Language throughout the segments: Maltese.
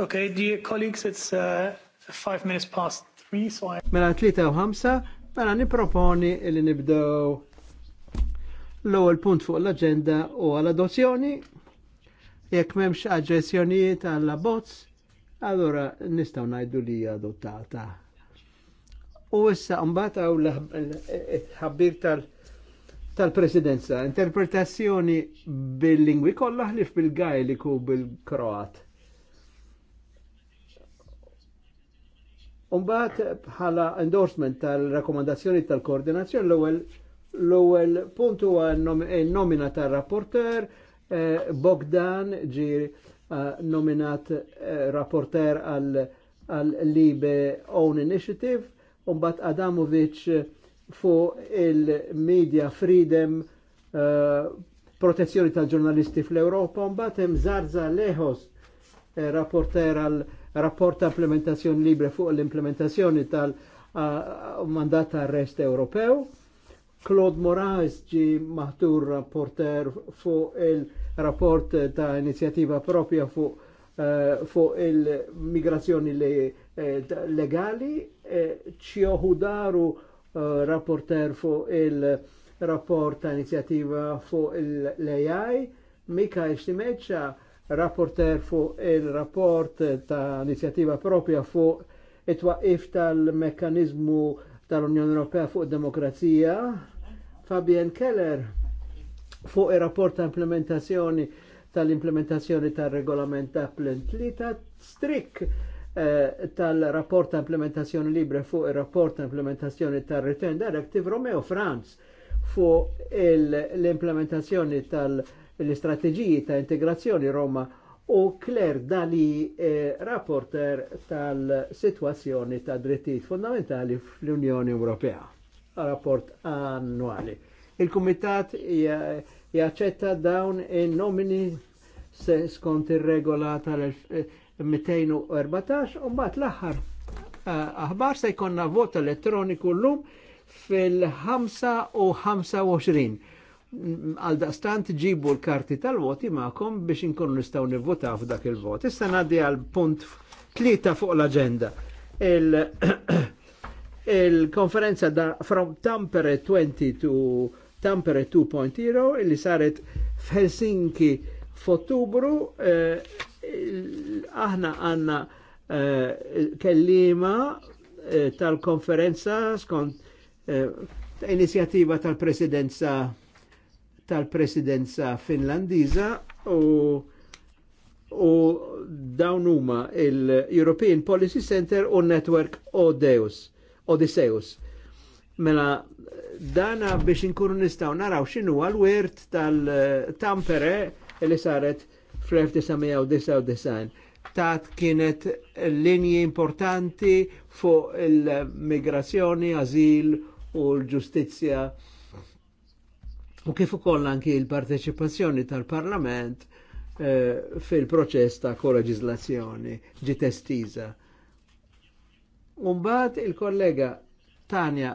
Okay, dear colleagues, it's uh, five minutes past three, so I... Mela tlita u ħamsa, mela niproponi li nibdew l-ewwel punt fuq l-aġenda u għal-adozzjoni. Jekk m'hemmx aġġessjonijiet għal bozz, allora nistgħu ngħidu li hija adottata. U issa mbagħad hawn l-ħabbir tal- tal-presidenza, interpretazzjoni bil-lingwi kollha ħlif bil-Gajliku bil-Kroat. Umbat bħala endorsement tal-rakomandazzjoni tal-koordinazzjoni l ewel l-ewwel punt huwa eh, nomina tal rapporter eh, Bogdan ġi eh, nominat rapporter għal Libe Own Initiative umbat Adamovic fuq il-Media Freedom protezzjoni tal-ġurnalisti fl-Europa, Umbat hemm Zarza Lehos rapporter għal rapport ta' implementazzjoni libre fuq l-implementazzjoni tal-mandat uh, ta' arrest Ewropew. Claude Moraes ġi maħtur rapporter fuq il-rapport ta' inizjativa propja fuq eh, fu il-migrazzjoni le, eh, legali, ċjoħu eh, daru rapporter fuq il-rapport ta' inizjativa fuq l-AI, Mika Ixtimeċa rapporter fuq il-rapport ta' inizjattiva propja fuq it-twaqif tal-mekkanizmu tal-Unjoni Ewropea fuq demokrazija. Fabien Keller fuq il-rapport ta' implementazzjoni tal-implementazzjoni tal-regolament ta' plentlita strik eh, tal-rapport ta' implementazzjoni libre fuq il-rapport ta' implementazzjoni tal-return directive Romeo Franz fuq l-implementazzjoni tal-, rapport l-istrateġiji ta' integrazzjoni Roma u Claire Dali eh, rapporter tal-situazzjoni ta' drittijiet fundamentali fl-Unjoni Ewropea. Rapport annuali. Il-Kumitat jaċċetta dawn in-nomini se skont ir-regola tal-214 eh, u mbagħad l-aħħar eh, aħbar se jkollna vot elettroniku llum fil-5 u 25 għal daqstant ġibu l-karti tal-voti ma'kom biex inkunu nistaw nivvotaw f'dak il-vot. Issa ngħaddi għal punt tlieta fuq l-agenda. Il-konferenza il da from Tampere 20 to Tampere 2.0 illi saret f'Helsinki f'Ottubru eh, aħna għanna eh, kellima eh, tal-konferenza skont eh, tal-presidenza tal-presidenza finlandiza u u dawn huma il-European Policy Center u Network Odeus, Odysseus. Mela dana biex inkunu nistgħu naraw x'inhu l-wirt tal-Tampere li saret fl-1999. Tat kienet linji importanti fuq il-migrazzjoni, azil u l-ġustizzja u kif ukoll anki l-parteċipazzjoni tal-Parlament eh, fil-proċess ta' koreġizlazzjoni ġi testiża. Umbat il-kollega Tanja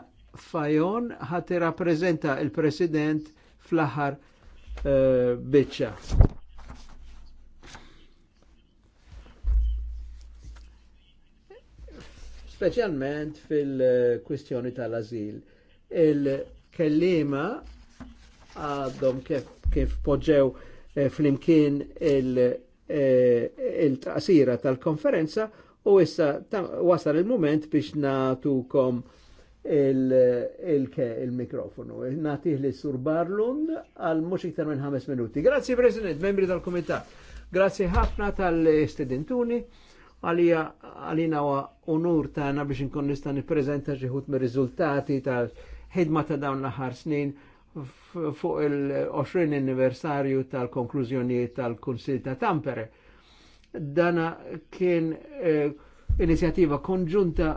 Fajon ħat rappreżenta il-President fl-aħħar eh, biċċa. Speċjalment fil-kwistjoni tal-azil. Il-kellima għadhom kif, kif poġġew eh, flimkien il eh, tasira il tal-konferenza u issa wasal il-moment biex natukom il-mikrofonu. Il, il, Natih li sur Barlund għal mux iktar minn 5 minuti. Grazzi President, membri tal-Komitat. Grazzi ħafna tal-istudentuni għalija għalina wa onur ta' biex nkun nista nipprezenta ġiħut me rizultati tal-ħidma ta' dawn l ħar snin fuq il-20 anniversarju tal konklużjoni tal-Kunsil ta' Tampere. Dana kien eh, inizjattiva konġunta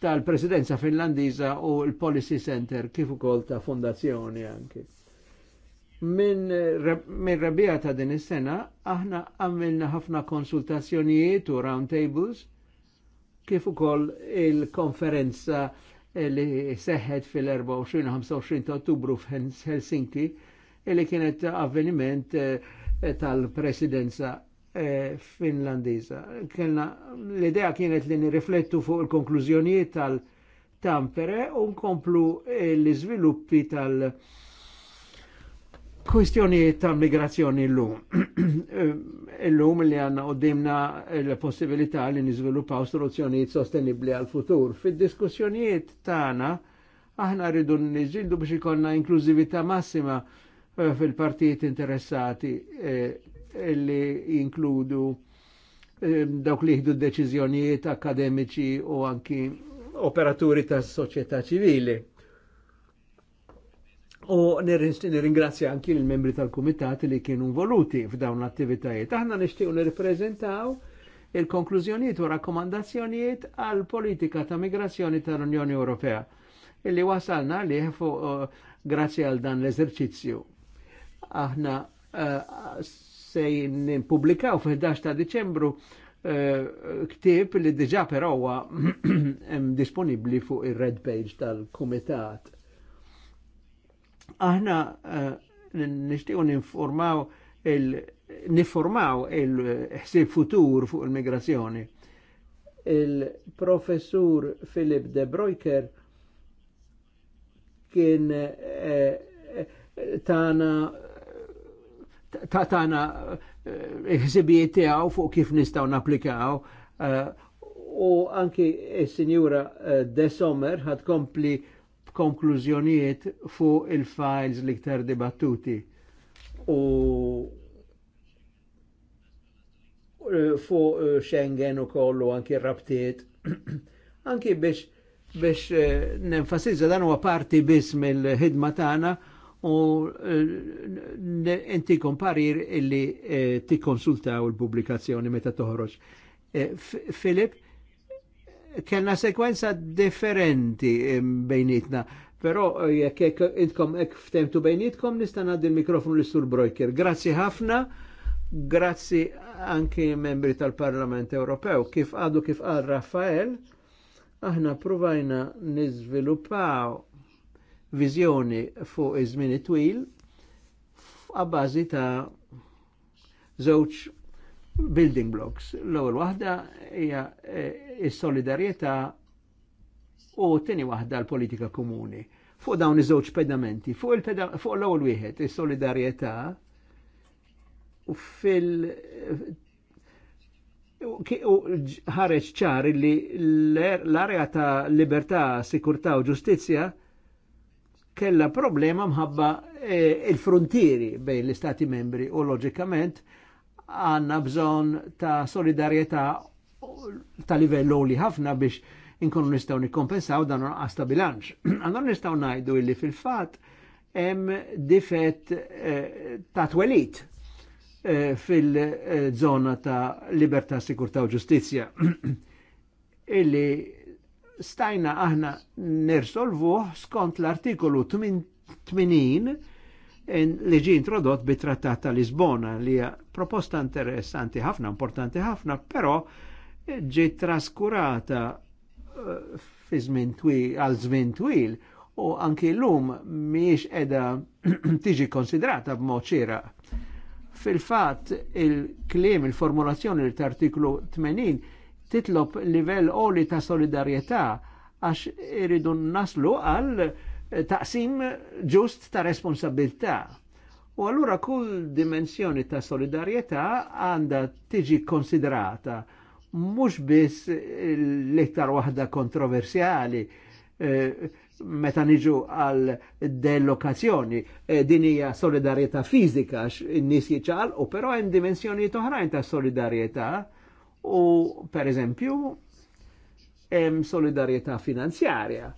tal-Presidenza Finlandiza u l-Policy Center kif ukoll ta' fondazzjoni anke. Min, min rabija ta' din is-sena aħna għamilna ħafna konsultazzjonijiet u roundtables kif ukoll il-konferenza il il konferenza li seħed fil-24-25 ta' ottubru f'Helsinki li kienet avveniment eh, tal-presidenza eh, finlandiza. Kellna l-idea kienet li nirriflettu fuq il-konklużjonijiet tal-Tampere u nkomplu eh, l-iżviluppi tal-, -tampere, Kwistjoni ta' migrazzjoni l-lum. l-lum li għanna dimna l-possibilità li nizviluppaw soluzzjonijiet sostenibli għal-futur. Fid-diskussjonijiet tagħna aħna rridu nġildu biex ikonna inklużività massima eh, fil-partijiet interessati eh, li jinkludu eh, dawk li jihdu deċiżjonijiet akademiċi u anki operaturi tas soċjetà ċivili U nirringrazzja anki l-membri tal-Kumitat li kienu voluti f'dawn l-attivitajiet. Aħna nixtiequ nirrepreżentaw il-konklużjonijiet u rakkomandazzjonijiet għal politika ta' migrazzjoni tal-Unjoni Ewropea illi wasalna li fu uh, eh, grazzi għal dan l-eżerċizzju. Aħna uh, se nimpubblikaw fil-11 ta' Diċembru eh, ktib li diġà però huwa disponibbli fuq ir-red page tal-Kumitat Aħna eh, nishtiqu ninformaw il niformaw il-ħsib futur fuq il-migrazzjoni. Il-professur Philip de Broiker kien eh, tana ta' tana eh, ħsibijiet tiegħu fuq kif nistgħu napplikaw u anki s-sinjura De Sommer ħad kompli konklużjonijiet fuq il-files li ktar dibattuti u fuq uh, Schengen u kollu anki rabtiet anki biex biex uh, nenfasizza dan huwa parti biss mill-ħidma tagħna u uh, inti komparir illi konsultaw il-pubblikazzjoni meta toħroġ. Filip, kellna sekwenza differenti bejnietna. Però eh, jekk intkom hekk ftemtu bejnietkom nista' ngħaddi l-mikrofonu l sur Brojker. Grazzi ħafna, grazzi anki membri tal-Parlament Ewropew. Kif għadu kif qal Raffael, aħna provajna niżviluppaw viżjoni fuq iż-żmien twil għabbażi ta' żewġ building blocks. L-ewwel waħda hija e, s-solidarjetà u t-tieni waħda l-politika komuni. Fuq dawn iż-żewġ pedamenti, fuq l-ewwel wieħed is-solidarjetà u fil ħareġ ċar li l-area ta' libertà, sikurtà u ġustizzja kella problema mħabba e, il-frontieri bejn l-istati membri u loġikament għanna bżon ta' solidarieta ta' livell li ħafna biex inkonu nistaw nikkompensaw dan għasta bilanċ. Għandon nistaw najdu illi fil-fat hemm difett eh, ta' twelit eh, fil-zona ta' libertà, sikurtà u ġustizja. illi stajna aħna nirsolvuh skont l-artikolu 80 li ġi introdott bi trattat ta' Lisbona li hija proposta interessanti ħafna, importanti ħafna, però eh, ġi traskurata eh, fi żmien twil għal żmien twil u anki llum mhijiex qiegħda tiġi konsidrata b'mod xieraq. Fil-fatt il-kliem, il-formulazzjoni l artiklu 80 titlob livell oli ta' solidarjetà għax iridu naslu għal taqsim ġust ta' responsabilità. U allura kull dimensjoni ta' solidarietà għanda tiġi konsiderata mhux biss l-iktar waħda kontroversjali eh, meta niġu għal delokazzjoni eh, din hija solidarjetà fiżika n-nies u però hemm dimensjoni oħrajn ta' solidarjetà u pereżempju hemm solidarjetà finanzjarja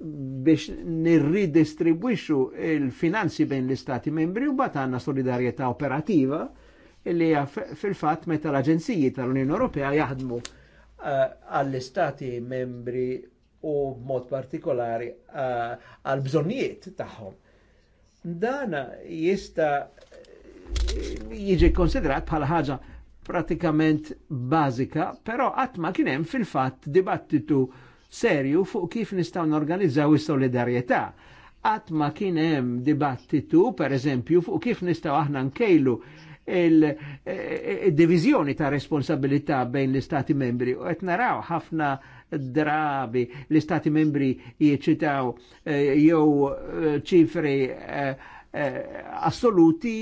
biex nirridistribwixu il-finanzi bejn l-istati membri u bat għanna solidarieta operativa illi fil fat meta l-aġenziji tal-Unjoni Ewropea jaħdmu eh, għall-istati uh, membri u mod partikolari eh, għal uh, bżonnijiet tagħhom. Dana jista' jiġi konsiderat bħala ħaġa pratikament bażika, però qatt ma kien hemm fil-fatt dibattitu uh, serju fuq kif nistgħu norganizzaw is-solidarjetà. Għat ma kien hemm dibattitu, per eżempju, fuq kif nistgħu aħna nkejlu il-divizjoni eh, ta' responsabilità bejn l-istati membri u għet naraw ħafna drabi l-istati membri jieċitaw eh, jew eh, ċifri assoluti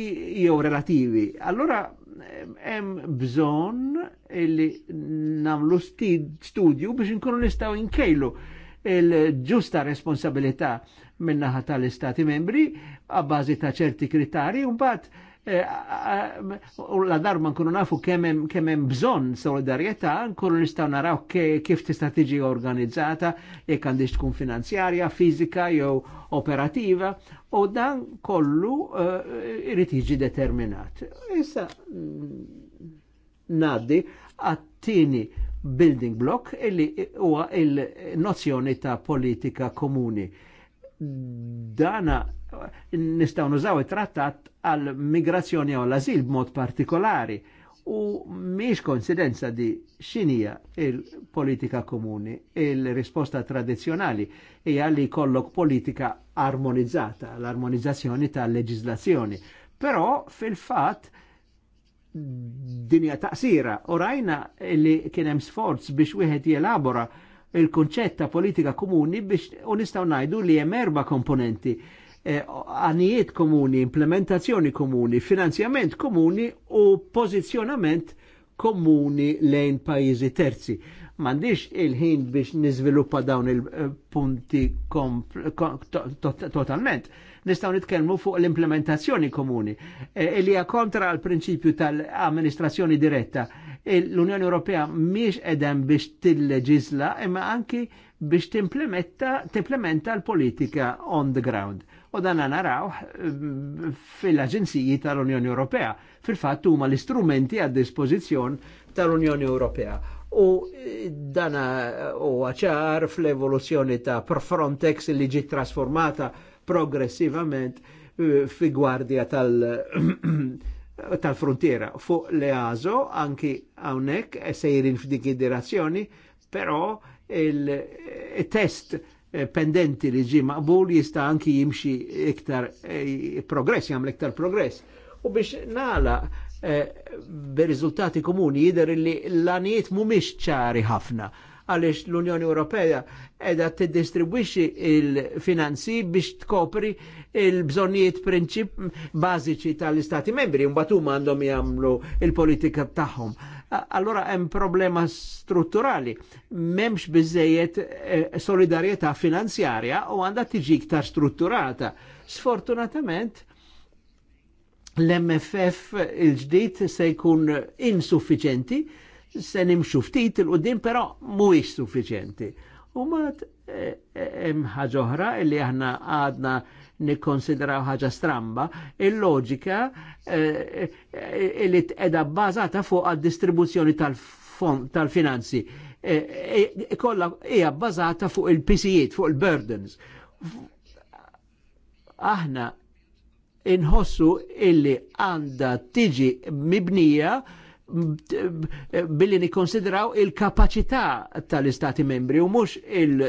jew relativi. Allora hemm bżonn li namlu studju biex inkunu nistgħu nkejlu il-ġusta responsabilità minnaħa tal-Istati membri għabbażi ta' ċerti kritari u mbagħad Eh, u la ma nkunu nafu kemm hemm bżonn solidarjetà, nkunu nistgħu naraw kif tista' tiġi organizzata jekk għandix tkun finanzjarja, fizika jew operativa u dan kollu eh, irid jiġi determinat. Issa mm, ngħaddi għat-tieni building block illi huwa il-nozzjoni ta' politika komuni. Dana nistaw nużaw it-trattat għal migrazzjoni għal l-azil b'mod partikolari u miex konsidenza di xinija il-politika komuni, il-risposta tradizjonali e li kollok politika armonizzata, l-armonizzazzjoni tal-leġizlazzjoni. Però fil-fat dinja taqsira u rajna li kien hemm sforz biex wieħed jelabora il-konċett ta' politika komuni biex u nistgħu ngħidu li hemm erba' komponenti Eh, għanijiet komuni, implementazzjoni komuni, finanzjament komuni u pozizjonament komuni lejn pajizi terzi. Mandiċ il-ħin biex nizviluppa dawn il-punti totalment. Nistaw nitkellmu fuq l-implementazzjoni komuni. Eh, illi kontra għal prinċipju tal-amministrazzjoni diretta. L-Unjoni Ewropea miex edem biex t-leġizla imma anki biex t-implementa l-politika on the ground u dan naraw mm, fil-Aġenziji tal-Unjoni Ewropea. Fil-fatt huma l-istrumenti għad dispożizzjon tal-Unjoni Ewropea. U eh, dan eh, u għacħar fl-evoluzzjoni ta' Frontex li ġi trasformata progressivament eh, fi gwardja tal- tal-frontiera fuq l-EASO anki għawnek, sejrin f'dik id-direzzjoni, però il-test il Eh, pendenti li ġi maqbul jista' anki jimxi iktar eh, progress, jagħmel iktar progress. U biex nala eh, b'riżultati komuni jidher li l-anijiet mhumiex ċari ħafna għaliex l-Unjoni Ewropea edha tiddistribwixxi il-finanzi biex tkopri il-bżonnijiet prinċip bażiċi tal-Istati membri, mbagħad huma għandhom jagħmlu il-politika tagħhom allora hemm problema strutturali. M'hemmx biżejjed eh, solidarietà solidarjetà finanzjarja u għandha tiġi iktar strutturata. Sfortunatament l-MFF il-ġdid se jkun insuffiċenti, se nimxu ftit il-qudiem però mhuwiex suffiċenti. U mat eh, eh, hemm ħaġa oħra li aħna għadna nikkonsideraw ħaġa stramba, il-loġika eh, li t-edha bbażata fuq għal distribuzzjoni tal-finanzi. Tal eh, eh, Kollha hija bbażata fuq il-pisijiet, fuq il-burdens. Aħna inħossu illi għanda tiġi mibnija billi nikkonsidraw il-kapacità tal-istati membri u mux il-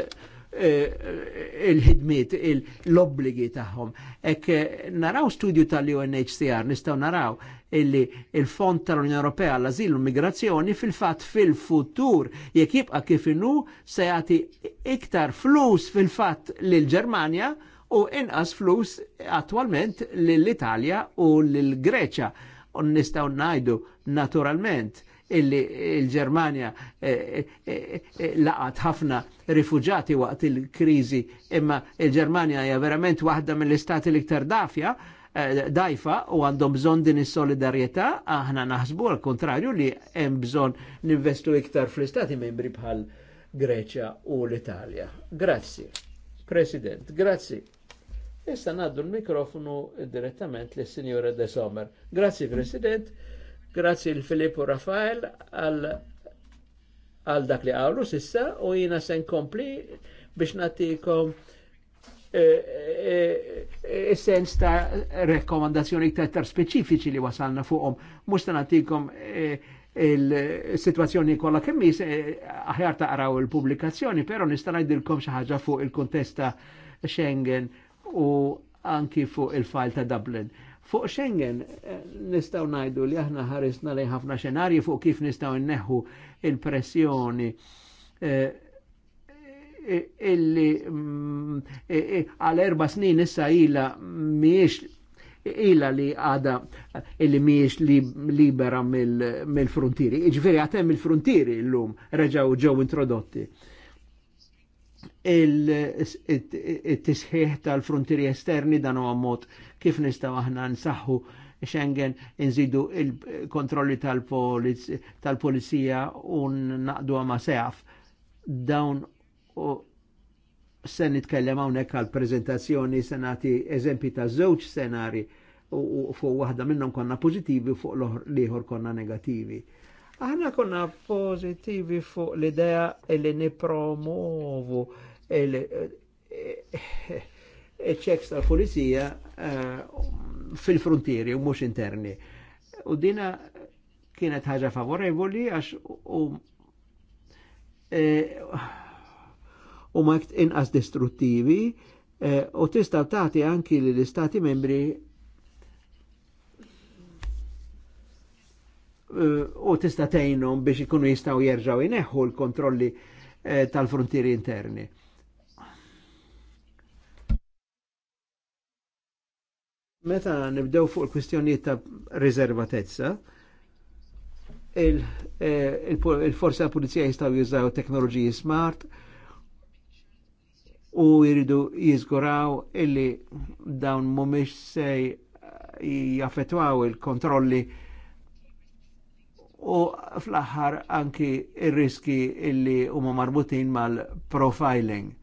Eh, il-ħidmiet, l-obbligi taħħom. Ek eh, naraw studju tal-UNHCR, nistaw naraw illi il-Fond tal-Unjoni Ewropea l azil u Migrazzjoni fil-fatt fil-futur jekk jibqa' kif innu se jagħti iktar flus fil-fatt lil Ġermanja u inqas flus attwalment lill-Italja u lill-Greċja. U nistgħu ngħidu naturalment illi il-Germania eh, eh, eh, laqat ħafna rifugjati waqt il-krizi imma il-Germania hija verament waħda mill-istati l-iktar dafja dajfa u għandhom bżon din is-solidarjetà aħna naħsbu għal kontrarju li hemm bżon ninvestu iktar fl-istati membri bħal Greċja u l-Italja. Grazzi. President, grazzi. Issa naddu l-mikrofonu direttament lis sinjora De Sommer. Grazzi, President. Grazzi l-Filippo Rafael għal għal dak li għawlu sissa u jina sen kompli biex natikom eh, eh, eh, essens ta' rekomandazzjoni iktar speċifiċi li wasalna fuqhom. Mux ta' natikom il-situazzjoni kolla kemmis, aħjar ta' araw il-publikazzjoni, pero nista' ngħidilkom xi ħaġa fuq il-kontesta Schengen u anki fuq il-file ta' Dublin. Fuq Schengen eh, nistaw najdu li aħna ħarisna li ħafna xenarji fuq kif nistaw inneħu il-pressjoni eh, eh, illi mm, għal erba snin issa ila miex ila li għada illi miex li libera mill frontiri Iġveri għatem il frontiri l-lum reġaw ġew introdotti il-tisħiħ tal-frontieri esterni dan huwa mod kif nistgħu aħna nsaħħu Schengen nżidu il-kontrolli tal-polizija u naqdu ma' seħaf. Dawn se nitkellem hawnhekk għal prezentazzjoni se nagħti eżempi ta' żewġ senari u fuq waħda minnhom konna pożittivi fuq l-ieħor konna negattivi. Aħna konna pożittivi fuq l-idea li nipromovu il-checks eh, eh, tal-polizija eh, fil-frontieri u mux interni. U dina kienet ħaġa favorevoli għax u u ma inqas distruttivi u tista' tagħti anki l-istati membri u tista' tgħinhom biex ikunu jistaw jerġaw jneħħu l-kontrolli tal-frontieri interni. Meta nibdew fuq il-kwistjonijiet ta' rizervatezza, il forsi eh, il pulizija jistaw jużaw teknoloġiji smart u jiridu jizguraw illi dawn mumiex se jaffetwaw il-kontrolli u fl-aħħar anki il riski illi huma marbutin mal-profiling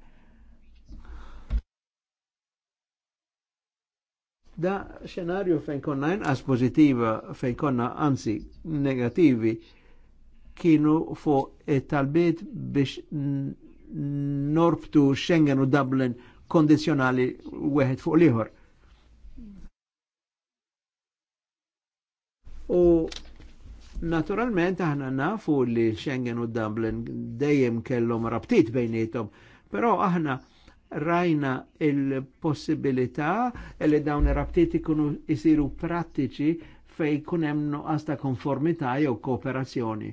Da xenarju fejn konna inqas pozitiva fejn konna anzi negativi kienu fuq talbiet biex norbtu Schengen u Dublin kondizjonali wieħed fuq liħor. U naturalment aħna nafu li Schengen u Dublin dejjem kellhom rabtit bejnietom, però aħna rajna il-possibilità li dawn ir-rabtiet ikunu jisiru prattiċi fej kunem nuqqas ta' konformità jew kooperazzjoni.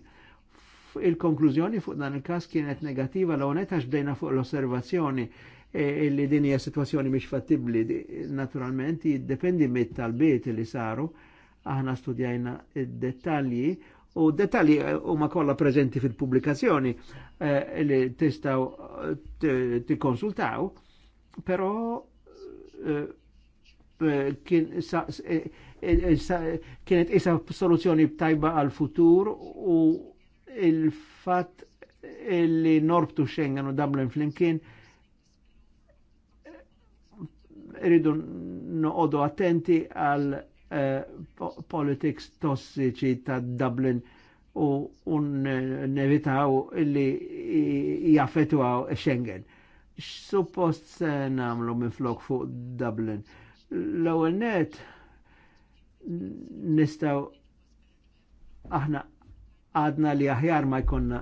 Il-konklużjoni fuq dan il każ kienet negattiva l onet għax bdejna fuq l-osservazzjoni e li din hija sitwazzjoni mhix fattibbli naturalment jiddependi mit-talbiet li saru aħna studjajna id-dettalji u detali huma kollha preżenti fil-pubblikazzjoni eh, li tistgħu eh, tikkonsultaw, però eh, eh kienet isa soluzzjoni tajba għal futur u il-fatt li norbtu Schengen u Dublin flimkien rridu noqodu attenti għal Eh, politics tossiċi ta' Dublin u un-nevitaw illi jaffetwaw Schengen. Suppost se namlu minn flok fuq Dublin. L-ewwel net nistaw aħna għadna li aħjar ma jkonna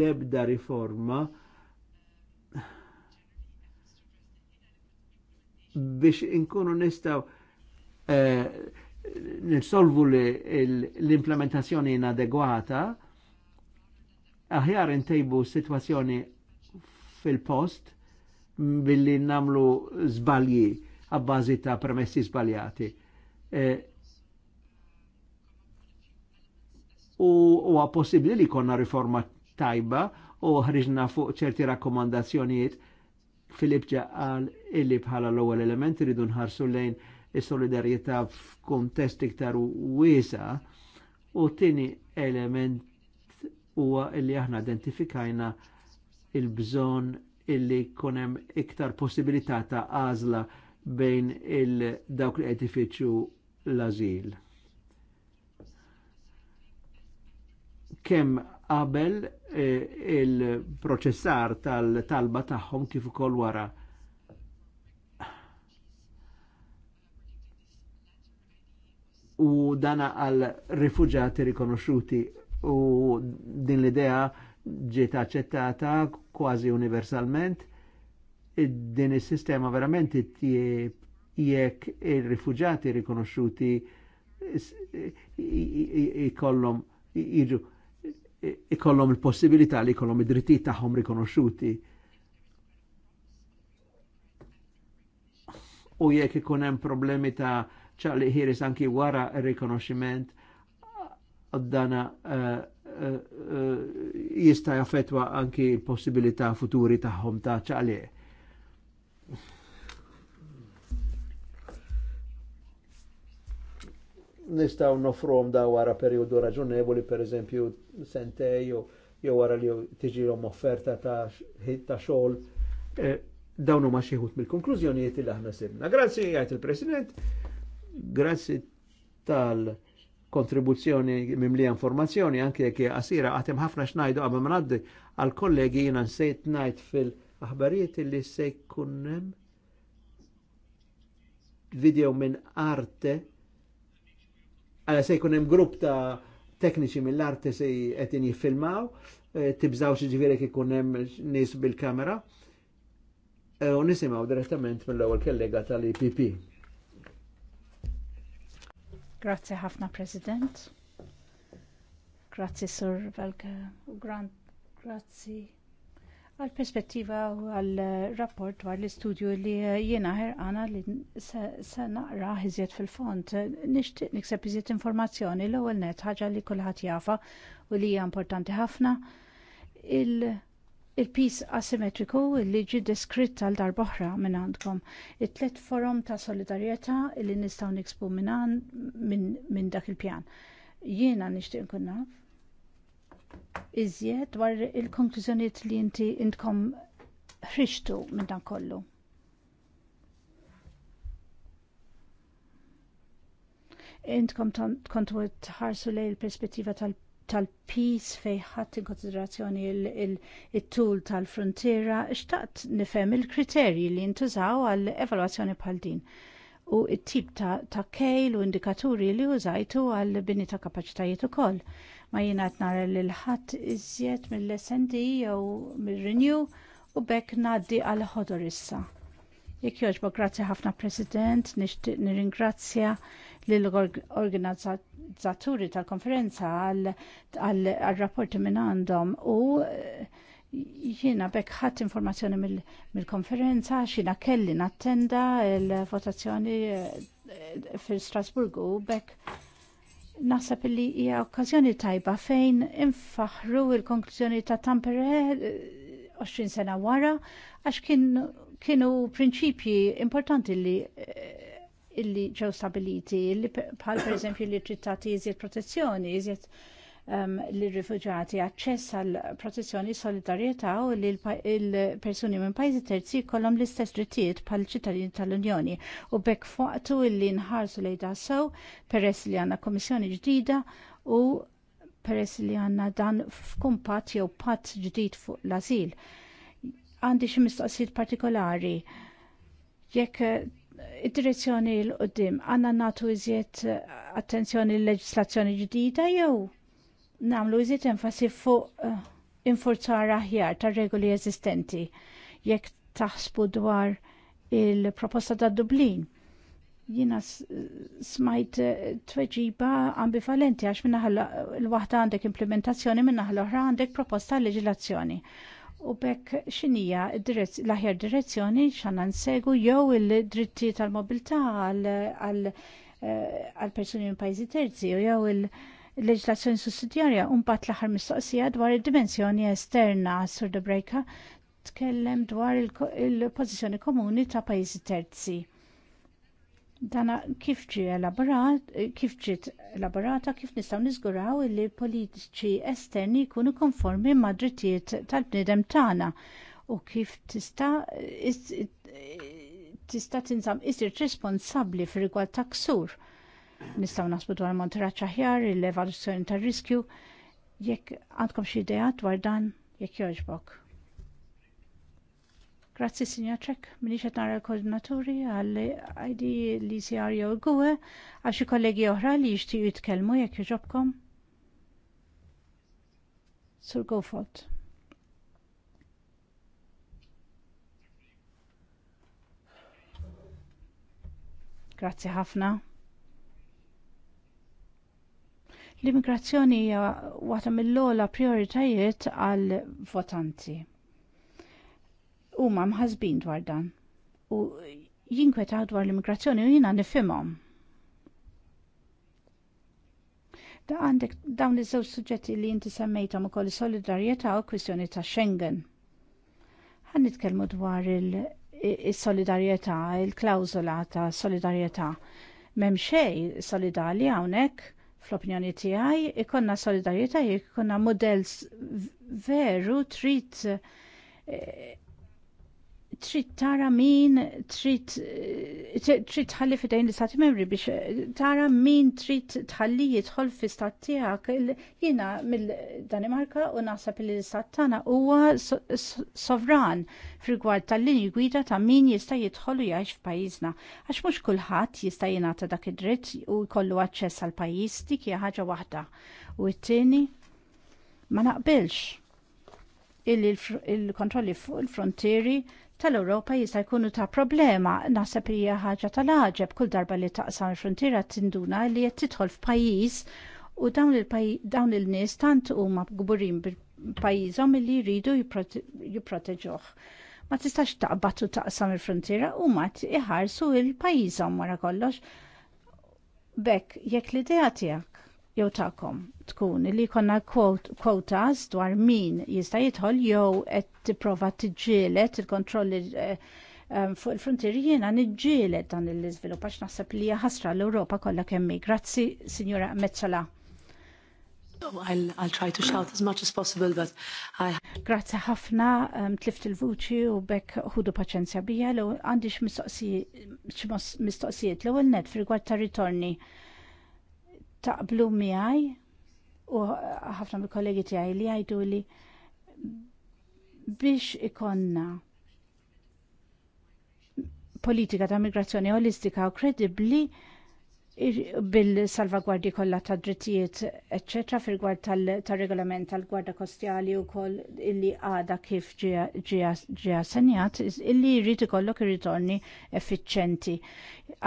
lebda riforma biex inkunu nistaw ninsolvu eh, l-implementazzjoni inadegwata, aħjar intejbu situazzjoni fil-post billi namlu zbalji għabbażi ta' premessi zbaljati. Eh, u huwa possibli li konna riforma tajba u ħriġna fuq ċerti rakkomandazzjonijiet Filip ġaqal illi bħala l-ewwel element iridu nħarsu lejn is-solidarjetà f'kuntest iktar wiesa u tini element huwa li aħna identifikajna il-bżon illi konem iktar possibilità ta' għażla bejn il-dawk li edifiċu l-azil. Kemm qabel eh, il-proċessar tal-talba tagħhom kif ukoll wara u dana għal rifugjati rikonosciuti u din l-idea ġiet aċċettata kważi universalment din is-sistema verament jekk ir-rifuġati rikonosciuti ikollom iġu ikollom il-possibilità li ikollom id dritti tagħhom rikonosciuti. U jekk ikun hemm problemi ta' Charlie ħiris anki wara rikonoxximent dana għaddana eh, eh, eh, jista' jaffetwa anki l-possibilità futuri tagħhom ta' Charlie. Nistaw nofrom da wara periodu raġunevoli, per eżempju, sentej jew wara li tiġilhom offerta ta' ta' xogħol eh, dawn huma xi mill-konklużjonijiet il aħna sirna. Grazie, jgħid il-President. Grazzi tal-kontribuzzjoni mimli informazzjoni, anke jek għasira għatem ħafna xnajdu għabem naddi għal-kollegi jina nsejt najt fil-aħbarijiet li se kunnem video minn arte għala se jkun hemm grupp ta' tekniċi mill-arte se qed jiffilmaw, eh, tibżaw xi ġifieri ikun hemm nies bil-kamera eh, u nisimaw direttament mill-ewwel kollega tal-IPP. Grazzi ħafna President. Grazzi Sur Valka u Grant. Grazzi għal perspettiva u għal rapport dwar l-istudju li eh, jiena ħerqana li se naqra ħiziet fil-font. Nixtieq nikseb iżjed informazzjoni l-ewwel net ħaġa li kulħadd jafa u li hija importanti ħafna. il- Il-pis asimetriku li ġi deskritt tal darboħra minn għandkom. It-tlet forum ta' solidarieta li nistaw niksbu minn min dak il-pjan. Jiena nishtiq nkun naf. Iżjed dwar il-konklużjoniet li inti intkom ħriġtu minn dan kollu. Intkom kontu tħarsu lej il-perspettiva tal-pjan tal-peace fejħat in konsiderazzjoni il-tul tal-frontiera, xtaqt nifhem il-kriterji li ntużaw għal evalwazzjoni bħal din u t tip ta' kejl u indikaturi li użajtu għal bini ta' kapaċitajiet ukoll. Ma jina qed nara lil ħadd iżjed mill-SND jew mir-Renew u bekk ngħaddi għal ħodor issa. Jekk jogħġbok grazzi ħafna President, nixtieq nirringrazzja l-organizzaturi tal-konferenza għal-rapporti minn għandhom u eh, jiena bekk ħadd informazzjoni mill-konferenza mil xina kelli nattenda l-votazzjoni eh, fil strasburgu u bekk naħseb li hija okkażjoni tajba fejn infaħru il-konklużjoni ta' Tampere 20 eh, sena wara għax kienu prinċipji importanti li illi ġew stabiliti, illi bħal pereżempju li trittati iżjed protezzjoni, iżjed um, li rifugjati aċċess għal protezzjoni solidarjetà u li l-persuni minn pajjiżi terzi jkollhom l-istess drittijiet bħal ċittadini tal-Unjoni u bekk fuqtu illi nħarsu lejda sew peress li għandna Kommissjoni ġdida u peress li għandna dan f'kumpat jew patt ġdid fuq l azil Għandi xi mistoqsijiet partikolari jekk id-direzzjoni l-qoddim għanna natu iżjed eh, attenzjoni l-leġislazzjoni ġdida jew namlu iżjed enfasi fuq uh, infurzar aħjar ta' regoli eżistenti jekk taħsbu dwar il-proposta ta' Dublin. Jina smajt eh, tweġiba ambivalenti għax minna l-wahda għandek implementazzjoni minna l-oħra għandek proposta leġilazzjoni u bekk xinija l-aħjar direzzjoni xanna nsegu jew il-dritti tal-mobilità għal eh, persuni minn pajzi terzi u jew il-leġlazzjoni sussidjarja unbat l-aħħar mistoqsija dwar id-dimensjoni esterna sur de Breka tkellem dwar il-pożizzjoni komuni ta' pajzi terzi. Dana kif ġi elaborat, kif ġiet elaborata, kif nistgħu niżguraw li politiċi esterni jkunu konformi ma' drittijiet tal-bniedem tagħna u kif tista' tista' tinsam isir responsabbli fir-rigward ta' ksur. Nistgħu naħsbu dwar monitoraġġ aħjar, l evaluzzjoni tar-riskju, jekk għandkom xi idea dwar dan jekk jogħġbok. Grazzi Sinja Trek, minix qed nara l-koordinaturi għall-ID li CR jew għuwe għal kollegi oħra li u jitkellmu jekk juġobkom. Sur GoFot. Grazzi ħafna. L-immigrazzjoni hija waħda mill prioritajiet għal votanti huma mħazbin dwar dan u jinkweta dwar l-immigrazzjoni u jina nifimom. Da għandek dawn iż-żewġ suġġetti li inti semmejthom ukoll solidarjetà u kwistjoni ta' Schengen. Għan nitkellmu dwar il-solidarjetà, il-klawżola ta' solidarjetà. M'hemm xejn solidali hawnhekk fl-opinjoni tiegħi ikonna solidarjetà jekk ikonna modell veru trid eh, trid tara min trid eh, trid tħalli fidejn l-istati membri biex eh, tara min trid tħalli jidħol fi stat tiegħek jiena mill-Danimarka u naħseb li l-istat tagħna huwa sovran f'rigward tal-linji gwida ta' min jista' jidħol u jgħix f'pajjiżna. Għax mhux kulħadd jista' jingħata dak id-dritt u jkollu aċċess għal pajjiż dik hija ħaġa waħda. U t-tieni ma naqbilx il-kontrolli fuq il-frontieri tal europa jista' jkunu ta' problema naħseb hija ħaġa tal-aġeb kull darba li taqsam il-frontiera tinduna li qed tidħol f'pajjiż u dawn il-nies tant huma gburin pajjiżhom li jridu jipproteġuh. Ma tistax taqbad u taqsam il-frontiera u ma iħarsu il-pajjiżhom wara kollox. Bekk, jekk l-idea tiegħek jew tagħkom tkun li jkollna kwotas dwar min jista' jidħol jew qed tipprova tiġġieled il-kontrolli eh, eh, fuq il frontier jiena niġġieled dan l-iżvilupp għax naħseb li hija ħasra l-Ewropa kollha kemm Grazzi, Sinjura Mezzola. I'll, I'll try to shout as much as possible, but I... Grazie ħafna, um, tlift il-vuċi u bekk ħudu paċenzja bija, l għandix mistoqsijiet l-ewel net fil-gwad ta' ritorni taqblu miħaj u ħafna mill kollegi tiegħi li jgħidu li biex ikonna politika ta' migrazzjoni holistika u kredibbli bil-salvagwardi kollha ta' drittijiet, eċċetra fil-gward tal-regolament tal-gwarda kostjali u koll illi għada kif ġie assenjat, illi jrid ikollok ritorni effiċċenti.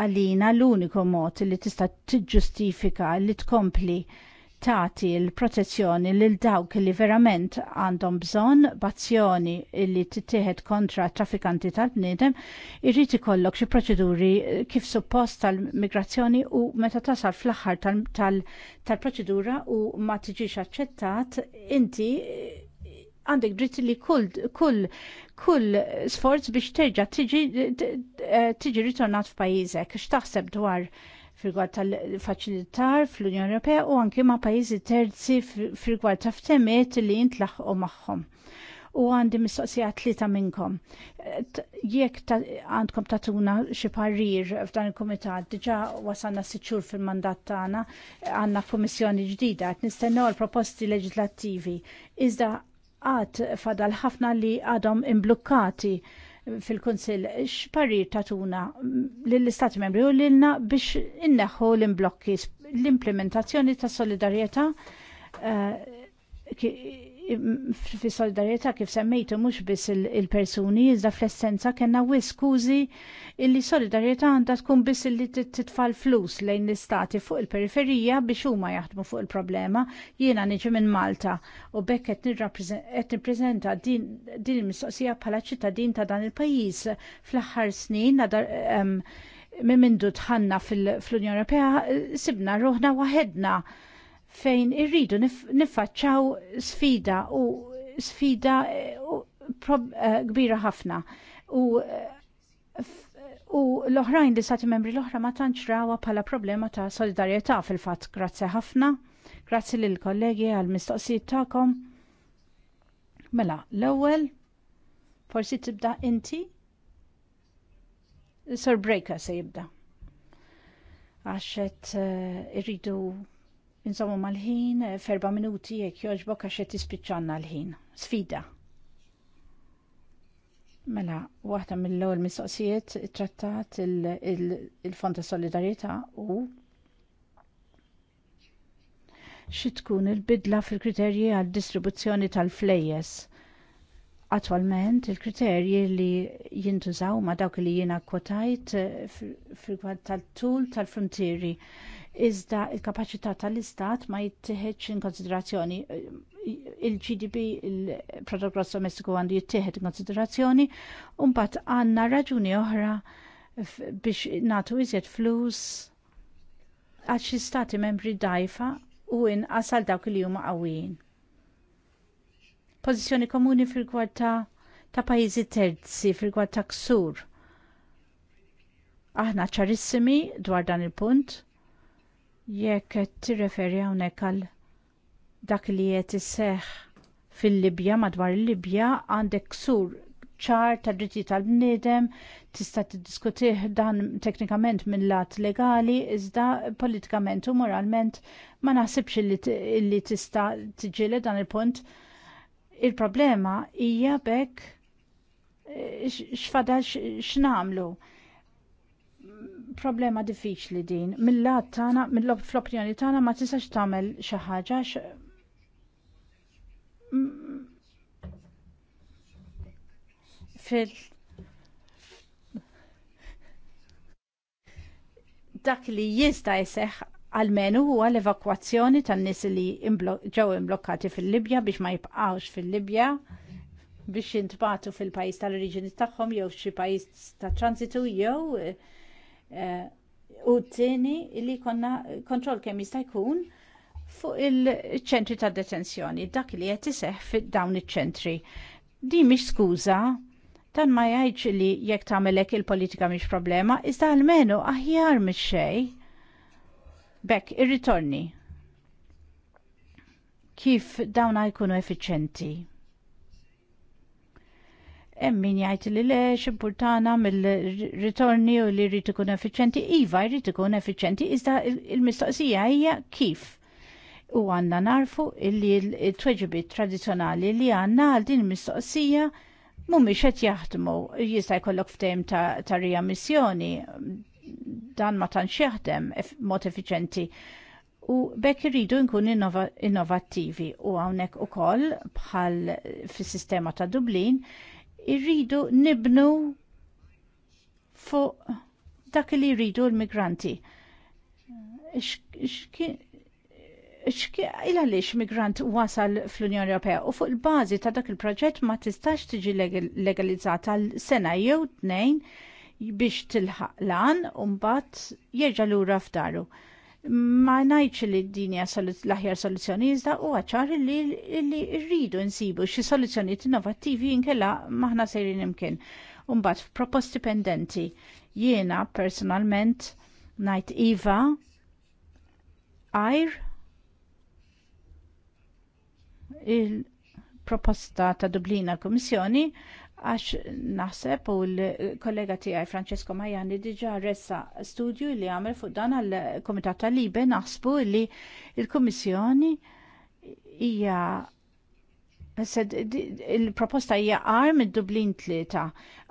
Għalina l-uniku mod li tista' tiġġustifika li tkompli tagħti l-protezzjoni lil dawk li verament għandhom bżonn b'azzjoni li tittieħed kontra traffikanti tal-bniedem, irrid ikollok xi proċeduri eh, kif suppost tal-migrazzjoni u meta tasal fl-aħħar tal-proċedura u ma tiġix aċċettat, inti eh, għandek dritt li kull kull kull sforz biex terġa' tiġi eh, tiġi ritornat f'pajjiżek. X'taħseb dwar fil-gwad tal-facilitar fl-Unjoni Ewropea u anke ma' pajjiżi terzi fil-gwad ta' ftemet li jintlaħqu magħhom u għandi mistoqsija tlita minnkom. Jekk għandkom tatuna xi parir f'dan il-kumitat, diġa wasanna siċur fil-mandat tagħna għandna komissjoni ġdida qed nistennew l-proposti leġislattivi. Iżda għad fadal ħafna li għadhom imblukkati fil-Kunsill x'parir tatuna lill-Istati Membri u l-inna biex inneħħu l-imblokki l-implementazzjoni ta' solidarjetà eh, fi solidarieta kif semmejtu mhux biss il-persuni, iżda fl-essenza kena wiskużi illi solidarieta għandha tkun biss illi titfall flus lejn l-istati fuq il-periferija biex huma jaħdmu fuq il-problema. Jiena niġi minn Malta u bekk qed nippreżenta din il-mistoqsija bħala ċittadin ta' dan il-pajjiż fl-aħħar snin minn mindu tħanna fl-Unjoni Ewropea sibna ruħna waħedna fejn irridu niffaċċaw sfida u sfida eh, eh, kbira ħafna u eh, u l-oħrajn li sati membri l-oħra ma tantx rawa bħala problema ta' solidarjetà fil-fatt. Grazzi ħafna, grazzi lil kollegi għal mistoqsijiet tagħkom. Mela, l-ewwel forsi tibda inti? Sir Breaker se jibda. Għaxet uh, irridu Insomma, mal-ħin, eh, ferba minuti jek joġbok għax qed tispiċċanna l-ħin. Sfida. Mela, waħda mill-ewwel mistoqsijiet trattat il-Fond Solidarieta u xi tkun il-bidla fil-kriterji għal distribuzzjoni tal-flejjes. Attualment il-kriterji li jintużaw ma' dawk li jiena kwotajt eh, fil-tul tal-frontieri. tal frontieri iżda il-kapacità tal-istat ma jittieħedx in konsiderazzjoni. Eh, Il-GDP, il-prodott gross domestiku għandu jittieħed in konsiderazzjoni, u mbagħad għandna raġuni oħra biex nagħtu iżjed flus għax xi stati membri dajfa u inqas għal dawk li huma qawwin. Pożizzjoni komuni fil-gwad ta' ta' pajjiżi terzi fil-gwad ta' ksur. Aħna ċarissimi dwar dan il-punt jekk qed tirreferi hawnhekk għal dak li qed isseħħ fil-Libja madwar il-Libja għandek ksur ċar ta' dritti tal-bniedem, tista' tiddiskutih dan teknikament minn lat legali, iżda politikament u moralment ma naħsibx li tista' tiġile dan il-punt. Il-problema hija bekk eh, x'fadal x'namlu problema diffiċli din. Mill-lat tagħna, mill-opinjoni tagħna ma tistax tagħmel xi ħaġa mm. fil dak li jista' jseħħ għalmenu huwa l-evakwazzjoni tan-nies li ġew imblokkati fil-Libja biex ma jibqgħux fil-Libja biex jintbatu fil-pajjiż tal-oriġini tagħhom jew xi pajjiż ta' transitu jew Eh, u t-tieni li konna kontroll kemm jista' jkun fuq il-ċentri ta' detenzjoni, dak li qed iseħħ fid-dawn iċ-ċentri. Di mhix skuża dan ma jgħidx li jekk tagħmelek il-politika mhix problema, iżda almenu aħjar mix xej. Bekk, ir-ritorni. Kif dawn jkunu effiċenti? hemm min jgħid li le x'impurtana mill-ritorni u li jrid ikun effiċjenti, iva jrid ikun effiċjenti, iżda il-mistoqsija hija kif. U għandna narfu illi t-tweġibi tradizzjonali li għandna għal din il-mistoqsija mhumiex qed jaħdmu jista' jkollok ftehim ta' riammissjoni dan ma tantx jaħdem mod effiċjenti. U bekk irridu nkun innovattivi u hawnhekk ukoll bħal fis-sistema ta' Dublin irridu nibnu fuq dak li jridu l-migranti. Ila lix migrant wasal fl-Unjoni Ewropea u fuq il-bazi ta' dak il-proġett ma tistax tiġi legalizzata l-sena jew tnejn biex tilħaq lan u mbagħad jerġa' lura f'daru ma ngħidx li din hija l-aħjar soluzzjoni iżda huwa ċar li rridu nsibu xi soluzzjonijiet innovattivi jinkella maħna sejrin imkien. Umbagħad f'proposti pendenti jiena personalment ngħid iva għajr il-proposta ta' Dublina Komissjoni għax naħseb u l-kollega tiegħi Francesco Majani diġà ressa studju li għamel fuq dan għall-Kumitat tal-Libe naħsbu li l-Kummissjoni hija il-proposta hija arm id-Dublin tlieta.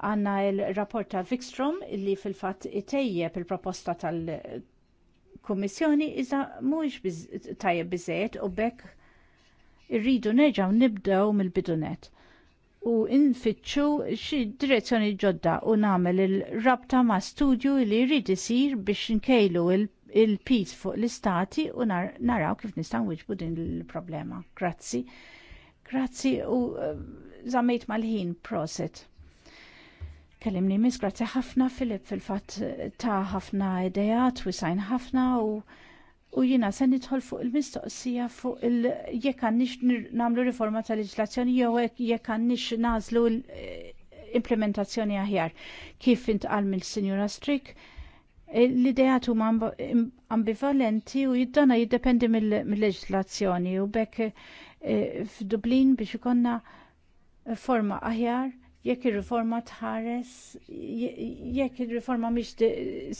Għanna il-rapport ta' Vikstrom li fil-fatt itejjeb il-proposta tal-Kummissjoni iżda mhuwiex tajjeb biżejjed u bekk irridu neġgħu nibdew mill-bidunet u nfittxu xi direzzjoni ġodda u nagħmel il-rabta ma' studju li jrid isir biex nkejlu il peace fuq l-istati u naraw kif nistgħu nwiġbu din il-problema. Grazzi. Grazzi u eh, zammejt mal-ħin proset. Kellimni mis, grazzi ħafna Filip fil-fat ta' ħafna idejat, wisajn ħafna u U jina se nidħol fuq il-mistoqsija fuq il jekk għandix nagħmlu riforma tal-leġislazzjoni jew jekk għandix nażlu l-implementazzjoni eh, aħjar. Kif intqal mill-Sinjura Strick, eh, l-idejat huma ambivalenti u jiddana jiddependi mill-leġislazzjoni u bekk eh, f'Dublin biex ikonna forma aħjar jekk il riforma tħares, jekk il riforma mhix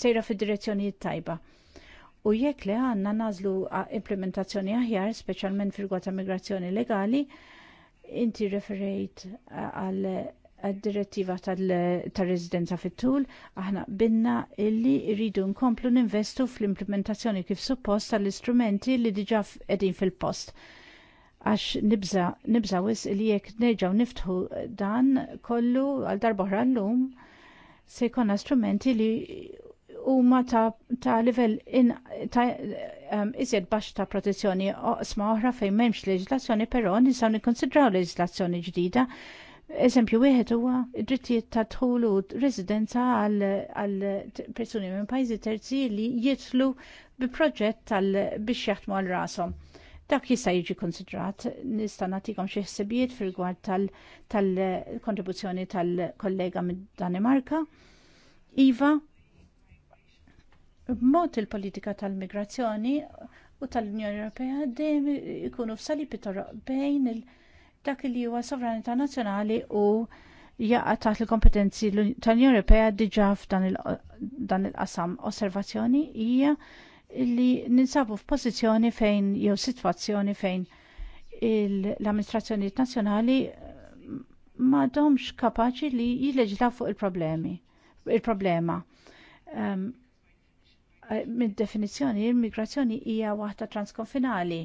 sejra fid-direzzjoni tajba U jekk li għanna nazlu implementazzjoni aħjar, speċjalment fil-gwata migrazzjoni legali, inti referejt għal direttiva ta' residenza fit-tul, aħna binna illi rridu nkomplu ninvestu fl-implementazzjoni kif suppost tal-istrumenti li diġa edin fil-post. Għax nibza, nibza wis li jek nerġaw niftħu dan kollu għal darbohra l-lum se jkonna strumenti li huma ta', ta livell um, iżjed baxx ta' protezzjoni oqsma oħra fejn m'hemmx leġislazzjoni però nistgħu nikkonsidraw leġislazzjoni ġdida. Eżempju wieħed huwa id-drittijiet ta' dħul residenza għal persuni minn pajjiżi terzi li jitlu bi proġett tal biex jaħdmu għal rashom. Dak jista' jiġi konsidrat, nista' nagħtikom xi ħsibijiet fil-gwad tal-kontribuzzjoni tal-kollega mid-Danimarka. Iva, b'mod il-politika tal-migrazzjoni u tal-Unjoni Ewropea dejjem ikunu f'sali pitoroq bejn dak li huwa sovranità nazzjonali u jaqa' taħt il-kompetenzi tal-Unjoni Ewropea diġà f'dan il-qasam osservazzjoni hija li ninsabu f'pożizzjoni fejn jew sitwazzjoni fejn l-amministrazzjonijiet nazzjonali mm, m'għadhomx kapaċi li jilleġlaw fuq il-problemi il-problema. Um, Eh, mid-definizzjoni l-immigrazzjoni hija waħda transkonfinali.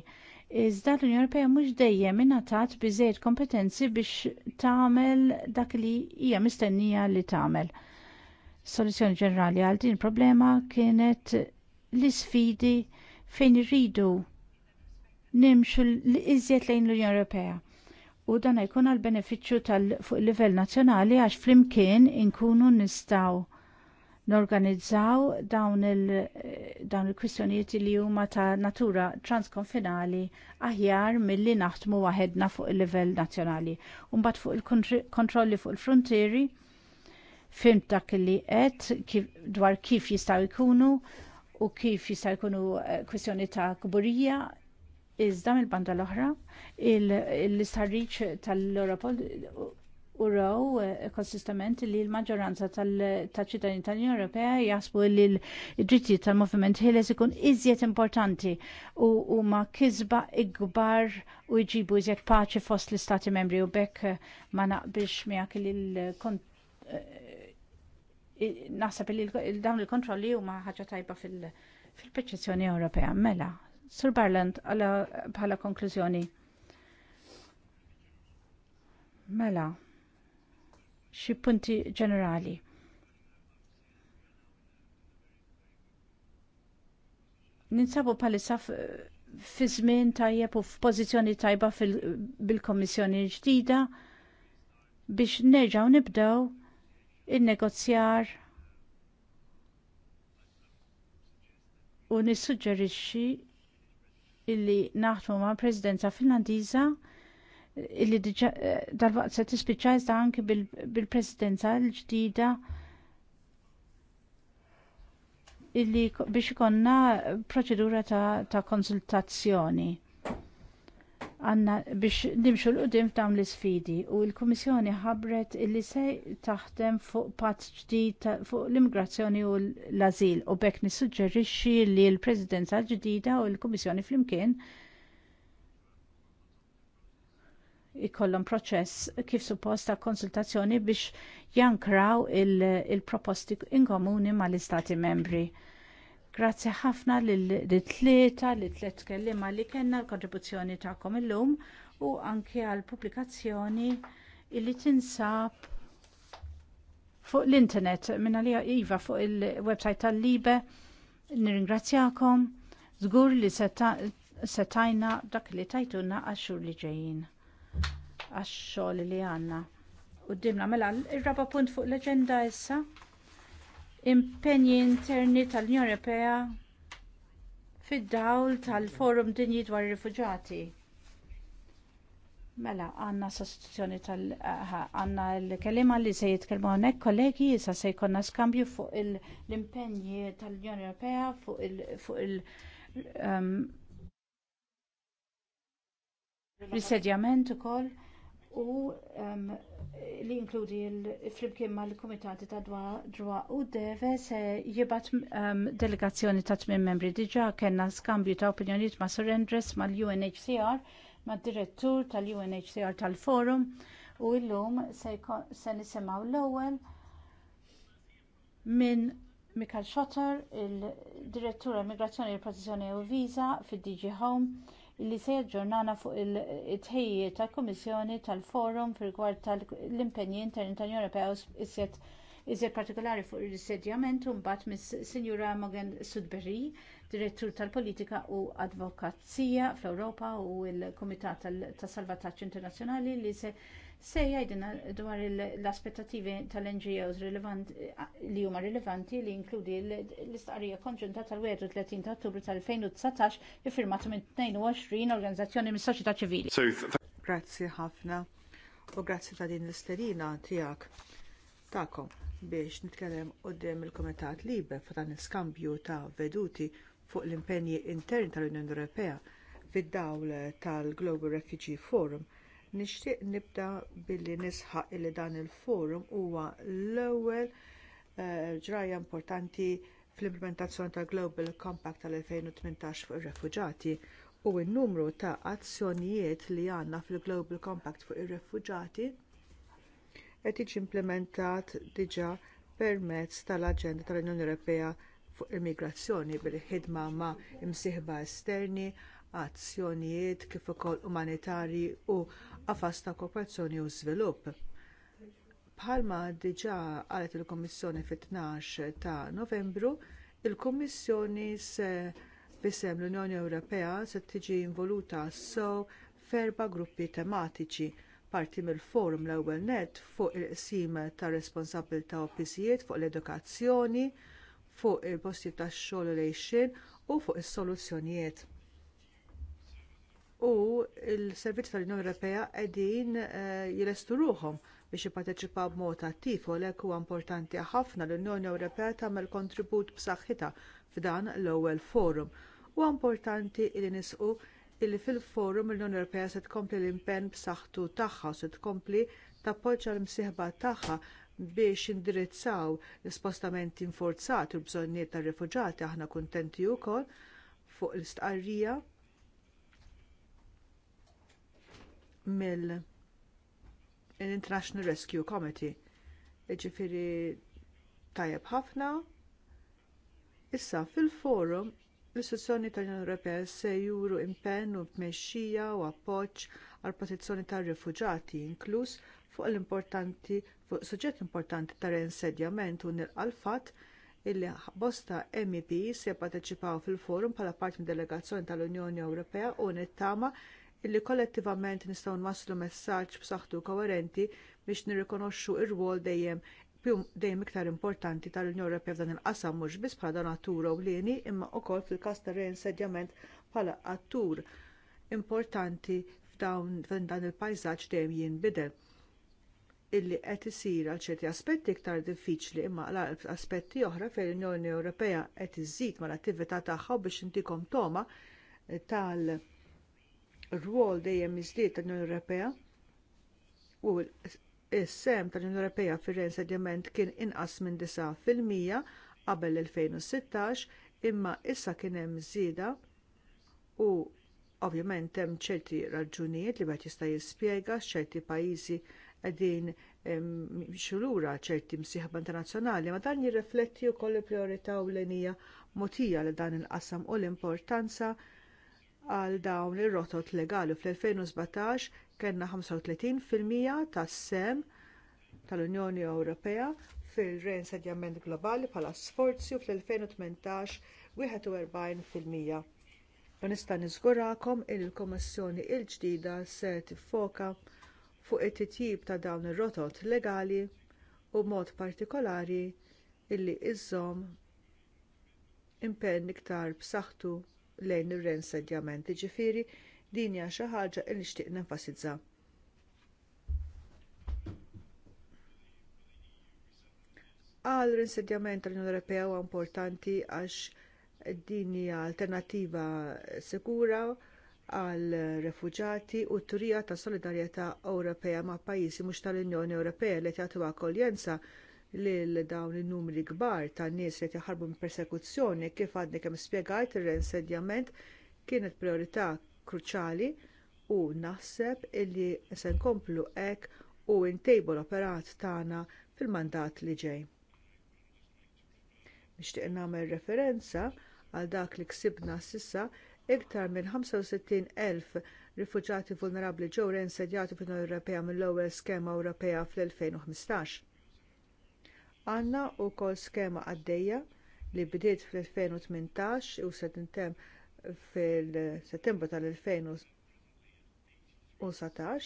Iżda l-Unjoni Ewropea mhux dejjem ingħatat biżejjed kompetenzi biex tagħmel dak li hija mistennija li tagħmel. Soluzzjoni ġenerali għal din problema kienet l-isfidi fejn irridu nimxu l-iżjed lejn l-Unjoni Ewropea u dan jkun għal benefiċċju tal fuq livell nazzjonali għax flimkien inkunu nistgħu norganizzaw dawn il-kwistjonijiet il li huma ta' natura transkonfinali aħjar milli naħdmu waħedna fuq il-livell nazzjonali. Umbat fuq il-kontrolli fuq il-frontieri, fim dak li qed dwar kif jistgħu jkunu u kif jistgħu jkunu eh, kwistjoni ta' kburija iżda mill-banda l-oħra l-istarriċ tal-Europol uraw eh, konsistament li l-maġġoranza tal-ċittadini tal-Unjoni Ewropea jasbu li l-drittijiet tal-moviment ħieles ikun iżjed importanti u ma kisba ikbar u jġibu iżjed paċi fost l-Istati membri u bekk eh, ma naqbilx miegħek li l eh, naħseb li dawn il-kontrolli huma ħaġa tajba fil-perċezzjoni Ewropea. Mela, Sur Barland, bħala konklużjoni. Mela, xi punti ġenerali. Ninsabu bħalissa fi żmien tajjeb u f'pożizzjoni tajba bil-Kommissjoni ġdida biex nerġgħu nibdew in-negozjar u nissuġġerixxi illi naħdmu ma' Presidenza Finlandiża illi eh, dal-waqt se tispiċċa iżda anki bil-presidenza l-ġdida illi biex ikonna proċedura ta' konsultazzjoni għanna biex nimxu l-qudim f'dawn l isfidi u l-Kummissjoni ħabbret illi se taħdem fuq pat ġdid fuq l-immigrazzjoni u l-azil u bekk nissuġġerixxi li l-Presidenza l-ġdida u l-Kummissjoni flimkien ikollhom proċess kif suppost ta' konsultazzjoni biex jankraw il-proposti il inkomuni mal-istati membri. Grazzi ħafna l-tlieta li tliet kellima li kellna l-kontribuzzjoni tagħkom illum u anke għall pubblikazzjoni illi tinsab fuq l-internet minna li iva fuq il-website tal-Libe. Nirringrazzjakom. Zgur li setajna dak li tajtuna għaxxur li ġejjin għax-xogħol li għandna. dimna mela ir-raba punt fuq l-aġenda issa impenji interni tal-Unjoni Ewropea fid-dawl tal-Forum Dinji dwar ir-Rifuġati. Mela, għanna sostituzzjoni tal għanna l-kelima li se jitkellmu hawnhekk kollegi issa se jkollna skambju fuq l-impenji tal-Unjoni Ewropea fuq il- fuq il um, ehm, risedjament ukoll u um, li inkludi l-flimkien mal kumitati ta' Dwa u Deve se jibat um, delegazzjoni ta' tmien membri diġa kena skambju ta' opinjoniet ma' Surrendres mal unhcr mad direttur tal-UNHCR tal-Forum u illum se, se nisimaw l-ewwel minn Mikael Schotter, il-direttura tal-migrazzjoni e protezzjoni u e viza fid-DG Home li se jaġġornana fuq il-tħejji tal kummissjoni tal-Forum fil rigward tal-impenji interni tal-Ewropea iżjed iżjed partikolari fuq il-sedjament u mbagħad mis-Sinjura Mogen Sudberi, Direttur tal-Politika u Advokazija fl-Ewropa u l-Kumitat tas-Salvataġġ Internazzjonali li se se jgħidina dwar l-aspettativi tal-NGOs li huma rilevanti li inkludi l-istqarrija konġunta tal-31 ta' Ottubru tal-2019 iffirmata minn 22 organizzazzjoni mis soċjetà ċivili. Grazzi ħafna u grazzi ta' din l-isterina tiegħek Takom biex nitkellem qudiem il-Kumitat Liber fuq dan iskambju ta' veduti fuq l-impenji interni tal-Unjoni Ewropea fid-dawl tal-Global Refugee Forum Nixtieq nibda billi nisħaq li dan il-forum huwa l-ewwel eh, ġraja importanti fl-implementazzjoni ta' global Compact tal-2018 fuq ir-refuġati u n-numru ta' azzjonijiet li għandna fil-Global Compact fuq ir-refuġati qed jiġi implementat diġà permezz tal-Aġenda tal-Unjoni Ewropea fuq immigrazzjoni bil-ħidma ma' imsieħba esterni, azzjonijiet kif ukoll umanitarji u għafas ta' kooperazzjoni u żvilupp. Bħalma diġà qalet il-Kummissjoni fit-12 ta' Novembru, il-Kummissjoni se bisem l-Unjoni Ewropea se tiġi involuta sew ferba gruppi tematiċi parti mill-forum l-ewwel nett fuq il-qsim ta' responsabilità u pisijiet fuq l-edukazzjoni, fuq il-postijiet tax-xogħol u u fuq is-soluzzjonijiet u l-Servizz tal-Unjoni Ewropea qegħdin eh, jilestu ruhom biex jipparteċipaw b'mod attiv u għalhekk huwa importanti ħafna l-Unjoni Ewropea tagħmel kontribut b'saħħitha f'dan l-ewwel forum. Huwa importanti li nisqu illi fil-forum l-Unjoni Ewropea se tkompli l-impenn b'saħħtu tagħha u se tkompli tappoġġja l-msieħba tagħha biex indirizzaw l-spostamenti infurzati u bżonniet tar rifuġati aħna kuntenti wkoll fuq l-istqarrija mill International Rescue Committee. Iġifiri tajjeb ħafna. Issa fil-forum l-istituzzjoni tal-Unjoni Ewropea se juru impenn u tmexxija u appoġġ għal protezzjoni tar-rifuġati inkluż fuq l-importanti fuq suġġett importanti tar reinsedjament u nilqal fatt illi bosta MEP se jipparteċipaw fil-forum bħala parti delegazzjoni tal-Unjoni Ewropea u nittama illi kollettivament nistgħu nwasslu messaġġ b'saħħtu koerenti biex nirrikonoxxu r rwol dejjem dejjem iktar importanti tal-Unjoni Ewropea f'dan il-qasam mhux biss bħala donatur ewlieni imma wkoll fil-każ ta' reinsedjament bħala attur importanti f'dan dan il pajsaġġ dejjem jinbidel illi qed isir għal ċerti aspetti iktar diffiċli imma għal aspetti oħra fejn l-Unjoni Ewropea qed iżżid mal-attività tagħha biex intikom toma tal- rwol dejjem iżdied tal-Unjoni Ewropea u s-sem tal-Unjoni Ewropea fir-ren sediment kien inqas minn 9% qabel 2016 imma issa kien hemm żieda u ovvjament hemm ċerti raġunijiet li wieħed jista' jispjega x'ċerti pajjiżi qegħdin xulura ċerti msieħba internazzjonali, ma dan jirrifletti wkoll il-priorità u l-enija motija li dan il-qasam u l-importanza għal dawn ir-rotot legali fl-2017 kellna 35% tas-sem tal-Unjoni Ewropea fil-reinsedjament globali bħala sforzi u fl-2018 41%. U nista' niżgurakom li l kummissjoni l ġdida se tiffoka fuq it-titjib ta' dawn ir-rotot legali u mod partikolari illi iżżomm impenn iktar b'saħħtu lejn ir-reinsedjament, ġifiri din hija xi ħaġa li nixtieq nenfasizza. Għal rinsedjament tal-Unjoni Ewropea huwa importanti għax din hija alternattiva sikura għal refuġati u t turija ta' solidarjetà Ewropea ma' pajjiżi mhux tal-Unjoni Ewropea li jagħtu akkoljenza lil dawn in-numri kbar ta' nies li jħarbu minn persekuzzjoni kif għadni kemm spjegajt ir-reinsedjament kienet priorità kruċjali u naħseb illi se nkomplu hekk u ntejbu l-operat tagħna fil-mandat li ġej. Nixtieq nagħmel referenza għal dak li ksibna sissa iktar minn 65,000 rifuġati vulnerabbli ġew reinsedjati fl-Unjoni Ewropea mill-ewwel skema Ewropea fl-2015 Għandna wkoll skema għaddejja li bdiet fl-2018 u se tintemm fil-settembru tal-2017,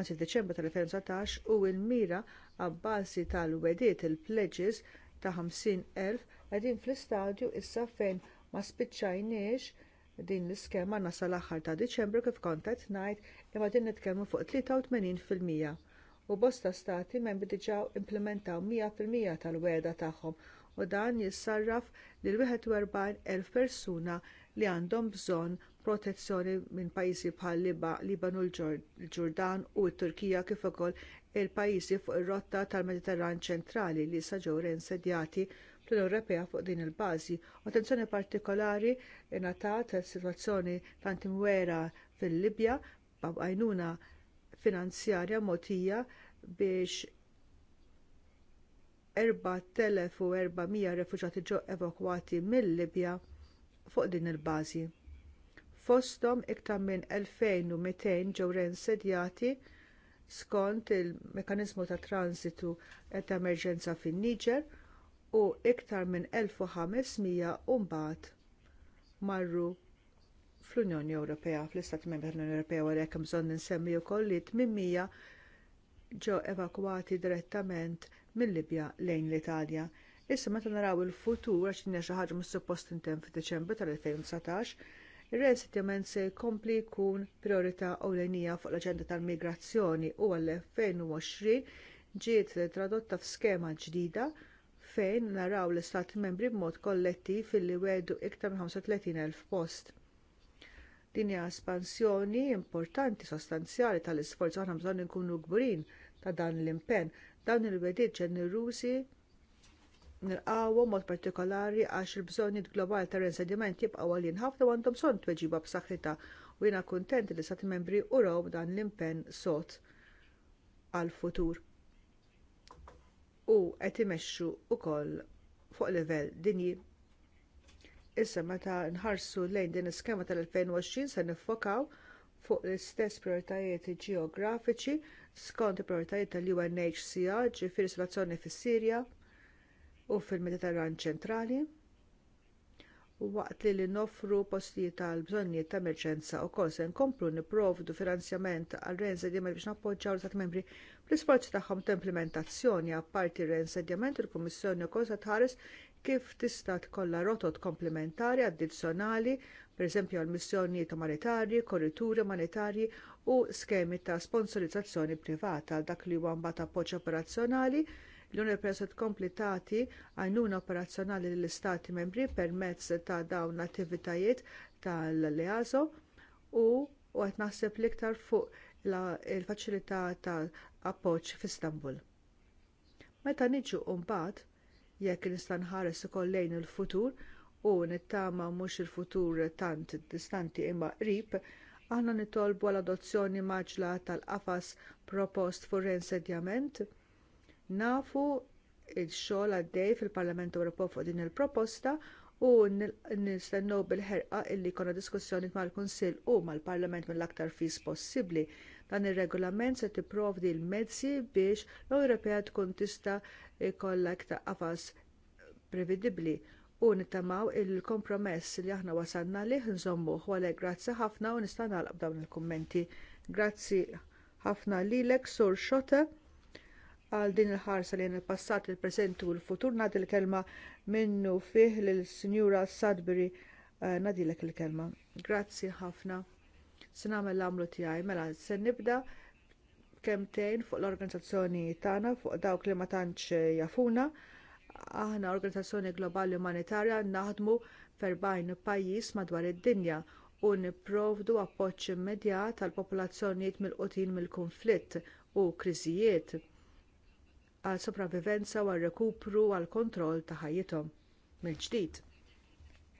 anzi f'Diċembru tal-2017, u l-mira għabbażi tal-wediet il-pledges ta' 50.000 qegħdin fl-istadju issa fejn ma spiċċajniex din l-iskema nasa l-aħħar ta' Diċembru kif kont qed ngħid imma din nitkellmu fuq 83 fil-mija u bosta stati membri diġà implementaw 100% tal-weda tagħhom u dan jissarraf lil 41,000 persuna li għandhom bżonn protezzjoni minn pajjiżi bħal Liban u l-Ġordan u t-Turkija kif ukoll il-pajjiżi fuq ir-rotta tal-Mediterran ċentrali li sa ġew reinsedjati fl Ewropea fuq din il-bażi. Attenzjoni partikolari ngħatat għas-sitwazzjoni tant imwera fil-Libja b'għajnuna finanzjarja mogħtija biex 4400 refuġati ġew evakwati mill-Libja fuq din il-bażi. Fosthom iktar minn 2200 ġew reinsedjati skont il-mekanizmu ta' transitu ta' emerġenza fin niġer u iktar minn 1500 mbagħad marru fl-Unjoni Ewropea, fl-Istat Membri tal-Unjoni Ewropea, u hekk bżonn nsemmi wkoll li 800 ġew evakwati direttament mill-Libja lejn l-Italja. Issa meta naraw il-futur għax dinja xi ħaġa mis-suppost intemm fid-Deċembru tal-2019, ir-resettlement se jkompli jkun priorità ewlenija fuq l-aġenda tal-migrazzjoni u għall-2020 ġiet tradotta f'skema ġdida fejn naraw l istati membri b'mod kollettiv li wedu iktar minn 35,000 post. Din hija espansjoni importanti sostanzjali tal-isforz aħna bżonn inkunu kburin ta' dan l-impenn. Dawn il-wedid ġenerużi nilqawhom mod partikolari għax il-bżonnijiet globali ta' rensediment jibqgħu għalin ħafna u għandhom bżonn tweġiba b'saħħitha u jiena kuntent li stati membri uraw dan l-impenn sod għal-futur u qed imexxu wkoll fuq livell dinji Issa meta nħarsu lejn din iskema tal-2020 se niffokaw fuq l-istess prioritajiet ġeografiċi skont il prioritajiet tal-UNHCR ġifieri situazzjoni fis-Sirja u fil-Mediterran ċentrali waqt li li noffru postijiet tal bżonnijiet ta' emerġenza wkoll se nkomplu nipprovdu finanzjament għal reinsedjament biex nappoġġaw l membri fl isforzi tagħhom ta' implementazzjoni apparti reinsedjament il-Kummissjoni wkoll se tħares kif tista' tkollha rotot komplementari addizzjonali, pereżempju għal missjonijiet umanitarji, korrituri umanitarji u skemi ta' sponsorizzazzjoni privata għal dak li huwa mbagħad appoġġ operazzjonali l-Unjoni Presa tkompli tagħti għajnuna operazzjonali lill-Istati membri permezz ta' dawn l-attivitajiet tal leazo u qed naħseb l-iktar fuq il-faċilità ta' appoġġ f'Istanbul. Meta niġu mbagħad jekk nista' nħares ukoll lejn il-futur u nittama mhux il-futur tant distanti imma qrib, aħna nitolbu l adozzjoni maġla tal-qafas propost fuq reinsedjament. Nafu x xogħol għaddej fil-Parlament Ewropew fuq din il-proposta u nistennew bil-ħerqa illi jkollna diskussjoni mal-Kunsill u mal-Parlament mill-aktar fis possibbli Dan ir-regolament se tipprovdi l-mezzi biex l-Ewropea tkun tista jkollha iktar qafas prevedibbli u nittamaw il-kompromess li aħna wasalna lih nżommu għalhekk grazzi ħafna u nista' nagħlaq dawn il-kummenti. Grazzi ħafna lilek sur xota għal din il-ħarsa li il-passat il-preżenti u l-futur nagħti l-kelma minnu fih lill-Sinjura Sudbury eh, nadilek il-kelma. Grazzi ħafna. Se nagħmel l-għamlu tiegħi mela se nibda kemtejn fuq l-organizzazzjoni tagħna fuq dawk li ma tantx jafuna. Aħna organizzazzjoni globali umanitarja naħdmu ferbajn pajjiż madwar id-dinja u nipprovdu appoġġ immedjat għall popolazzjonijiet mill-qotin mill-konflitt u kriżijiet għal sopravivenza u għal rekupru għal kontroll ta' ħajjithom mill-ġdid.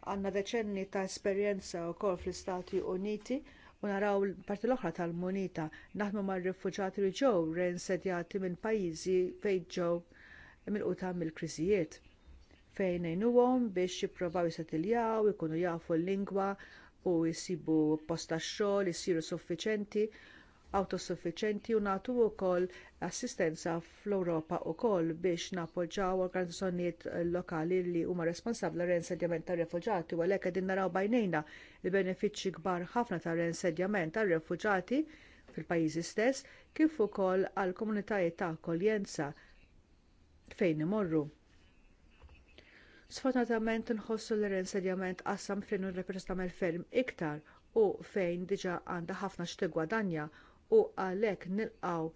Għandna deċenni ta' esperjenza wkoll fl-Istati Uniti u naraw l-parti l-oħra tal-monita naħdmu mar-rifuġati li ġew reinsedjati minn pajjiżi fejn ġew milquta mill-kriżijiet fejn ngħinuhom biex jippruvaw jisettiljaw, ikunu jafu l-lingwa u jsibu post tax-xogħol, isiru suffiċenti autosuffiċenti u nagħtu wkoll assistenza fl-Ewropa wkoll biex nappoġġjaw organizzazzjonijiet lokali li huma responsabbli reinsedjament tar refuġati u għalhekk qegħdin naraw bajnejna il-benefiċċji kbar ħafna tar reinsedjament tar refuġati fil-pajjiżi stess kif ukoll għall komunitajiet ta' akkoljenza fejn imorru. Sfortunatament inħossu l-reinsedjament qassam fejn un-repress tagħmel ferm iktar u fejn diġà għandha ħafna danja u għalhekk nilqgħu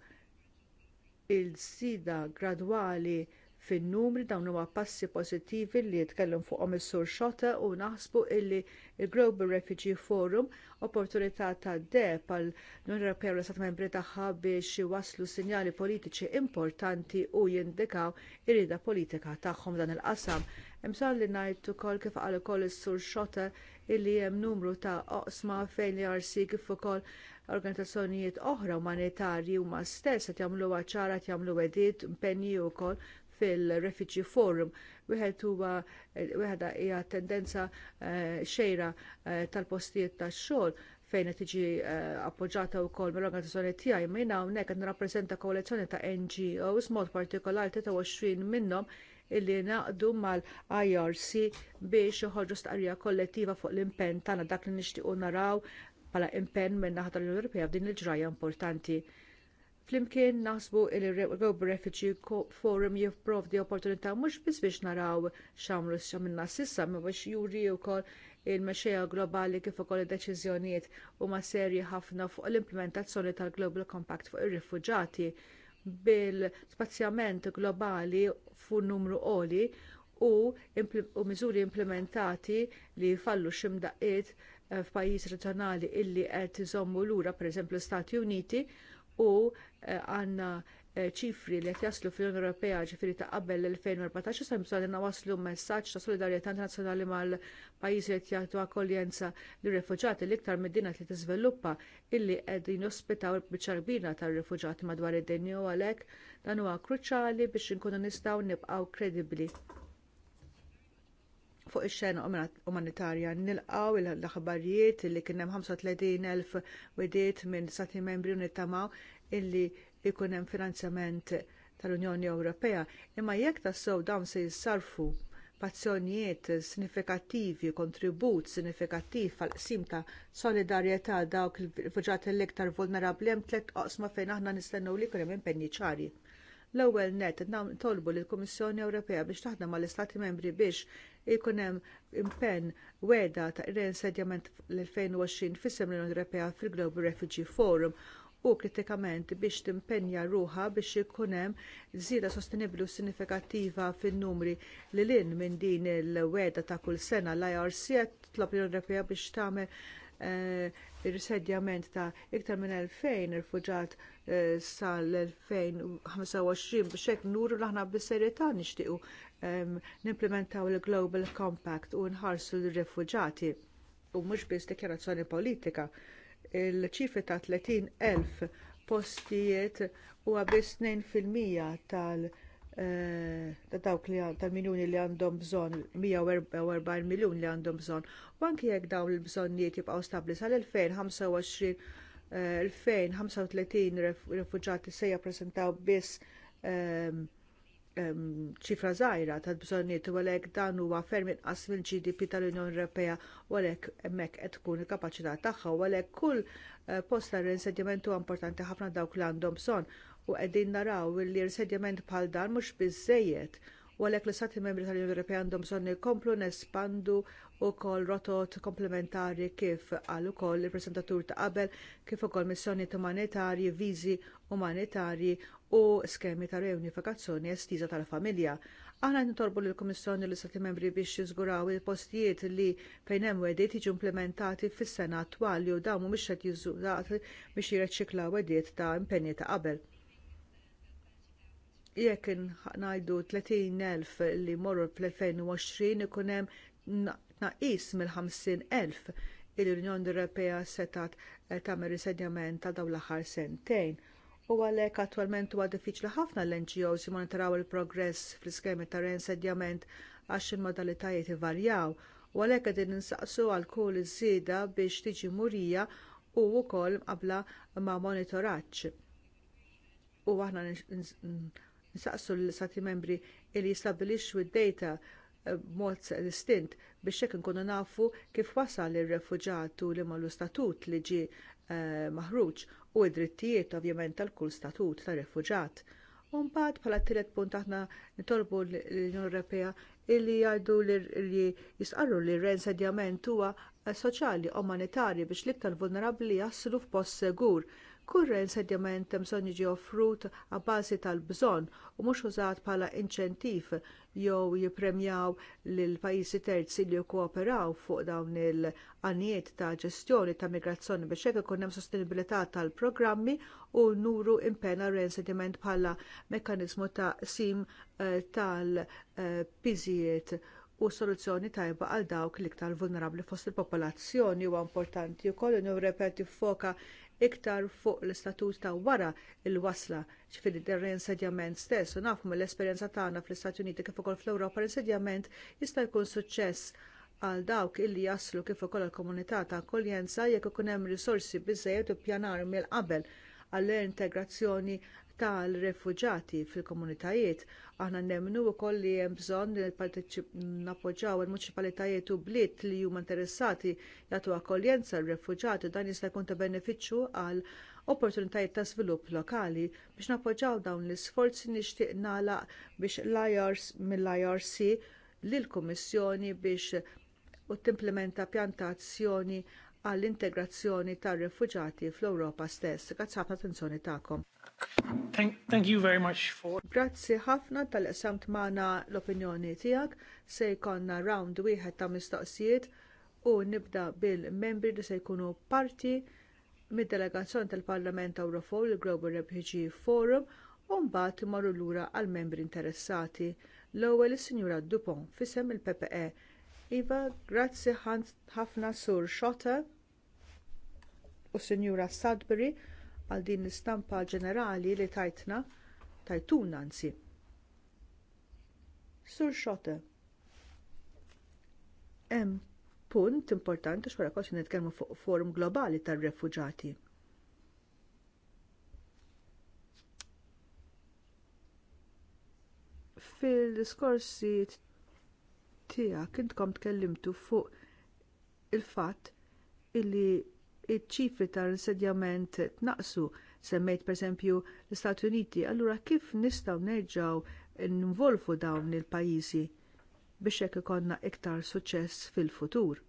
il-sida gradwali fin-numri dawn huwa passi pożittivi li jitkellem fuqhom is-sur Xota u naħsbu li l Global Refugee Forum opportunità ta' deb għal l-Unjoni Ewropea u l-Istat Membri tagħha biex iwasslu sinjali politiċi importanti u jindikaw ir-rieda politika tagħhom dan il-qasam. Imsan li ngħid ukoll kif qal ukoll is-sur Xota illi hemm numru ta' oqsma fejn li jarsi kif ukoll organizzazzjonijiet oħra umanitarji huma stess qed jagħmlu ċara qed jagħmlu wedid impenni wkoll fil-Refugee Forum. Wieħed huwa wieħed hija tendenza eh, xejra eh, tal-postijiet tax-xogħol fejn qed tiġi eh, appoġġjata wkoll mill-organizzazzjoni tiegħi minn hawnhekk qed nirrappreżenta koalizzjoni ta' NGOs mod partikolari 23 minnhom illi naqdu mal-IRC biex joħorġu stqarrija kollettiva fuq l impenn tagħna dak li nixtiequ naraw bħala impenn minn naħa tal-Unjoni Ewropea f'din il-ġraja importanti. Flimkien naħsbu il Global Refugee Forum jipprovdi opportunità mhux biss biex naraw x'għamlu x'għamilna sissa ma biex juri wkoll il-mexxejja globali kif ukoll id-deċiżjonijiet huma serji ħafna fuq l-implementazzjoni tal-Global Compact fuq ir-rifuġati bil-spazjament globali fuq numru għoli u, miżuri implementati li jfallu xi ximdaqiet f'pajjiż reġjonali illi qed iżommu lura pereżempju l Uniti u eh, għandna eh, ċifri li qed jaslu fl-Unjoni Ewropea ġifieri ta' qabel l-2014 sa bżonn waslu messaġġ ta' solidarjetà internazzjonali mal-pajjiżi li jagħtu akkoljenza lir-refuġati l-iktar mid-dinja li tiżviluppa illi qegħdin jospitaw biċarbina biċċa kbira tar refuġjati madwar id-dinja u għalhekk dan huwa kruċjali biex inkunu nistgħu nibqgħu kredibbli fuq ix-xena umanitarja nilqgħu l-aħbarijiet li kien hemm 35,000 widiet minn stati membri nittamaw illi jkun hemm finanzjament tal-Unjoni Ewropea, imma jekk tassew dawn se jissarfu pazzjonijiet sinifikattivi, kontribut sinifikattiv għal qsim ta' solidarjetà dawk il-fuġat l-iktar vulnerabbli hemm tliet oqsma fejn aħna nistennew li jkun hemm impenni ċari. L-ewwel net tolbu lill kummissjoni Ewropea biex taħdem mal-Istati Membri biex ikun hemm impenn weda ta' reinsedjament l-2020 fis-Sem l-Unjoni Ewropea fil-Global Refugee Forum u kritikament biex timpenja ruħa biex ikun hemm żieda sostenibbli u sinifikattiva fin-numri li lin minn din il-weda ta' kull sena l-IRC qed tlob l-Ewropea biex tagħmel Eh, il-risedjament ta' iktar minn 2000 rifuġat sal-2025 biex hekk nuru l-aħna bis-serjetà nixtiequ ehm, nimplementaw il-Global Compact u nħarsu l-rifuġati u mhux biss dikjarazzjoni politika. Il-ċifri ta' 30,000 postijiet huwa biss 2% tal- Eh, ta' dawk li tal-miljuni li għandhom bżonn 144 miljoni li għandhom bżonn. U anki jekk dawn il-bżonnijiet jibqgħu stabbli sal-2025 eh, 2035 rifuġati se jappreżentaw biss ehm, ehm, ċifra żgħira ta' bżonniet u għalhekk dan huwa ferm inqas mill-GDP tal-Unjoni Ewropea u għalhekk hemmhekk qed tkun il-kapaċità tagħha u għalhekk kull eh, post ta' huwa importanti ħafna dawk li għandhom bżonn u qegħdin naraw li sedjament bħal dan mhux biżżejjed u għalhekk l-Istati Membri tal-Unjoni Ewropea għandhom bżonn jkomplu nespandu wkoll rotot komplementari kif qal ukoll il-presentatur ta' qabel kif ukoll missjonijiet umanitarji, viżi umanitarji u skemi ta' reunifikazzjoni estiża tal-familja. Aħna nitolbu lill kummissjoni l istati Membri biex jiżguraw il-postijiet li fejn hemm wedit jiġu implementati fis-sena attwali u dawn mhumiex qed jiżurat biex jirreċiklaw wedit ta' impenni ta' qabel jekk ngħidu 30,000 li morru fl-2020 ikun hemm tnaqqis mill-50,000 il-Unjoni Ewropea setat eh, tagħmel risedjament ta' dawn l-aħħar sentejn. U għalhekk attwalment huwa diffiċli ħafna l-NGOs jmonitoraw il-progress fl-iskemi ta' reinsedjament għax il-modalitajiet ivarjaw u għalhekk qegħdin insaqsu għal kull iż-żieda biex tiġi murija u wkoll qabla ma' monitoraġġ. U aħna nsaqsu l istati membri li jistabilixxu id-data eh, b'mod distint biex hekk inkunu nafu kif wasal ir-refuġat u li l statut li ġie eh, maħruġ u d drittijiet ovvjament tal-kull statut tar refuġat. Mbagħad bħala t-tielet punt aħna nitolbu l-Unjoni Ewropea illi jgħidu li jisqarru li r-reinsedjament huwa eh, soċjali umanitarji biex l-iktar vulnerabbli jaslu f'post segur Kurren sediment bżonn jiġi offrut għabbażi tal-bżonn u mhux użat bħala inċentiv jew jippremjaw lil pajjiżi terzi li jkooperaw fuq dawn il-għanijiet ta' ġestjoni ta' migrazzjoni biex hekk ikun hemm sostenibilità tal-programmi u nuru impenna reinsediment bħala mekkaniżmu ta' sim eh, tal-piżijiet u soluzzjoni tajba għal dawk l-iktar vulnerabbli fost il-popolazzjoni huwa importanti wkoll u nirrepeti foka iktar fuq l-istatut ta' wara l wasla ċifiri d-reinsedjament stess, u nafmu l-esperienza tagħna fl-Istati Uniti kif ukoll fl-Ewropa l-insedjament jista' jkun suċċess għal dawk illi jaslu kif ukoll il-komunità ta' akkoljenza jekk ikun hemm risorsi biżżejjed u pjanar mill-qabel għall integrazzjoni tal-refuġati fil-komunitajiet. Aħna nemmnu wkoll li hemm bżonn li nappoġġaw il-muċipalitajiet u bliet li huma interessati jagħtu akkoljenza r-refuġati dan jista' jkun ta' benefiċċju għal opportunitajiet ta' svilupp lokali biex nappoġġaw dawn l-isforzi nixtieq nagħlaq biex l-IRC mill-IRC lill kummissjoni biex u timplementa pjantazzjoni għall-integrazzjoni tar-refuġati fl-Ewropa stess. Grazzi ħafna attenzjoni tagħkom. Thank, thank, you very much for. Grazzi ħafna tal-qsamt magħna l-opinjoni tiegħek se jkollna round wieħed ta' mistoqsijiet u nibda bil-membri li se jkunu parti mid-delegazzjoni tal-Parlament Ewropew il Global Refugee Forum u mbagħad imorru lura għall membri interessati. L-ewwel is-Sinjura Dupont fisem il-PPE Iva, grazzi ħafna sur Xota u Sinjura Sudbury għal din l-istampa ġenerali li tajtna, tajtuna nsi. Sur Xota. Hemm punt importanti xwara kosi nitkellmu fuq forum globali tar refugġati fil-diskorsi tijak intkom tkellimtu fuq il-fatt illi iċ-ċifri ta' insedjament tnaqsu semmejt pereżempju l-Istati Uniti, allura kif nistgħu nerġgħu nvolvu dawn il-pajjiżi biex hekk ikollna iktar suċċess fil-futur?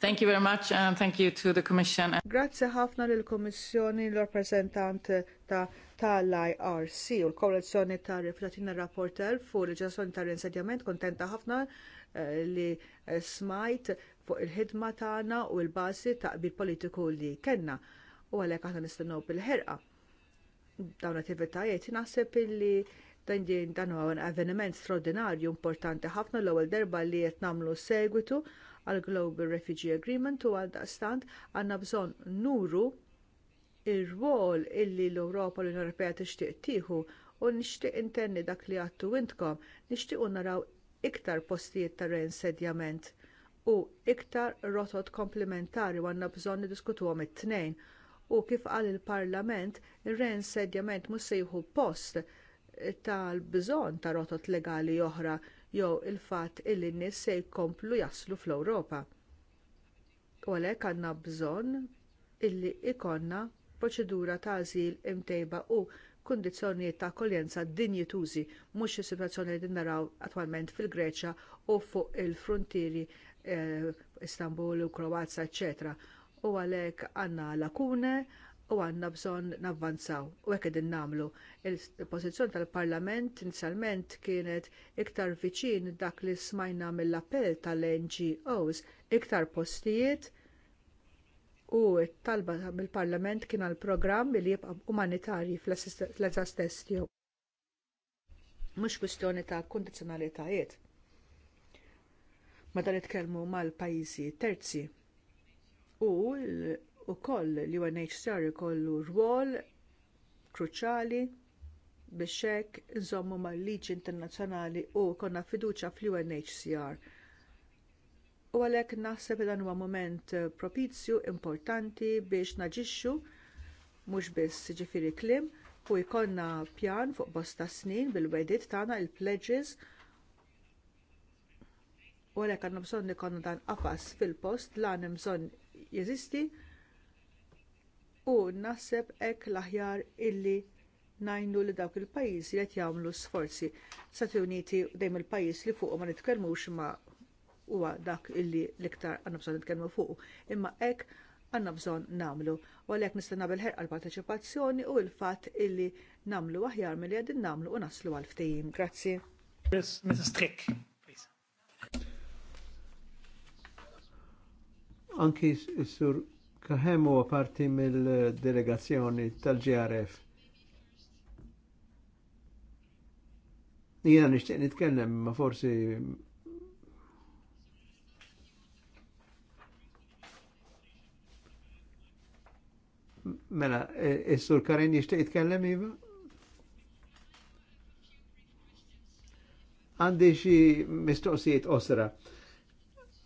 Thank you very much and thank you to the Commission. Grazie ħafna lill kommissjoni l-rappresentant ta' tal-IRC u l-korrezzjoni ta' riflatina rapporter fuq il ġazzjoni ta' rinsedjament kontenta ħafna eh, li eh, smajt fuq il-ħidma tagħna u l-bażi ta' bil politiku li kellna u għalhekk aħna nistennew bil-ħerqa. Dawn attivitajiet naħseb illi dan huwa avveniment straordinarju importanti ħafna l-ewwel darba li qed nagħmlu segwitu għall Global Refugee Agreement u għaldaqstant għandna bżonn nuru r rwol illi l-Ewropa l-Unjoni Ewropea tixtieq tieħu u nixtieq intenni dak li għattu intkom nixtiequ naraw iktar postijiet ta' reinsedjament u iktar rotot komplementari għandna bżonn għom it-tnejn u kif qal il-Parlament ir-reinsedjament mhux sejħu post tal-bżonn ta' rotot legali oħra jew il-fatt illi n-nies se jkomplu jaslu fl-Ewropa. U għalhekk għandna bżonn illi ikonna proċedura ta' għażil imtejba u kundizzjonijiet ta' akkoljenza dinjitużi mhux is-sitwazzjoni li naraw attwalment fil-Greċja u fuq il-frontieri eh, Istanbul u Kroazja, eċetera. U għalhekk għandna lakune, u għandna bżonn navvanzaw. U hekk qegħdin nagħmlu. Il-pożizzjoni tal-Parlament inizjalment kienet iktar viċin dak li smajna mill-appell tal-NGOs iktar postijiet u t talba mill-Parlament kien għal programm li jibqa' umanitarji fl-esa stess tiegħu. Mhux kwistjoni ta' kundizzjonalitajiet. Meta nitkellmu mal-pajjiżi terzi u ukoll li UNHCR ikollu rwol kruċjali biex hekk inżommu mal-liġi internazzjonali u konna fiduċja fl-UNHCR. U għalhekk naħseb li dan huwa mument propizju importanti biex naġixxu mhux biss ġifieri kliem u jkollna pjan fuq bosta snin bil-wedit tagħna il-pledges u għalhekk għandna bżonn ikollna dan qafas fil-post l hemm bżonn jeżisti u naħseb hekk l-aħjar illi ngħinu li dawk il-pajjiżi qed jagħmlu sforzi. Stati Uniti dejjem il-pajjiż li fuq ma nitkellmux ma huwa dak illi l-iktar għandna bżonn nitkellmu fuq. Imma hekk għandna bżonn nagħmlu. U għalhekk nistenna bil-ħerqa għal parteċipazzjoni u l-fatt illi nagħmlu aħjar milli qegħdin nagħmlu u naslu għal ftehim. Grazzi. Anki s-sur Kahem u parti mill-delegazzjoni tal-GRF. Jena nishtiq nitkellem ma forsi Mela, is-sur e, e, Karin nishtiq nitkellem, iva? Għandi xi mistoqsijiet osra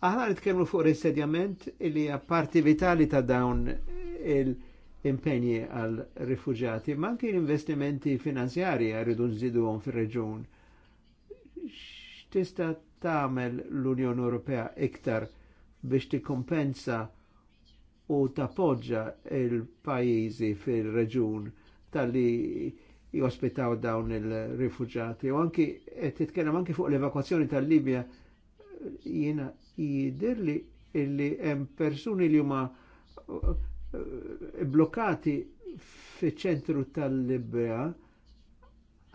Aħna nitkellmu fuq l-insedjament li hija parti vitali ta' dawn il-impenji għal rifugjati ma anke l-investimenti finanzjari rridu nżiduhom fir-reġun. X'tista' tagħmel l-Unjoni Ewropea iktar biex tikkompensa u tappoġġa il-pajjiżi fil-reġun tal-li jospitaw dawn il-rifugjati u anki eh, titkellem anki fuq l-evakwazzjoni tal-Libja jiena jidir li illi hemm persuni li huma eh, blokkati fiċ-ċentru tal libra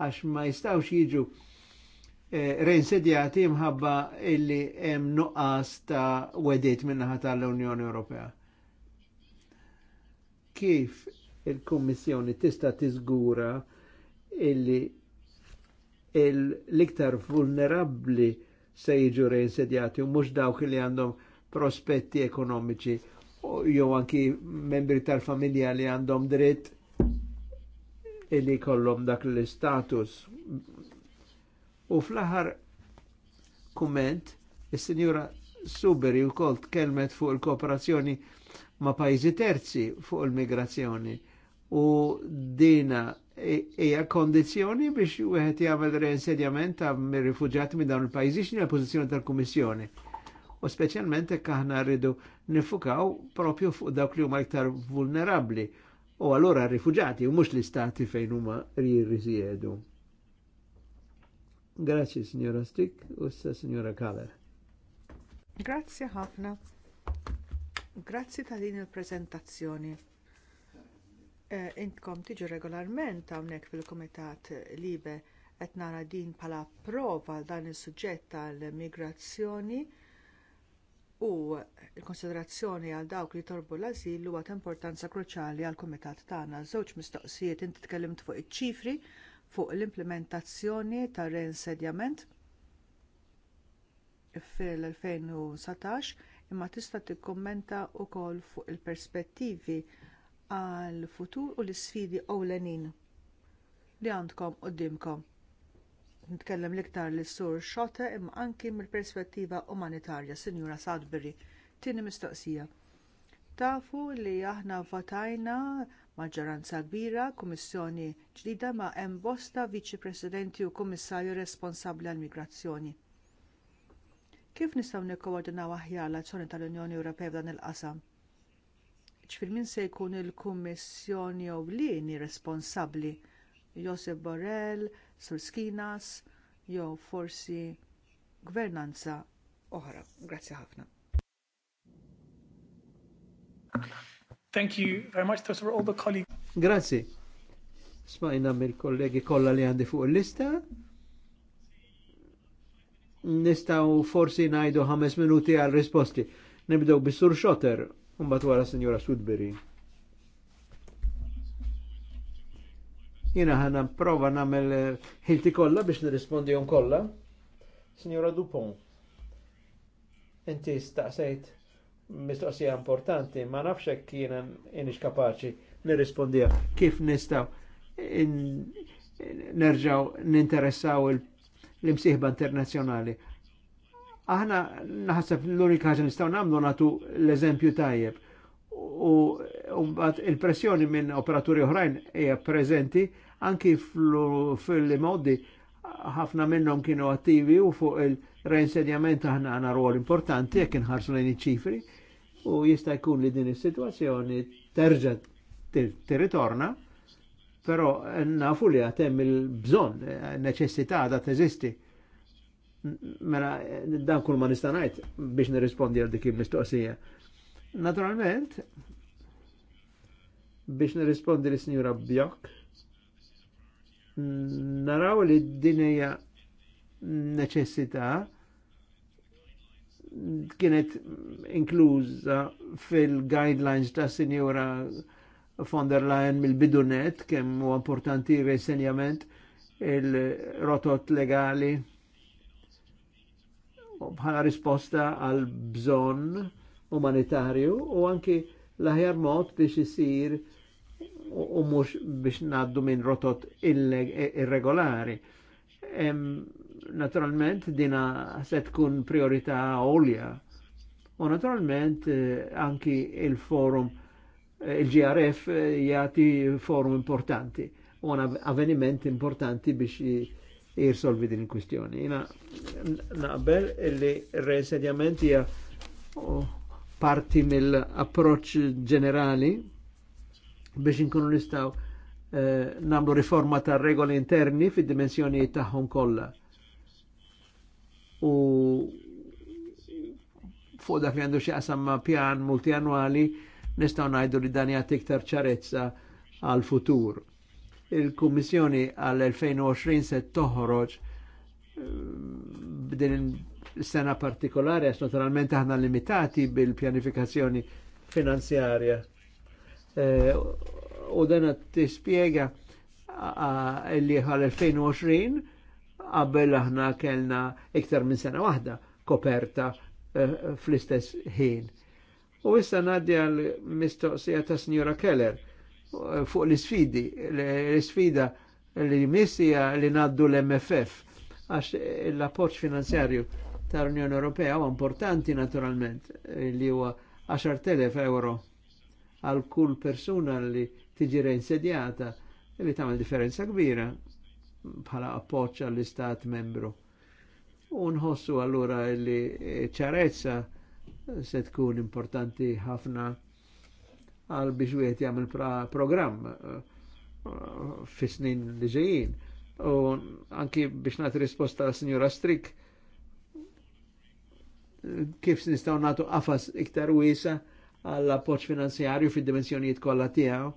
għax ma jistawx jiġu eh, reinsedjati mħabba illi hemm nuqqas ta' wedit minnaħa tal-Unjoni Ewropea. Kif il-Kummissjoni tista' tiżgura illi l-iktar il vulnerabbli se jiġu reinsedjati u mhux dawk li għandhom prospetti ekonomiċi jew anki membri tal-familja li għandhom dritt illi kollhom dak l-istatus. U fl-aħħar kumment, is-Sinjura Suberi wkoll tkellmet fuq il-kooperazzjoni ma' pajjiżi terzi fuq il-migrazzjoni u dina hija kondizjoni biex wieħed jagħmel reinsedjament ta' rifugġati minn dawn il pajzi xin l pozizjoni tal-Kummissjoni. U specialment hekk aħna rridu nifukaw propju fuq dawk li huma iktar vulnerabbli. U allura rifugġati u mhux l-istati fejn huma jirrisiedu. Grazzi, signora Stick, u sa signora Kaller. Grazzi ħafna. Grazzi ta' din il-prezentazzjoni Eh, intkom tiġu regolarment hawnhekk fil-Kumitat Libe qed nara din bħala prova dan is-suġġett tal-migrazzjoni u l-konsiderazzjoni għal dawk li torbu l-azil huwa ta' importanza kruċjali għall kumitat tagħna. Żewġ mistoqsijiet inti tkellimt fuq iċ-ċifri fuq l-implementazzjoni tar reinsedjament fil-2017 imma tista' tikkummenta wkoll fuq il-perspettivi għall futur u l isfidi ewlenin li għandkom quddiemkom. Nitkellem l-iktar lis sur xote imma anki mill-perspettiva umanitarja, Sinjura Sadbury, tieni mistoqsija. Tafu li aħna votajna maġġoranza kbira, kummissjoni ġdida ma' hemm bosta viċi presidenti u kummissarju responsabbli għall migrazzjoni Kif nistgħu nikkoordinaw aħjar l-azzjoni tal-Unjoni Ewropea f'dan il-qasam? ċfil se jkun il-Kummissjoni Ewlieni responsabbli Josep Borrell, Surskinas, jew forsi gvernanza oħra. Grazzi ħafna. Thank you very much to all the colleagues. Grazzi. Smajna mill-kollegi kollha li għandi fuq il-lista. Nistaw forsi ngħidu ħames minuti għal risposti. Nibdew bis-sur Xotter. Umbat wara Signora Sudbury. Jina ħana prova namel eh, ħilti kolla biex nirrispondi jom kolla. Signora Dupont, inti staqsejt mistoqsija importanti, ma nafxek jiena inix kapaċi nirrispondija. Kif nistaw nerġaw ninteressaw l-imsiħba internazjonali? Aħna naħseb l-unika ħaġa nistgħu nagħmlu nagħtu l-eżempju tajjeb. U mbagħad il-pressjoni minn operaturi oħrajn hija preżenti anki fil-modi li ħafna minnhom kienu attivi u fuq il-reinsedjament aħna għandna rwol importanti jekk inħarsu lejn iċ-ċifri u jista' jkun li din is-sitwazzjoni terġa' tirritorna, però nafu li għatem il-bżon, neċessità da teżisti. Mela, dan kull ma nistanajt biex nirrispondi għal dik il-mistoqsija. Naturalment, biex nirrispondi li snjura Bjok, naraw li d-dinja neċessita' kienet inkluża fil-guidelines ta' Sinjura von der Leyen mill-bidunet, kemm u importanti resenjament il-rotot legali bħala risposta għal bżon umanitarju u anki l-aħjar mod biex jisir u mux biex naddu minn rotot e- irregolari. Naturalment dina se tkun priorità għolja. U naturalment eh, anki il-forum eh, il-GRF eh, jati forum importanti u għana avveniment importanti biex jirsolvi din il kustjoni Jina naqbel illi reinsedjament hija oh, parti mill-approċ ġenerali biex inkunu nistaw eh, namlu riforma ta' regoli interni fid dimensjoni tagħhom kollha. U fuq dak li għandu xaqsam ma' pjan multianwali nistgħu ngħidu li dan jagħti iktar ċarezza għal futur il-Kummissjoni għal-2020 se toħroġ eh, b'din il sena partikolari għax naturalment aħna limitati bil-pjanifikazzjoni finanzjarja. Eh, u dan spiega li għal-2020 qabel aħna kellna iktar minn sena waħda koperta eh, fl-istess ħin. U issa ngħaddi għal mistoqsija ta' Signora Keller fuq l-sfidi. L-sfida li missija li naddu l-MFF għax l-appoċ finanzjarju tal-Unjoni Ewropea huwa importanti naturalment li huwa 10.000 euro għal kull persuna li tiġi reinsedjata li tagħmel differenza kbira bħala appoċ għall-istat membru. Unħossu allura li ċarezza se tkun importanti ħafna għal biex wieħed jagħmel programm uh, fi snin li ġejjin. U anki biex nagħti risposta għas Sinjora Strik kif nistgħu nagħtu qafas iktar wiesa għall appoġġ finanzjarju fid-dimensjonijiet kollha tiegħu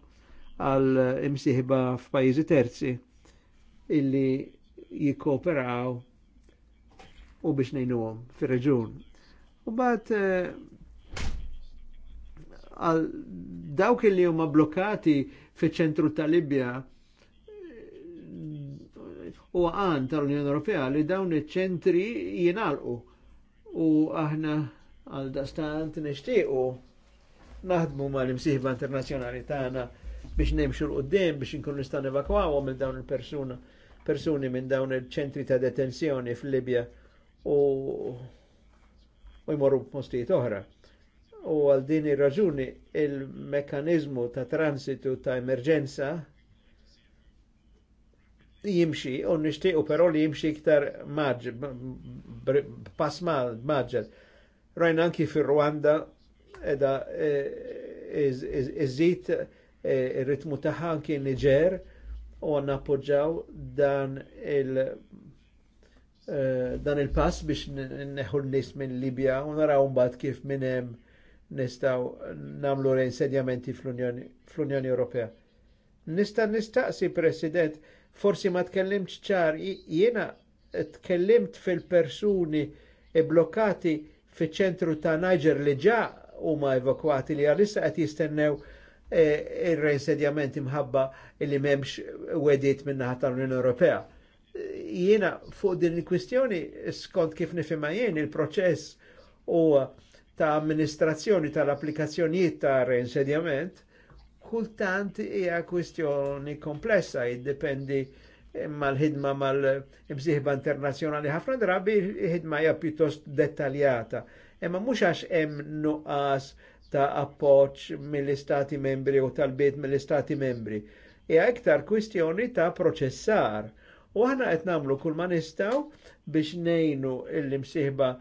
għal imsieħba f'pajjiżi terzi illi jikkooperaw u biex ngħinuhom fir-reġun. U bat għal dawk li huma blokkati fi ċentru tal-Libja u għan tal-Unjoni Ewropea li dawn iċ-ċentri jingħalqu u aħna għal dastant nixtiequ naħdmu mal l-imsiħba internazjonali tagħna biex nemxu l-qoddim biex nkunu nistgħu nevakwaw minn dawn il-persuna persuni minn dawn il-ċentri ta' detenzjoni fil-Libja u u jmorru postijiet oħra. U għal din ir-raġuni il-mekanizmu ta' transitu ta' emerġenza jimxi, u nishtiqu però li jimxi iktar maġġel, pass maġġel. Rajna anki fir rwanda edha e, iżid e, ir-ritmu taħħa anki Niger u għanna appoġġaw dan il- e, dan il-pass biex neħu n-nis minn Libja u naraw mbagħad kif minn hemm nistaw namlu reinsedjamenti fl-Unjoni Ewropea. Nista nistaqsi, President, forsi ma tkellimt ċar, jiena tkellimt fil-persuni blokkati fiċ ċentru ta' Niger li ġa huma evakwati li għalissa qed jistennew e, ir reinsedjamenti mħabba li m'hemmx wedit min-naħa tal-Unjoni Ewropea. Jiena fuq din il-kwistjoni skont kif nifhimha jien il-proċess u ta' amministrazzjoni tal-applikazzjonijiet ta' reinsedjament, kultant hija kwistjoni komplessa, jiddependi mal-ħidma mal-imsiħba internazjonali ħafna drabi ħidma hija pjuttost dettaljata. Imma mhux għax hemm nuqqas ta' appoġġ mill-istati membri u tal-bit mill-istati membri. Hija iktar kwistjoni ta' proċessar. U aħna qed nagħmlu kull ma nistgħu biex ngħinu l-imsieħba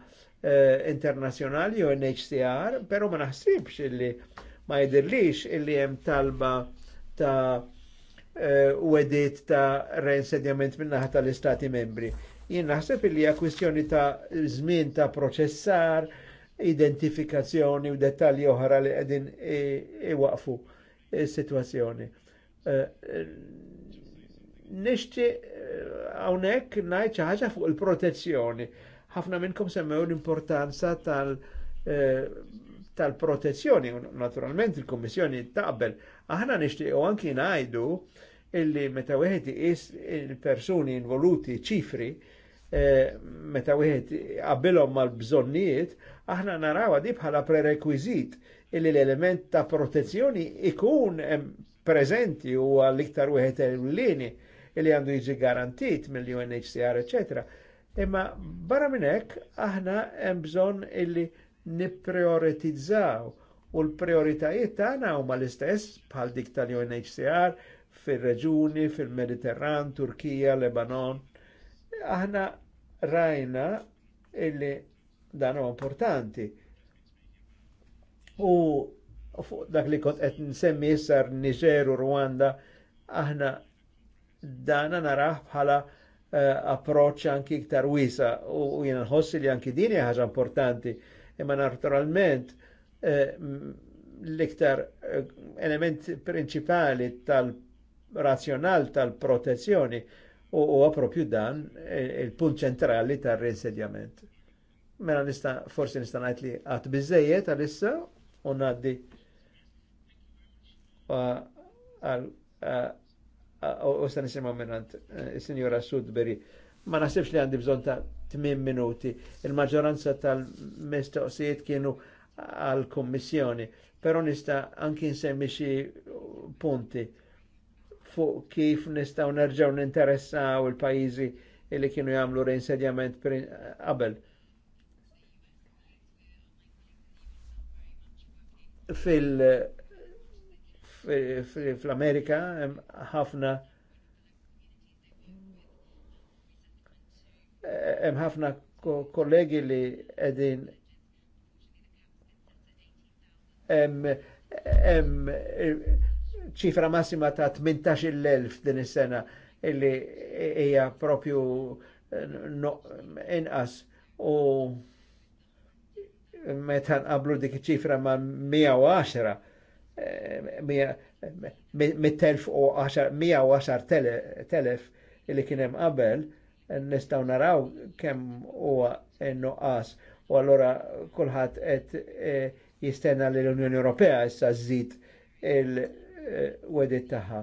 eh, internazjonali u NHCR, pero ma naħsibx illi ma jidirlix illi hemm talba ta' eh, wedit ta' reinsedjament minnaħa tal-istati membri. Jien naħseb illi hija kwistjoni ta' żmien ta' proċessar, identifikazzjoni u dettalji oħra li qegħdin iwaqfu is-sitwazzjoni. Eh, eh, Nixti eh, hawnhekk ngħid xi ħaġa fuq il-protezzjoni ħafna minnkom semmew l-importanza tal- eh, tal-protezzjoni, naturalment il-Kommissjoni taqbel. Aħna u anki ngħidu illi meta wieħed is il-persuni involuti ċifri, eh, meta wieħed qabilhom mal-bżonnijiet, aħna narawha di bħala prerekwiżit illi l-element ta' protezzjoni ikun preżenti u għall-iktar wieħed il lini illi għandu jiġi garantit mill-UNHCR, eccetera Imma barra minnek, aħna hemm bżonn illi nipprioritizzaw u l-prioritajiet tagħna huma l-istess bħal dik tal-UNHCR fir-reġuni, fil-Mediterran, Turkija, Lebanon. Aħna rajna illi dan huwa importanti. U fuq dak li kont qed nsemmi issa Niġer u Rwanda aħna dana naraħ bħala Eh, approċċ anki iktar wisa u jena nħossi li anki dini ħaġa importanti imma naturalment eh, l-iktar eh, element principali tal-razzjonal tal-protezzjoni u huwa propju dan il-punt ċentrali tal reinsedjament Mela nista forsi nista' ngħid li qatt biżejjed għalissa u ngħaddi u sta nisimaw minnant eh, il-Sinjora Sudbury. Ma nasibx li għandi bżon ta' 8 minuti. Il-maġġoranza tal-mistoqsijiet kienu għal-Kommissjoni, pero nista' anki nsemmi xi punti fuq kif nistaw nerġaw ninteressaw il-pajizi li kienu jagħmlu reinsedjament qabel. fil- fl-Amerika ħafna hemm ħafna kollegi li qegħdin hemm hemm ċifra massima ta' 18,000 din is-sena illi hija propju inqas u meta nqablu dik iċ-ċifra ma' 110 110.000 li kienem qabel nistaw naraw kem huwa n-nuqqas u allora kulħadd qed jistenna li l-Unjoni Ewropea issa żżid il-wedit tagħha.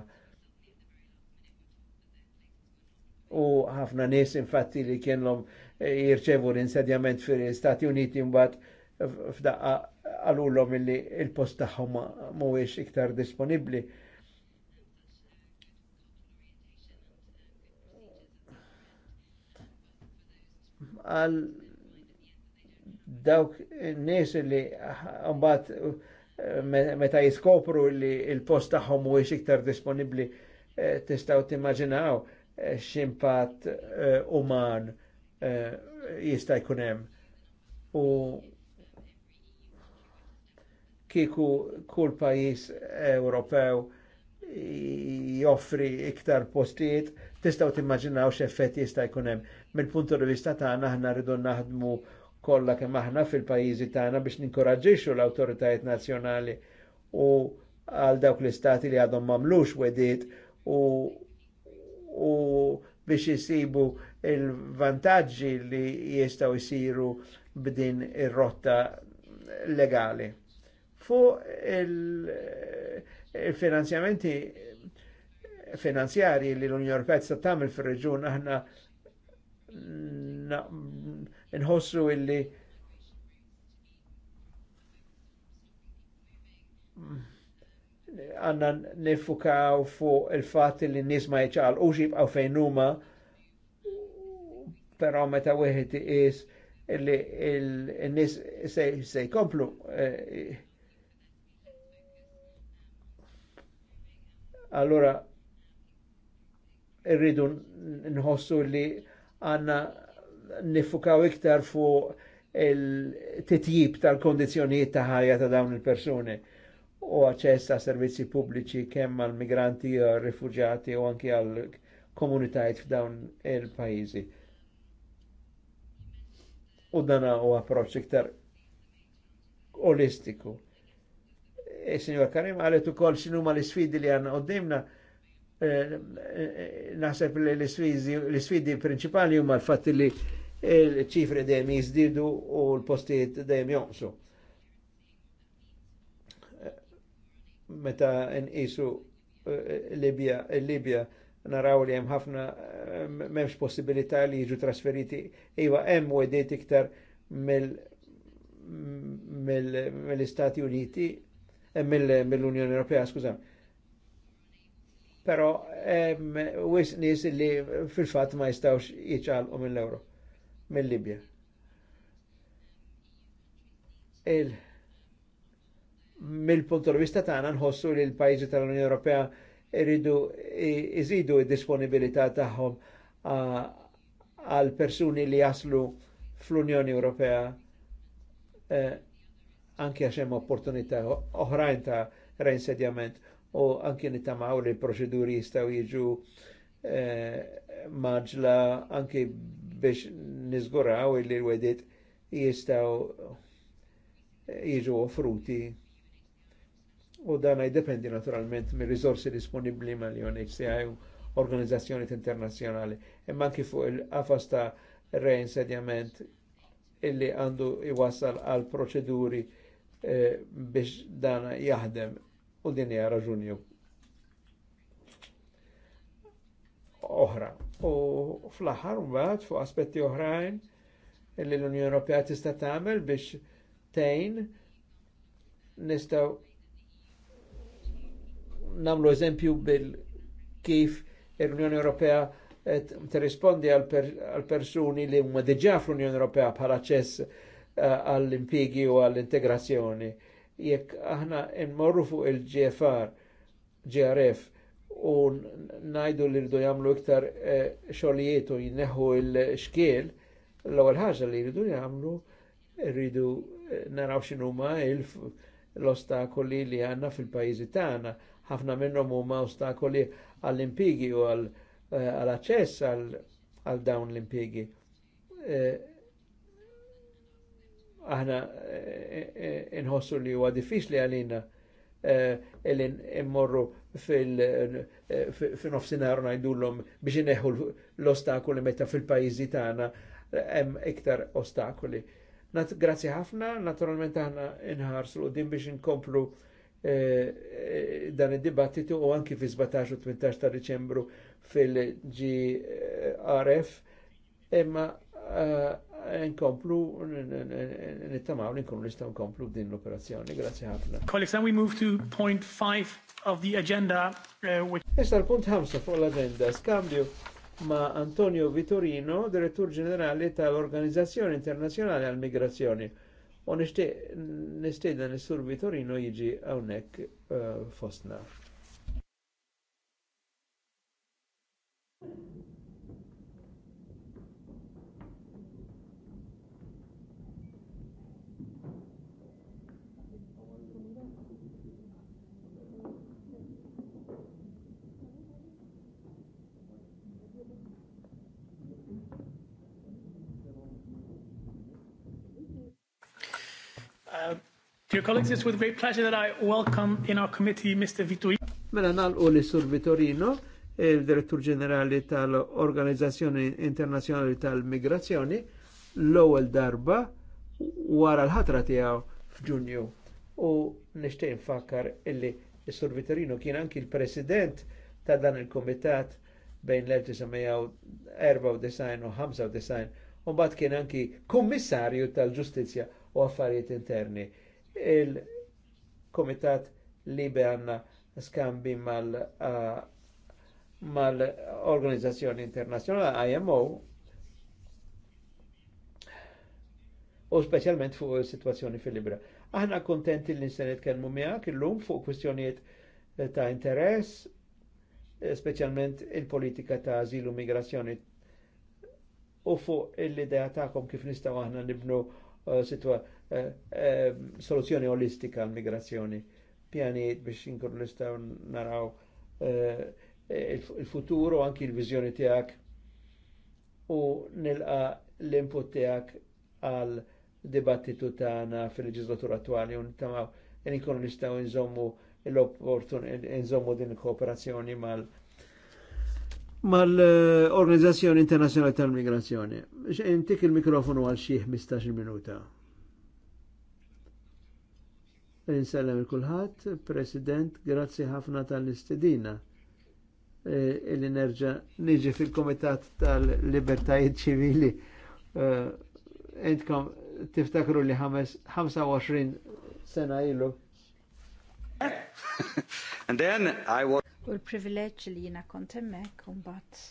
U ħafna nies infatti li kienhom jirċevu l-insedjament fil-Stati Uniti mbagħad f'daqqa għalullom illi il-post tagħhom mhuwiex iktar disponibli. Għal dawk n-nies li għambat meta jiskopru li il-post tagħhom mhuwiex iktar disponibbli eh, tistgħu timmaġinaw eh, ximpat eh, uman jista' jkun hemm. U kieku kull pajis Ewropew joffri iktar postijiet, tistaw timmaġinaw x'effett jista' jkun hemm. Mill-punt di vista tagħna aħna rridu naħdmu kollha kemm aħna fil-pajjiżi tagħna biex ninkoraġġixxu l-awtoritajiet nazzjonali u għal dawk l-istati li għadhom mamlux wedit u, u biex jisibu il-vantaġġi li jistaw jisiru b'din ir-rotta legali fuq il-finanzjamenti finanzjari li l-Unjon Europea tista' tagħmel fir reġjun aħna nħossu illi għanna nifukaw fuq il-fat li n-nis ma jċaqal u fejn huma però meta wieħed is illi n-nis se jkomplu eh, allora irridu nħossu li għanna nifukaw iktar fu il-titjib tal kondizjoniet ta' ħajja ta' dawn il-persuni u għacċess ta' servizzi pubbliċi kemm għal migranti u rifugjati u anki għal komunitajt f'dawn il-pajizi. U dana u approċċ iktar olistiku il-Sinjor e, Karim għalet u koll xinuma l-sfidi li għanna għoddimna eh, e, naħseb li l-sfidi principali huma l fat li l-ċifri dejjem jizdidu u l-postijiet dejjem jonqsu. Meta nqisu e, Libja, Libja naraw li hemm ħafna m'hemmx possibilità li jiġu trasferiti iva hemm wedet iktar mill mill-Istati Uniti Eh, mill-Unjoni Ewropea, skużam. Pero wis nies li fil-fatt ma jistawx jiċċalqu mill-Euro, mill-Libja. Il mill-punt ta' vista tagħna nħossu li l-pajjiżi tal-Unjoni Ewropea iridu iżidu d-disponibilità tagħhom għal persuni li jaslu fl-Unjoni Ewropea eh, anki għax hemm opportunità oħrajn ta' reinsedjament u anki nittamaw li proċeduri jistaw jiġu eh, maġla anki biex niżguraw li l-wedit jistaw eh, jiġu offruti u dan jdependi naturalment mir risorsi disponibbli mal UNHCR u organizzazzjoni internazzjonali, imma anki fuq il-qafas ta' reinsedjament illi għandu jwassal għal proċeduri E, biex dan jaħdem u din hija raġuni oħra. U fl-aħħar mbagħad fuq aspetti oħrajn li l-Unjoni Ewropea tista' tagħmel biex tgħin nistgħu nagħmlu eżempju bil kif l-Unjoni Ewropea tirrispondi għal persuni li huma diġà fl-Unjoni Ewropea bħala ċess għall-impigi u għall-integrazzjoni. Jekk aħna nmorru fuq il-GFR, GRF, u najdu li rridu jagħmlu iktar eh, xogħlijiet u jinneħu l-xkiel, l-ewwel ħaġa li rridu jagħmlu rridu eh, naraw x'inhuma l-ostakoli li għandna fil-pajjiżi tagħna. Ħafna minnhom huma ostakoli għall-impigi u eh, għall-aċċess għal dawn l-impigi aħna eh, eh, inħossu li huwa diffiċli għalina eh, li immorru fil-nofsinar najdullom biex neħu l-ostakoli meta fil-pajizi tagħna hemm iktar ostakoli. Grazzi ħafna, naturalment aħna inħarsu din biex inkomplu dan id-dibattitu u anki fi 17 u 18 ta' Deċembru fil-GRF imma nkomplu nittamaw li nistaw nistgħu nkomplu din l-operazzjoni. Grazie ħafna. Colleagues, then we move to point 5 of the agenda uh, which Issa l-punt 5 fuq l-agenda skambju ma' Antonio Vitorino, direttur ġenerali tal-Organizzazzjoni Internazzjonali għal migrazzjoni U nishtiq nistieden is Vitorino jiġi għonek uh, fostna. Dear colleagues, it's with great pleasure that I welcome in our committee Mr. Vitorino. Mela nalqu li Sur Vitorino, il-Direttur Ġenerali tal-Organizzazzjoni Internazzjonali tal-Migrazzjoni, l-ewwel darba wara l-ħatra tiegħu f'Ġunju. U nixtieq nfakkar illi Sur Vitorino kien anki l-President ta' dan il-Kumitat bejn l-1994 u 95 u mbagħad kien anki Kummissarju tal-Ġustizzja u Affarijiet Interni il-Komitat Libe għanna skambi mal-Organizzazzjoni mal Internazjonali IMO u specialment fuq il-situazzjoni fil-Libra. Aħna kontenti li nistenet kelmu miegħek illum fuq kwestjoniet ta' interess, specialment il-politika ta' azilu migrazzjoni u fuq l-idea kom kif nistaw aħna nibnu uh, eh, situazzjoni Eh, eh, soluzzjoni olistika għal-migrazzjoni, pjaniet biex l nistaw naraw eh, il-futuro, anki il-vizjoni tijak u nilqa l-input tijak għal dibattitu tana fil-leġislatura attwali u nittamaw nkunu nistgħu nżommu l-opportun nżommu din il-kooperazzjoni mal mal-Organizzazzjoni Internazzjonali tal-Migrazzjoni. Intik il-mikrofonu għal xi 15 minuta. Insellem il-kulħat, President, grazzi ħafna tal-istedina e, illi nerġa niġi fil-Komitat tal-Libertajiet ċivili. Entkom tiftakru li 25 sena ilu. And then I was. U l-privileġġ li jina kont emmek, imbagħad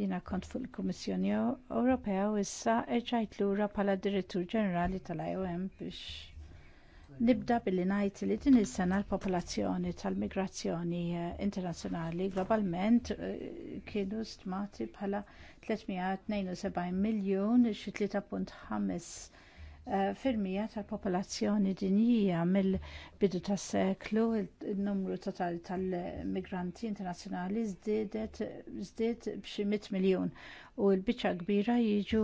jina kont fuq il komissjoni Ewropea u issa eġajt l-ura pala Direttur Ġenerali tal-IOM biex Nibda billi ngħid li din is-sena l-popolazzjoni tal-migrazzjoni eh, internazzjonali globalment eh, kienu stmati bħala 372 miljun xi 3.5 fil-mija tal-popolazzjoni dinjija mill-bidu tas seklu il-numru totali tal-migranti internazzjonali żdied b'xi 100 miljun u l-biċċa kbira jiġu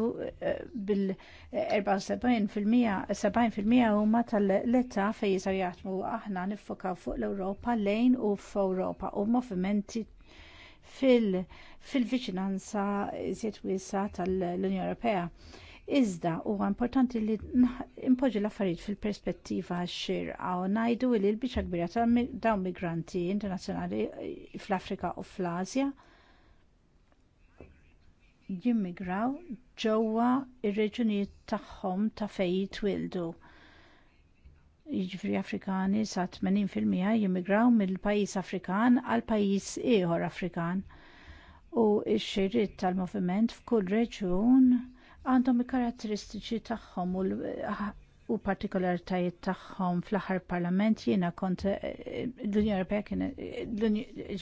eh, bil-74% 70% huma tal-età fejn jistgħu jaħdmu aħna niffokaw fuq l-Ewropa lejn u f'Ewropa u movimenti fil-viċinanza iżjed wiesa tal-Unjoni Ewropea Iżda huwa importanti li impoġġi l-affarijiet fil-perspettiva xirqa u ngħidu li l-biċċa kbira ta' dawn migranti internazzjonali eh, fl-Afrika u fl-Asja jimmigraw ġewwa ir-reġunijiet tagħhom ta' fejn jitwildu. Jiġifieri Afrikani sa 80% jimmigraw mill-pajjiż Afrikan għal pajjiż ieħor Afrikan u x-xiriet tal-moviment f'kull reġjun għandhom il-karatteristiċi tagħhom u u partikolaritajiet tagħhom fl-aħħar parlament jiena kont eh, l-Unjoni Ewropea kienet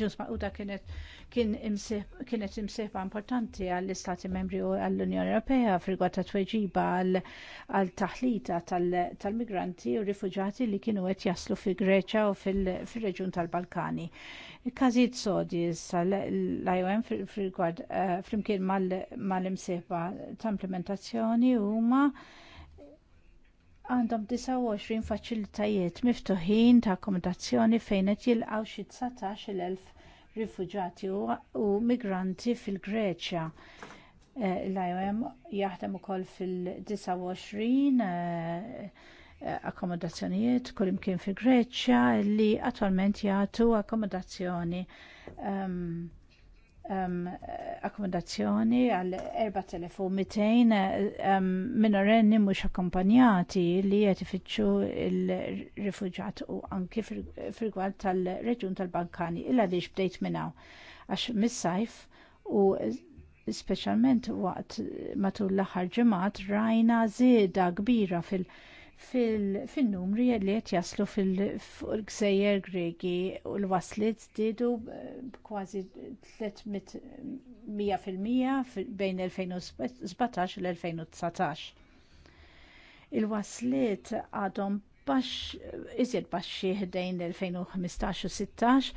ġus maquda kienet kienet imsieħba importanti għall-Istati Membri u għall-Unjoni Ewropea frigwa ta' tweġiba għal taħlita tal-migranti u rifuġati li kienu qed jaslu fi Greċja u fil-reġjun tal-Balkani il Każijiet sodi issa l-IOM fil-gwad eh, flimkien mal-imsieħba ta' implementazzjoni huma għandhom 29 faċilitajiet miftuħin ta' akkomodazzjoni fejn qed jilqgħu xi 19,000 rifuġati u migranti fil-Greċja. Eh, L-IOM jaħdem ukoll fil-29 Eh, akkomodazzjonijiet kulimkien fi Greċja li attualment jagħtu akkomodazzjoni um, um, akkomodazzjoni għal 4200 um, ehm, minorenni mhux akkompanjati li qed ifittxu il-rifuġat u anki fil-gwalt tal-reġjun tal-Balkani illa li bdejt minn hawn għax mis-sajf u speċjalment waqt matul l-aħħar ġimgħat rajna żieda kbira fil- fil-numri li qed jaslu fil-gżejjer Gregi u l-waslit żdiedu eh, kważi 300% bejn 2017 l-2019. Il-waslit għadhom bax iżjed baxxi ħdejn 2015 u 16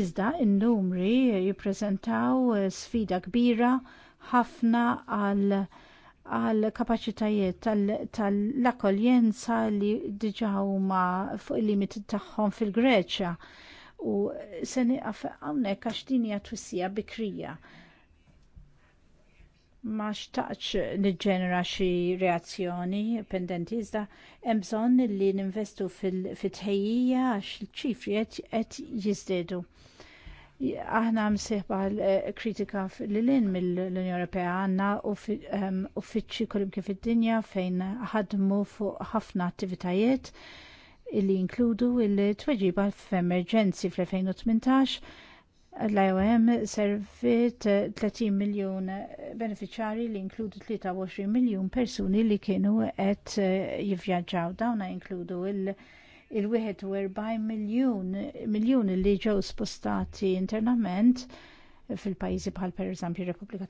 iżda n-numri jippreżentaw eh, sfida kbira ħafna għal għal kapaċitajiet tal-akkoljenza li diġà huma fuq il-limit tagħhom fil-Greċja u se nieqaf hawnhekk għax din hija twissija bikrija. Ma xtaqx niġġenera xi reazzjoni pendenti iżda hemm bżonn li ninvestu fil-tħejjija għax il-ċifri qed jiżdiedu aħna msieħba eh, kritika l-lin mill-Unjoni Ewropea għanna ehm, uffiċċji kolim kif id-dinja fejn ħadmu fuq ħafna attivitajiet illi inkludu il-tweġiba f'emerġenzi fl-2018 l-IOM servit 30 miljon beneficjari li inkludu 23 miljon persuni li kienu qed eh, jivjaġġaw. dawna inkludu il- il-41 miljun miljun li ġew spostati internament fil-pajjiżi bħal pereżempju Repubblika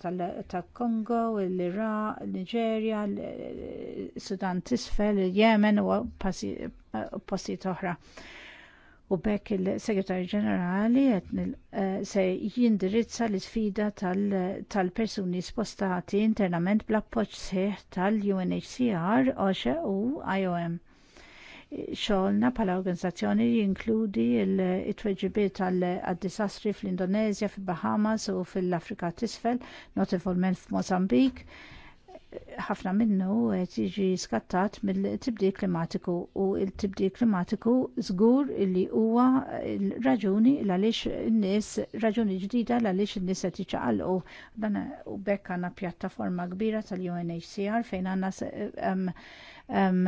tal-Kongo, l-Iraq, l-Niġerja, l-Sudan tisfel, il-Yemen u postijiet oħra. U bekk il-Segretarju Ġenerali eh, se jindirizza l isfida tal-persuni spostati internament bl-appoġġ seħ tal-UNHCR, OSHA e u IOM xogħolna bħala organizzazzjoni jinkludi it-tweġibiet għal disastri fl-Indonezja, fil-Bahamas u fil-Afrika t-isfel, notevolment f'Mozambik. Ħafna minnu qed jiġi skattat mill tibdi klimatiku u l tibdi klimatiku żgur li huwa raġuni għaliex n nies raġuni ġdida għaliex in-nies qed jiċċaqalqu dan u bekk għandna pjattaforma kbira tal-UNHCR fejn għanna um,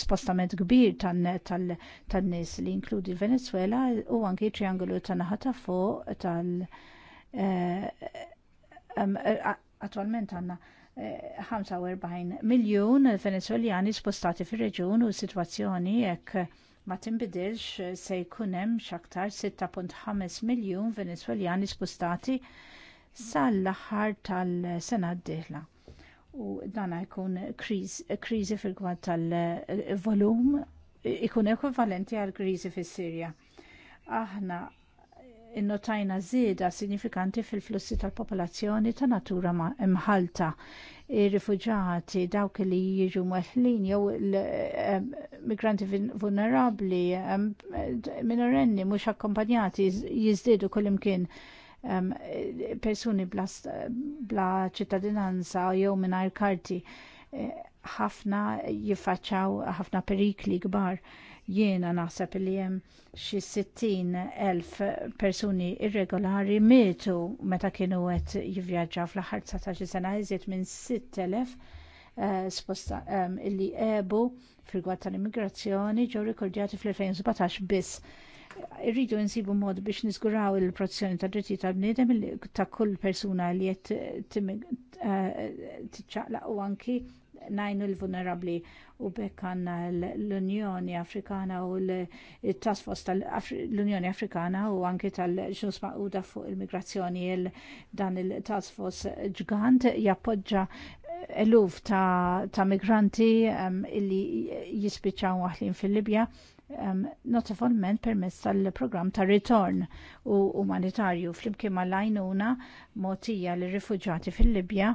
spostament kbir tan-nies li inkludi Venezuela u anki triangolu tan-naħa ta' fuq tal- eh, eh, attualment għanna 45 eh, miljon venezueljani spostati fir reġun u situazzjoni jekk ma tinbidilx se jkun hemm x'aktar 6.5 miljun venezueljani spostati sal-aħħar tal-sena d-dieħla u dan jkun kriżi fil-gwad tal-volum ikun ekvivalenti għal kriżi fis-Sirja. Aħna innotajna żieda sinifikanti fil-flussi tal-popolazzjoni ta' natura mħalta. Ir-rifuġati dawk li jiġu maħlin jew migranti vulnerabbli minorenni mhux akkompanjati jiżdiedu kull imkien um, persuni bla, bla ċittadinanza jew mingħajr karti eh, ħafna jiffaċċaw ħafna perikli kbar. Jiena naħseb li hemm xi sittin elf persuni irregolari mietu meta kienu qed jivvjaġġaw fl-aħħar 19 sena iżjed minn 6000 elef eh, sposta illi ebu fil-gwad tal-immigrazzjoni ġew rikordjati fl-2017 biss irridu nsibu mod biex nizguraw il-protezzjoni ta' dritti ta' bniedem ta' kull persuna li qed tiċċaqlaq u anki najnu l-vulnerabli u bekk l-Unjoni Afrikana u l-Tasfos tal-Unjoni Afrikana u anki tal-ġus maquda fuq il-migrazzjoni dan il-Tasfos ġgant jappoġġa eh, eluf ta', migranti illi jispiċaw waħlin fil-Libja um, notifolment permess tal-programm ta' ritorn u umanitarju flimkien ma' lajnuna motija li rifugġati fil-Libja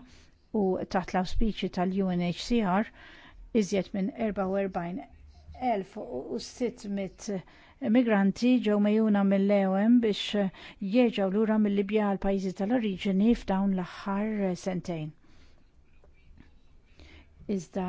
u taħt l-auspiċi tal-UNHCR iżjed minn 44,600 migranti ġew mejjuna mill lewem biex jieġaw lura mill-Libja għal pajjiżi tal-oriġini f'dawn l-aħħar sentejn Iżda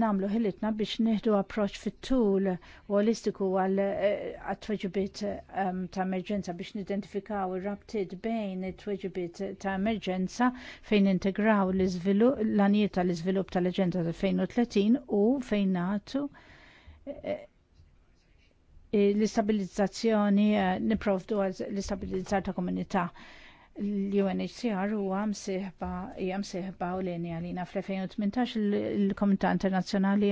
namlu ħilitna biex neħdu approċ fit-tul u holistiku għal eh, tweġibiet ehm, ta' emerġenza biex nidentifikaw ir-rabtiet bejn it-tweġibiet ta' emerġenza fejn integraw l-anijiet tal-iżvilupp tal ta' 2030 u fejn nagħtu eh, eh, l-istabilizzazzjoni niprofdu għal l-istabilizzar ta' komunità l-UNHCR huwa msieħba hija msieħba u linja għalina fl-2018 il-Komitat Internazzjonali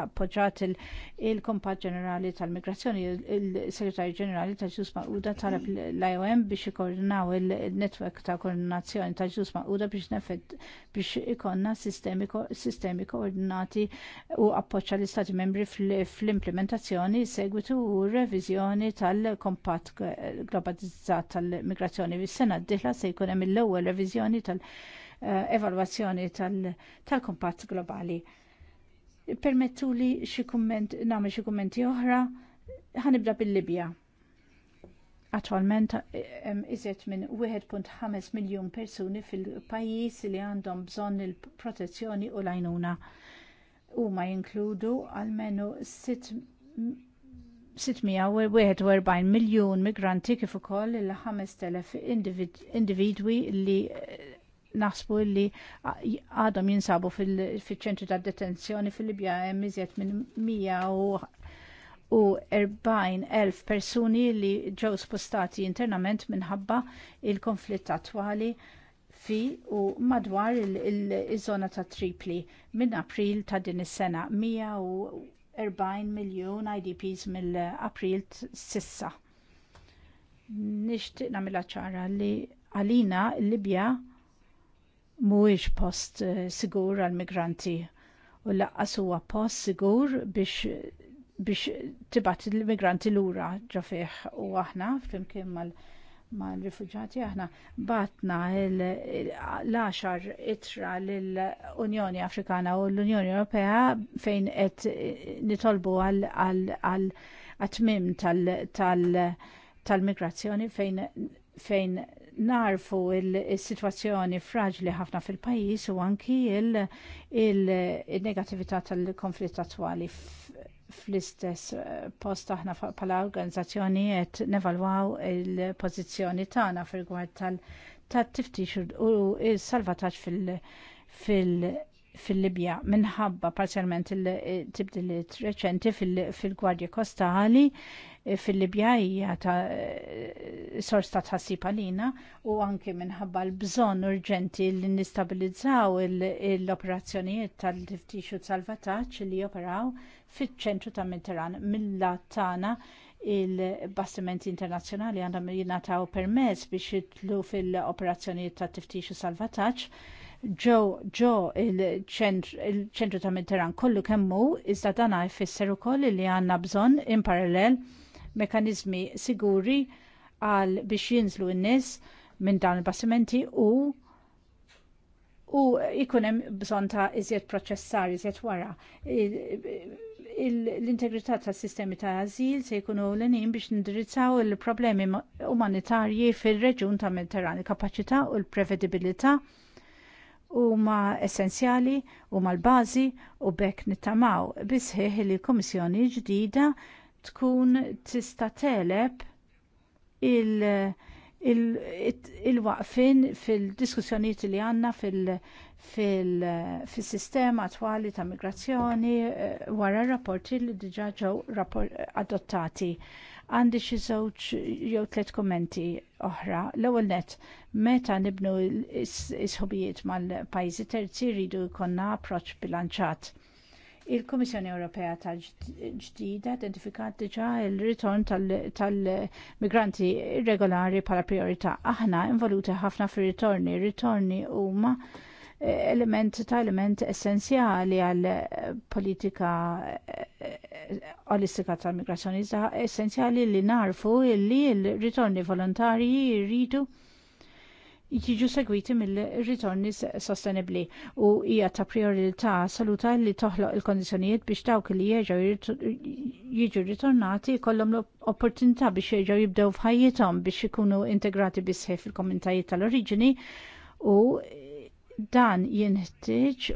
appoġġat il-Kumpat Ġenerali tal-Migrazzjoni, il-Segretarju Ġenerali tal-Ġus Maquda talab l-IOM biex ikkoordinaw il-netwerk ta' koordinazzjoni tal-Ġus Maquda biex nefed biex ikonna sistemi koordinati u appoġġa l-Istati membri fl-implementazzjoni, segwitu u revizjoni tal-Kumpat Globalizzat tal-Migrazzjoni. Is-sena d se jkun hemm l-ewwel reviżjoni tal-evalwazzjoni tal-kumpatt globali. Permettu li xi kumment nagħmel xi kummenti oħra ħanibda bil-Libja. Attualment hemm iżjed minn 1.5 miljun persuni fil-pajjiż li għandhom bżonn il-protezzjoni u l-għajnuna. Huma jinkludu almenu 641 miljun migranti kif ukoll il-5000 individwi li eh, naħsbu li eh, għadhom jinsabu fil-ċentru tad detenzjoni fil-Libja hemm iżjed minn 140,000 persuni li ġew spostati internament minħabba il-konflitt attwali fi u madwar il żona ta' Tripli minn April ta' din is-sena 40 miljun IDPs mill-April sissa. Nixtieq nagħmilha ċara li għalina Libja mhuwiex post eh, sigur għall-migranti u laqqas huwa post sigur biex biex tibat l-immigranti lura ġafih u aħna flimkien mal- ma' l-rifugġati aħna batna l axar itra l-Unjoni Afrikana u l-Unjoni Ewropea fejn qed nitolbu għal għatmim tal-migrazzjoni fejn fejn narfu il-situazzjoni fraġli ħafna fil-pajis u anki il-negativita tal-konflitt attuali fl-istess eh, post aħna pala organizzazzjoni qed nevalwaw il-pożizzjoni tagħna fil-gwad tal-tiftix u s-salvataġġ fil-Libja minħabba parzjalment il-tibdiliet eh, reċenti fil-Gwardja Kostali fil-Libja hija ta' eh, sors ta' tħassib għalina u anke minħabba l-bżonn urġenti li nistabilizzaw l-operazzjonijiet tal-tiftix u salvataġġ li joperaw fiċ-ċentru ta' Mediterran mill tana tagħna il-bastimenti internazzjonali għandhom jingħataw permess biex jitlu fil-operazzjonijiet ta' tiftix u salvataġġ ġo ġo il-ċentru ta' Mediterran kollu kemmu iżda dana jfisser ukoll li għandna bżonn in parallel mekanizmi siguri għal biex jinżlu n-nies minn dawn il-bastimenti u u hemm bżonn ta' iżjed proċessar iżjed wara. L-integrità tas sistemi ta' azil se jkunu l-enin biex nindirizzaw il-problemi umanitarji fil-reġun ta' Mediterran. Il-kapacità u l-prevedibilità huma essenzjali u l bażi u bekk nittamaw bisħieħ li l-Kummissjoni ġdida tkun tista' teleb il-waqfin fil-diskussjonijiet li għandna fil-sistema attwali ta' migrazzjoni eh, wara rapporti li diġà ġew adottati. Għandi xi żewġ jew tliet kummenti oħra. L-ewwel nett, meta nibnu is-ħobijiet mal-pajjiżi terzi jridu jkollna approċċ bilanċat Il-Kummissjoni Ewropea tal-ġdida identifikat diġà il-ritorn tal-migranti irregolari bħala priorità. Aħna involuti ħafna fir-ritorni. Ritorni huma eh, element ta' element essenzjali għal politika eh, olistika tal-migrazzjoni, essenzjali li narfu li l-ritorni volontarji rridu jiġu segwiti mill-ritorni sostenibli u hija ta' priorità saluta li toħloq il-kondizjonijiet biex dawk li jerġgħu jiġu ritornati jkollhom l-opportunità biex jerġgħu jibdew f'ħajjithom biex ikunu integrati bisħej fil-komunitajiet tal-oriġini u dan jinħtieġ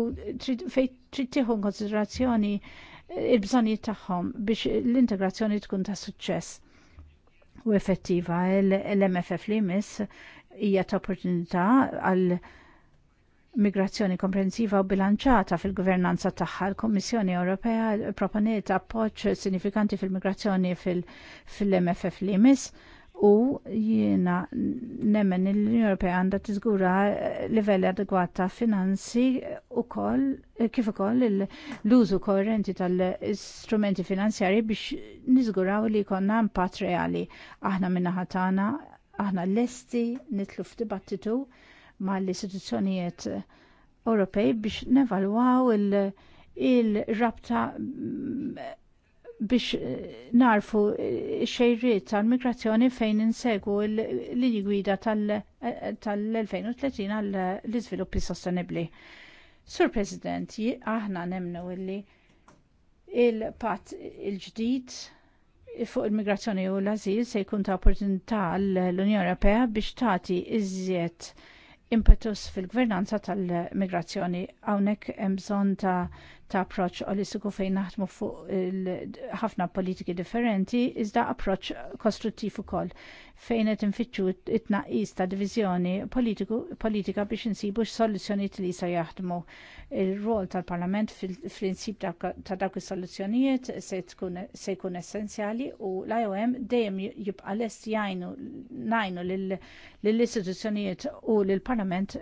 u fejn trid tieħu konsiderazzjoni il-bżonijiet tagħhom biex l-integrazzjoni tkun ta' suċċess u effettiva l-MFF li jmiss hija ta' opportunità għal migrazzjoni komprensiva u bilanċata fil-governanza tagħha l-Kommissjoni Ewropea proponiet appoġġ sinifikanti fil-migrazzjoni fil-MFF l imis u jiena nemmen l-Unjoni Ewropea għandha tiżgura livelli adegwat ta' finanzi ukoll kif ukoll l-użu koerenti tal-istrumenti finanzjari biex niżguraw li jkollna impatt reali aħna min-naħa tagħna aħna l-esti nitlu f'dibattitu mal-istituzzjonijiet Ewropej biex nevalwaw il-rabta mm, biex eh, narfu eh, xejriet tal-migrazzjoni fejn insegu l-linji gwida eh, tal-2030 għall-iżviluppi sostenibli. Sur President, aħna nemnu illi il-pat il-ġdid il pat il ġdid fuq il-migrazzjoni u l-azil se jkun ta' opportunità l-Unjoni Ewropea biex tagħti iżjed impetus fil-gvernanza tal-migrazzjoni hawnhekk hemm bżonn ta' ta' approċ olistiku fejn naħdmu fuq ħafna politiki differenti, iżda approċ kostruttiv ukoll fejn qed infittxu it-tnaqqis ta' diviżjoni politika biex insibu soluzzjonijiet li se jaħdmu. Ir-rol tal-Parlament fil-prinsip ta' dawk is-soluzzjonijiet se jkun essenzjali u l-IOM dejjem jibqa' lest jgħinu ngħinu lill-istituzzjonijiet u lill-Parlament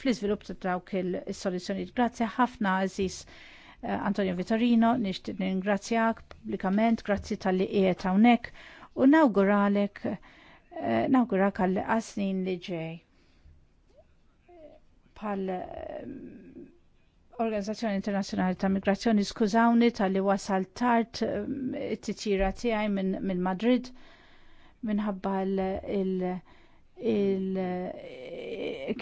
fl-iżvilupp ta' dawk is-soluzzjonijiet. Grazzi ħafna Aziz Eh, Antonio Vitorino, nixtieq ningrazzjak pubblikament, grazzi tal-li qiegħed hawnhekk u nawguralek eh, nawgurak għal snin li ġej. Pal eh, Organizzazzjoni Internazzjonali ta' Migrazzjoni skużawni tal-li wasal tard it-titjira tiegħi minn Madrid minħabba il- il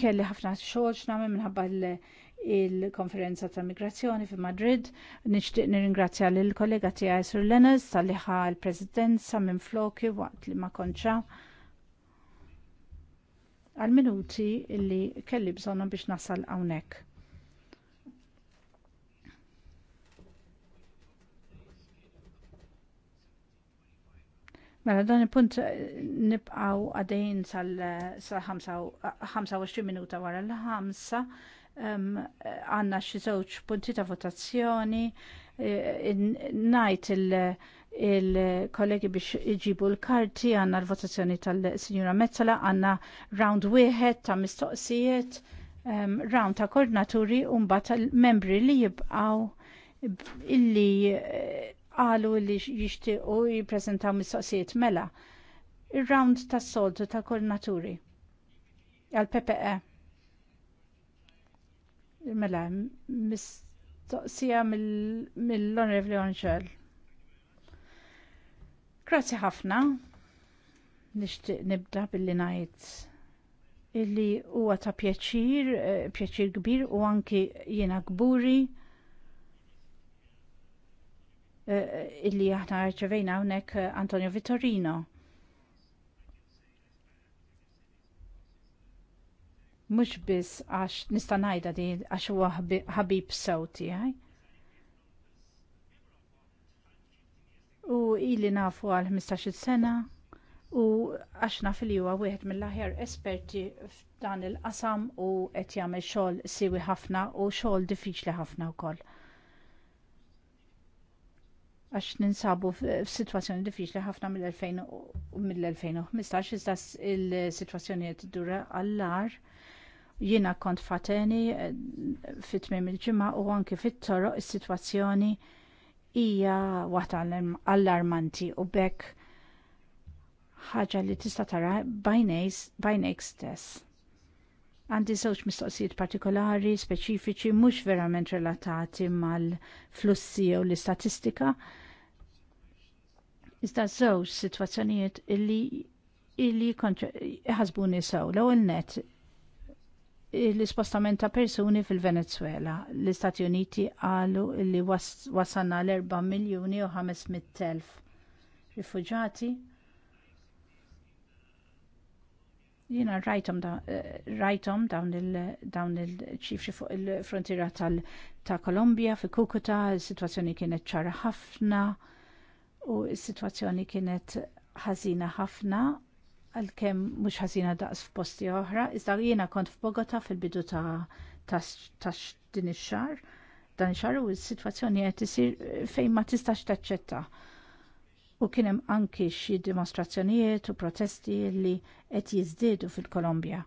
kelli ħafna xogħol x'nagħmel minħabba l- il-konferenza ta' migrazzjoni fi Madrid. Nixtieq nirringrazzja lill kollega tiegħi Sur Lenes tal-liħa l-Presidenza minn floki waqt li ma konċa għal-minuti li kelli bżonnhom biex nasal hawnhekk. Mela dan il-punt eh, nibqaw għadejn sal-25 eh, minuta wara l-ħamsa għanna xi żewġ punti ta' votazzjoni, e, najt il-kollegi biex iġibu l-karti għanna l-votazzjoni tal-Sinjura Mezzala, għanna round wieħed ta' mistoqsijiet, round ta' koordinaturi u mbagħad membri li jibqgħu illi eh, qalu li jixtiequ jippreżentaw mistoqsijiet mela. Ir-round tas-soltu ta' koordinaturi għal PPE Mela, mistoqsija mill-Onorevli Angel. Grazzi ħafna. Nixtieq nibda billi ngħid illi huwa ta' pjaċir, eh, pjaċir kbir u anki jiena kburi eh, illi aħna rċevejna hawnhekk Antonio Vittorino mhux biss għax nista' ngħidha di għax huwa ħabib sew tiegħi. U ili nafu għal 15 sena u għax nafu li huwa wieħed mill-aħjar esperti f'dan il-qasam u qed jagħmel xogħol siwi ħafna u xogħol diffiċli ħafna wkoll għax ninsabu f-situazzjoni diffiċli ħafna mill-2015, iżda il-situazzjoni qed dura għall-ar Jiena kont fateni eh, fit-tmim il-ġimgħa u anke fit-toroq is-sitwazzjoni hija waħda allarmanti u bekk ħaġa li tista' tara bajnejk stess. Għandi żewġ mistoqsijiet partikolari, speċifiċi, mhux verament relatati mal-flussi jew l-istatistika. Iżda żewġ sitwazzjonijiet illi illi ħasbuni sew l-ewwel net l-ispostament ta' persuni fil-Venezuela. L-Istati Uniti għalu li wasanna l-4 miljoni u 500.000 rifugjati. Jina rajtom eh, dawn il-ċifri fuq il-frontiera ta' Kolombia, fi Kukuta, il-situazzjoni kienet ċara ħafna u il-situazzjoni kienet ħażina ħafna għalkemm mhux ħasina daqs f'posti oħra, iżda jiena kont f'Bogota fil-bidu ta' tax din ix-xar, dan ix-xar u s-sitwazzjoni qed isir fejn ma tistax taċċetta. U kien hemm anki xi dimostrazzjonijiet u protesti li qed jiżdiedu fil-Kolombja.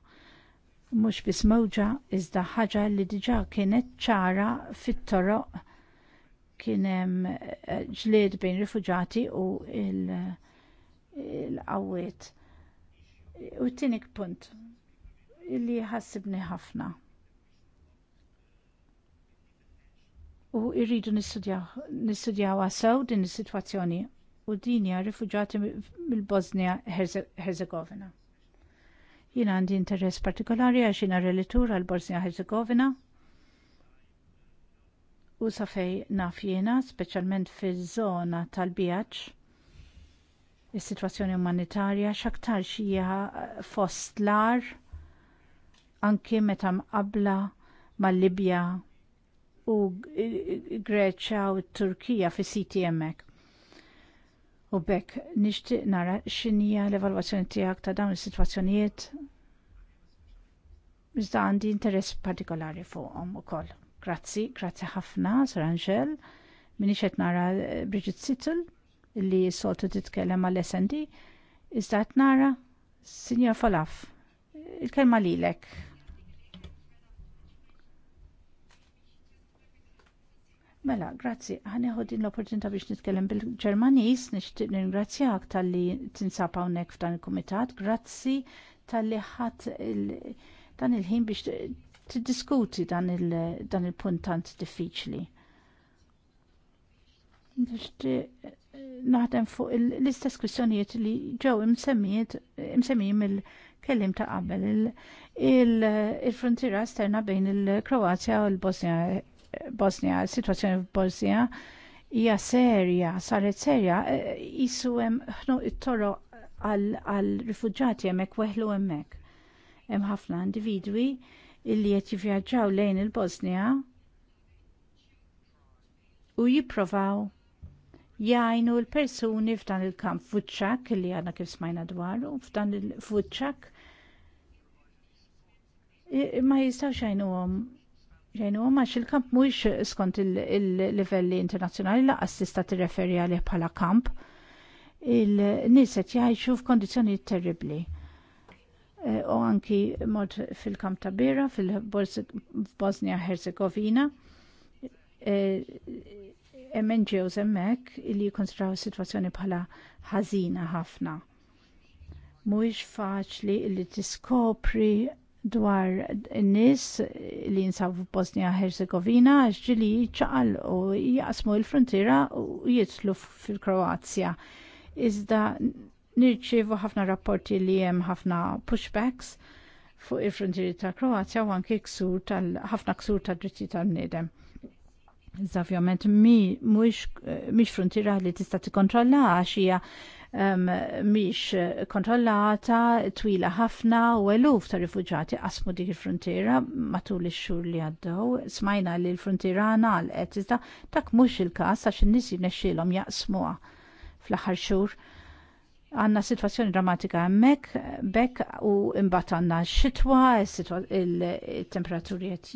Mhux biss mewġa iżda ħaġa li diġà kienet ċara fit-toroq kien hemm eh, ġlied bejn rifuġati u l-qawwiet U t-tinik punt illi ħassibni ħafna. U irridu nistudjaw għasaw din is-sitwazzjoni u din hija mill-Bosnia Herzegovina. Jiena għandi interess partikolari għax jiena relitur għal Bosnia Herzegovina u safej naf jiena, speċjalment fiż-żona tal-Bijaċ Is-sitwazzjoni umanitarja x'aktar hija fost lar anki meta mqabbla mal-Libja u Greċja u Turkija fi siti hemmhekk. U bekk nixtieq nara x'inhija l-evalwazzjoni tiegħek ta' dawn is-sitwazzjonijiet iżda għandi interess partikolari fuqhom ukoll. Grazzi, grazzi ħafna, Sir Angel, minix qed nara eh, Bridget Sittle li soltu titkellem għall SND, iżda qed nara Sinjor Falaf, il-kelma lilek. Mela, grazzi, ħaneħu din l-opportunità biex nitkellem bil-Ġermanis, nixtieq ningrazzjak tal-li tinsab hawnhekk f'dan il-kumitat, grazzi tal-li ħadd dan il-ħin biex tiddiskuti dan il-puntant diffiċli naħdem fuq l-istess kwistjonijiet li ġew imsemmijin mill-kellim ta' qabel il-frontiera esterna bejn il-Kroazja u l-Bosnia, bosnia situazzjoni f'Bosnia hija serja, saret serja, jissu hemm ħnu it-toro għal-rifuġġati hemmhekk weħlu hemmhekk. Hemm ħafna individwi illi qed jivvjaġġaw lejn il-Bosnia u jipprovaw jajnu l-persuni f'dan il-kamp futċak li għana kif smajna dwaru, f'dan il-futċak ma jistaw xajnu għom xajnu għom għax il-kamp mux skont il-livelli internazjonali la assista t-referi għalih bħala kamp il-niset jajxu f'kondizjoni terribli e, u anki mod fil-kamp ta' fil-Bosnia Herzegovina e, emmen ġew hemmhekk li jikkonsidraw is-sitwazzjoni bħala ħażina ħafna. Mhuwiex faċli li tiskopri dwar n-nies li jinsabu f'Bosnia Herzegovina ġili ċaqal u jaqsmu l-frontiera u jitlu fil-Kroazja. Iżda nirċievu ħafna rapporti li hemm ħafna pushbacks fuq il-frontieri ta' Kroazja u anke ksur tal ħafna ksur tad dritti tal-nidem. Zafjament, mi mi mhix frontiera li tista' tikkontrolla għax hija mhix kontrollata twila ħafna u eluf ta' rifugġati qasmu dik il-frontiera matul ix-xhur li għaddew. Smajna li l-frontiera għalqet iżda dak mhux il-każ għax in-nies jinexxielhom jaqsmuha fl-aħħar xhur għanna situazzjoni drammatika hemmhekk bekk u imbat għanna xitwa, il temperaturiet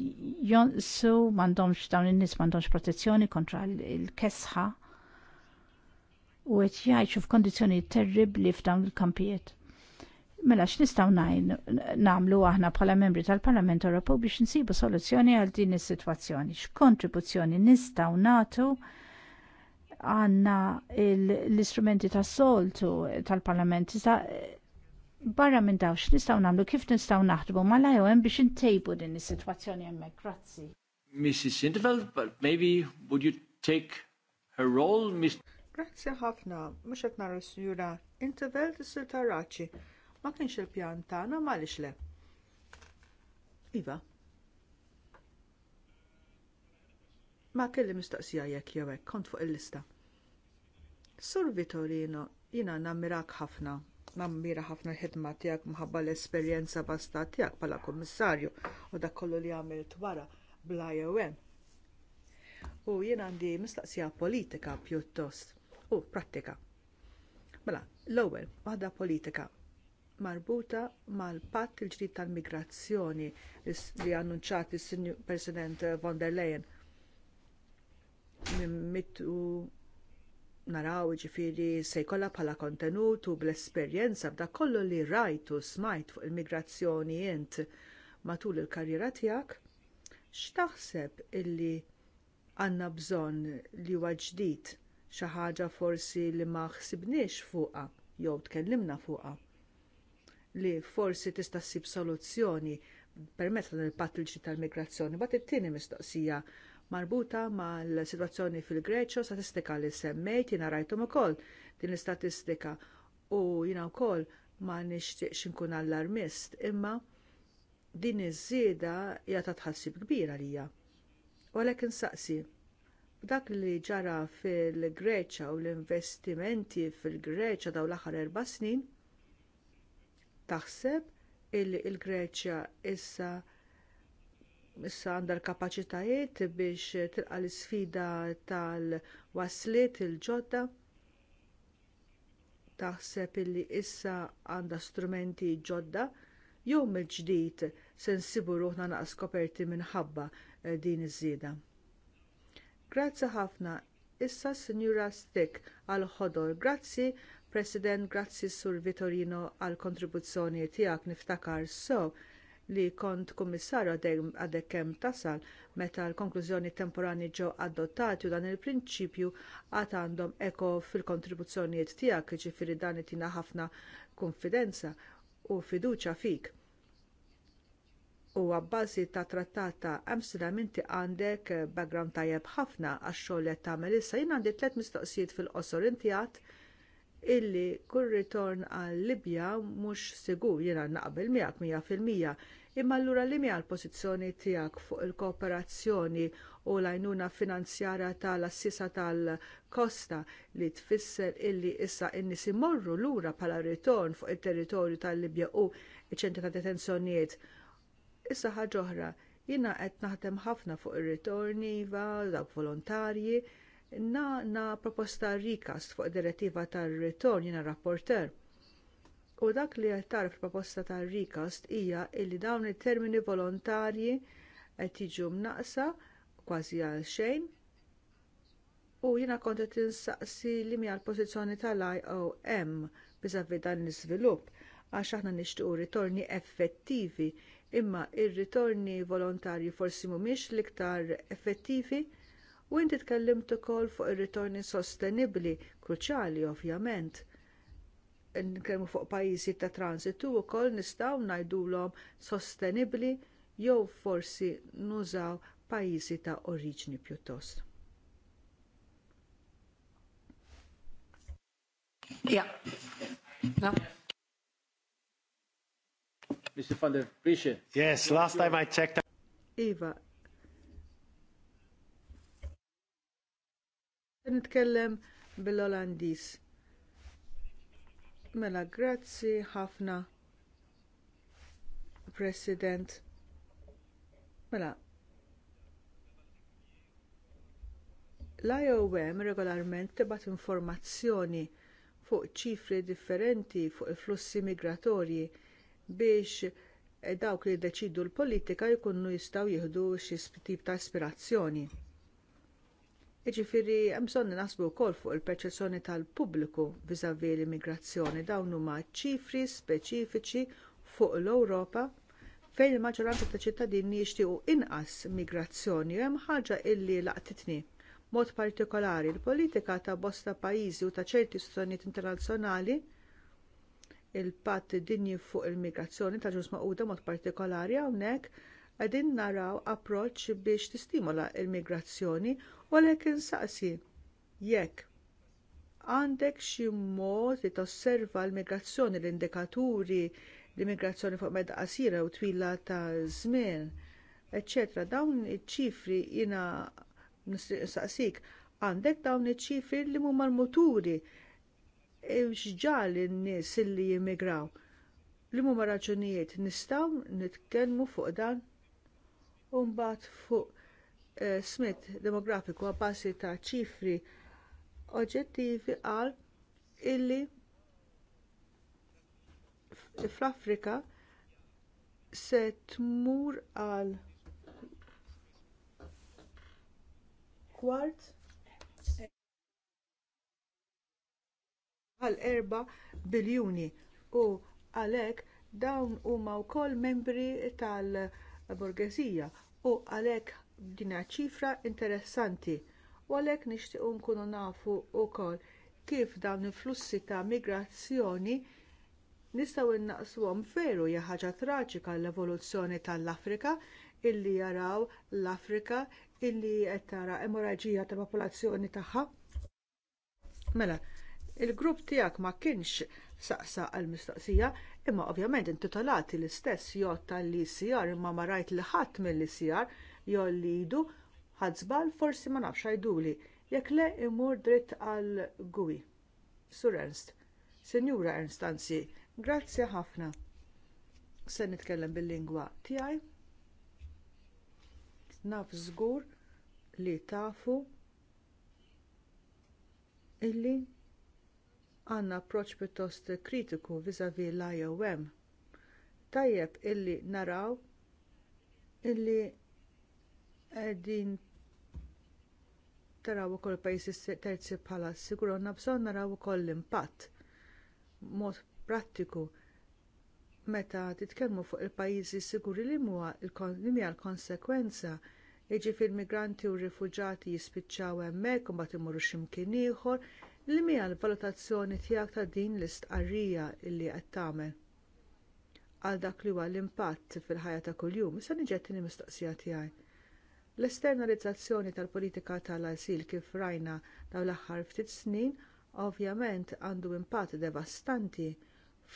jonsu, mandomx dawn il-nis mandomx protezzjoni kontra il-kesħa u għet jgħixu f'kondizzjoni terribli f'dawn il-kampijiet. Mela x'nistgħu ngħid nagħmlu aħna bħala membri tal-Parlament Ewropew biex nsibu soluzzjoni għal din is-sitwazzjoni. X'kontribuzzjoni nistgħu nagħtu għanna l-istrumenti ta' soltu tal-parlament. barra minn dawx nistaw namlu kif nistaw naħdbu ma la hemm biex intejbu din is-sitwazzjoni hemmhekk. Grazzi. Mrs. Sindeveld, but maybe would you take her role, Miss? Grazzi ħafna, mhux qed narru s-sjura. Intervelt is-sir Ma kienx il-pjan tagħna m'għaliex le. Iva. Ma kelli mistoqsija jekk jew hekk kont fuq il-lista. Sur Vitorino, jiena nammirak ħafna, nammira ħafna l-ħidma tiegħek minħabba l-esperjenza basta tiegħek bħala kummissarju u dak kollu li għamilt wara bla IOM. U jien għandi mistaqsija politika pjuttost u prattika. Mela, l-ewwel, waħda politika marbuta mal-patt il-ġdid tal-migrazzjoni li annunċat is-President von der Leyen mimmitu naraw ġifiri se jkollha bħala kontenut u bl-esperjenza b'dak kollu li rajt u smajt fuq il-migrazzjoni int matul il-karriera tiegħek, x'taħseb illi għandna bżonn li huwa ġdid xi ħaġa forsi li ma ħsibniex fuqha jew tkellimna fuqha li forsi tista' ssib soluzzjoni permezz dan il tal-migrazzjoni, bat it-tieni mistoqsija marbuta mal-sitwazzjoni fil-Greċo, statistika li semmejt, jiena rajthom ukoll din l-istatistika u jiena wkoll ma nixtieqx inkun allarmist, imma din iż-żieda hija ta' tħassib kbir għalija. U għalhekk insaqsi, dak li ġara fil-Greċa u l-investimenti fil-Greċa dawn l-aħħar erba' snin, taħseb illi l greċja issa issa għandha l-kapaċitajiet biex tilqa l isfida tal-wasliet il-ġodda taħseb illi issa għandha strumenti ġodda jew mill-ġdid se nsibu ruħna naqas koperti minħabba eh, din iż-żieda. Grazzi ħafna. Issa Sinjura Stick għal ħodor. Grazzi President, grazzi Sur Vittorino għall kontribuzzjoni tiegħek niftakar so li kont kummissarju għadek kemm tasal meta l-konklużjoni temporani ġew adottati u dan il-prinċipju għad għandhom eko fil-kontribuzzjonijiet tiegħek jiġifieri dan itina ħafna konfidenza u fiduċja fik. U għabbażi ta' trattat ta' Amsterdam inti għandek eh, background tajjeb ħafna għax-xogħol qed tagħmel issa jien għandi tliet mistoqsijiet fil-qosor inti għadd illi kull ritorn għal Libja mhux sigur jiena naqbel miegħek mija fil-mija Imma allura li mija l-pożizzjoni tiegħek fuq il-kooperazzjoni u l-għajnuna finanzjara tal-assisa tal-kosta li tfisser illi issa n-nies imorru lura bħala ritorn fuq it territorju tal-Libja u iċ ta' detenzjonijiet. Issa ħaġa oħra, jiena qed naħdem ħafna fuq ir-ritorni iva, dawk volontarji, na, na proposta rikas fuq direttiva tar-ritorn jiena rapporter. U dak li qed tarf proposta tar rikast hija li dawn it-termini volontarji qed jiġu mnaqsa kważi għal xejn u jiena kont qed insaqsi li mi l pożizzjoni tal-IOM biżavi dan l-iżvilupp għax aħna nixtiequ ritorni effettivi imma r ritorni volontarji forsi mhumiex l-iktar effettivi u inti tkellimt ukoll fuq ir-ritorni sostenibbli, kruċjali ovvjament nkellmu fuq pajjiżi ta' transitu wkoll nistgħu ngħidulhom sostenibbli jew forsi nużaw pajjiżi ta' oriġni pjuttost. Ja. Mr. van der Prische. Yes, last time I checked. Iva. Nitkellem bil-Olandis Mela, grazzi ħafna, President. Mela, l-IOM regolarment tibgħat informazzjoni fuq ċifri differenti fuq il-flussi migratorji biex eh, dawk li jiddeċidu l-politika jkunu jistgħu jieħdu xi tip ta' ispirazzjoni. Jiġifieri hemm bżonn kol wkoll fuq il-perċezzjoni tal-pubbliku vizavi l-immigrazzjoni dawn huma ċifri speċifiċi fuq l-Ewropa fejn il-maġġoranza ta' ċittadini jixtiequ inqas migrazzjoni hemm ħaġa illi laqtitni. Mod partikolari l-politika ta' bosta pajjiżi u ta' ċerti istituzzjonijiet internazzjonali il-patt dinji fuq il-migrazzjoni ta' ġus maquda mod partikolari hawnhekk qegħdin naraw approċċ biex tistimola l-migrazzjoni U insaqsi jekk għandek xi mod li tosserva l-migrazzjoni l-indikaturi l-immigrazzjoni fuq medda qasira u twila ta' żmien, eċċetera, dawn iċ-ċifri jiena saqsik, għandek dawn iċ-ċifri li huma l-muturi e, xġal n nies li jimmigraw. Li huma raġunijiet nistgħu nitkellmu fuq dan u mbagħad fuq Smith demografiku għabassi ta' ċifri oġġettivi qal illi fl-Afrika se tmur għal kwart għal erba biljuni u għalhekk dawn huma wkoll membri tal-borgesija u għalhekk dina ċifra interessanti u għalhekk nixtiequ nkunu nafu wkoll kif dawn il-flussi ta' migrazzjoni nistgħu innaqsuhom veru hija ħaġa traġika l-evoluzzjoni tal-Afrika illi jaraw l-Afrika illi qed tara emoraġija tal popolazzjoni tagħha. Mela, il-grupp tiegħek ma kienx saqsa għall mistoqsija imma ovvjament intitolati l-istess jgħod tal-ICR imma ma rajt li ħadd mill-ICR jollidu ħadżbal forsi ma nafx għajduli, jekk le imur dritt għal gwi. Sur Ernst, Senjura Ernst anzi, grazzi ħafna. Se nitkellem bil-lingwa tiegħi. Naf żgur li tafu illi għandna approċċ pjuttost kritiku viżavi l-IOM. Tajjeb illi naraw illi din taraw ukoll pajjiżi terzi bħala sigur għandna bżonn naraw ukoll l-impatt mod prattiku meta titkellmu fuq il-pajjiżi siguri li huwa l-konsekwenza jiġifieri migranti u rifuġati jispiċċaw hemmhekk u mbagħad imorru x'imkien ieħor li mija l-valutazzjoni tiegħek ta' din l-istqarrija li qed tagħmel għal dak li huwa l-impatt fil-ħajja ta' kuljum, issa niġi niġetini mistoqsija tiegħi L-esternalizzazzjoni tal-politika tal-asil kif rajna dawn l-aħħar ftit snin ovvjament għandu impatt devastanti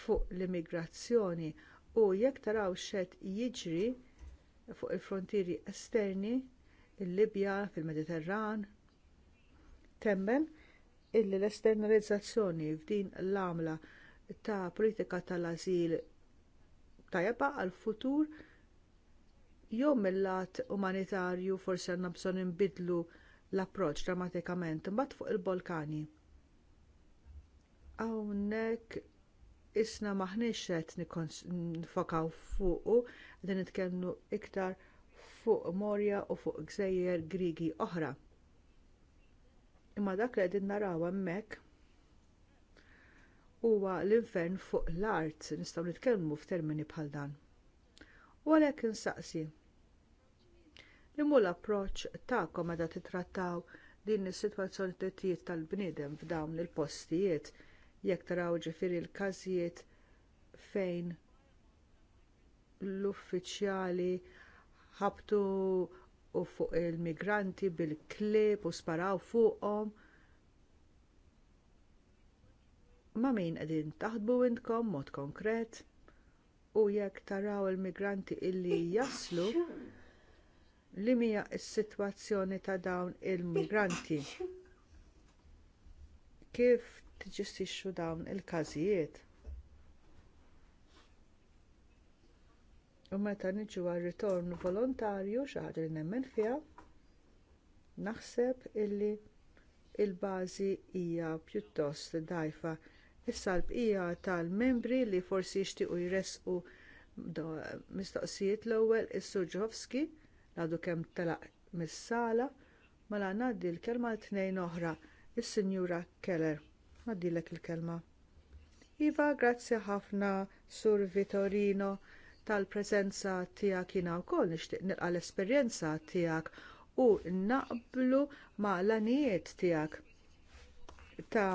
fuq l-immigrazzjoni u jekk taraw xed jiġri fuq il-frontieri esterni il-Libja, fil-Mediterran, temmen illi l-esternalizzazzjoni f'din l-għamla ta' politika tal-azil tajba għal futur jew mill-lat umanitarju forsi għandna bżonn inbidlu l-approċċ drammatikament imbagħad fuq il-Balkani. Hawnhekk isna maħniex qed nifokaw fuqu qegħdin nitkellmu iktar fuq Morja u fuq Gżejjer Grigi oħra. Imma dak li qegħdin naraw hemmhekk huwa l-infern fuq l-art nistgħu nitkellmu f'termini bħal dan. U għalhekk insaqsi. Limu l-approċċ tagħkom meta titrattaw din is-sitwazzjoni tittijiet tal-bniedem f'dawn il-postijiet jekk taraw ġifieri l-każijiet fejn l-uffiċjali ħabtu u fuq il-migranti bil-klib u sparaw fuqhom. Ma' min qegħdin taħdbu intkom mod konkret? u jekk taraw il-migranti illi jaslu li mija s-sitwazzjoni ta' dawn il-migranti. Kif tiġistixxu dawn il-każijiet? U meta niġu għal ritorn volontarju xi li nemmen fiha, naħseb illi l il bażi hija pjuttost dajfa Issa l-bqija tal-membri li forsi jixtiequ jresqu mistoqsijiet l-ewwel is-Sur Ġofski għadu kemm telaq mis-sala mela ngħaddi l-kelma l tnejn oħra is-Sinjura Keller. Ngħaddilek il-kelma. Iva, grazzi ħafna Sur Vitorino tal-preżenza tiegħek jiena wkoll nixtieq nilqa' l-esperjenza tiegħek u naqblu ma' l-anijiet tiegħek ta'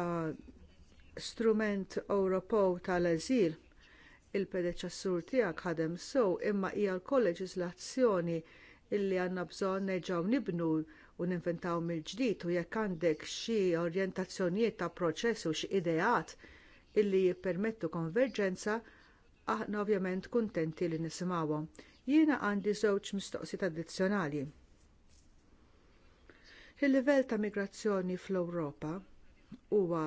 strument Ewropew tal-eżil il-predeċessur tiegħek ħadem sew imma hija l kolleġislazzjoni illi għandna bżonn nerġgħu nibnu u ninventaw mill-ġdid u jekk għandek xi orjentazzjonijiet ta' proċess u xi ideat illi jippermettu konverġenza, aħna ovvjament kuntenti li nisimgħuhom. Jiena għandi żewġ mistoqsijiet addizzjonali. Il-livell ta' migrazzjoni fl-Ewropa huwa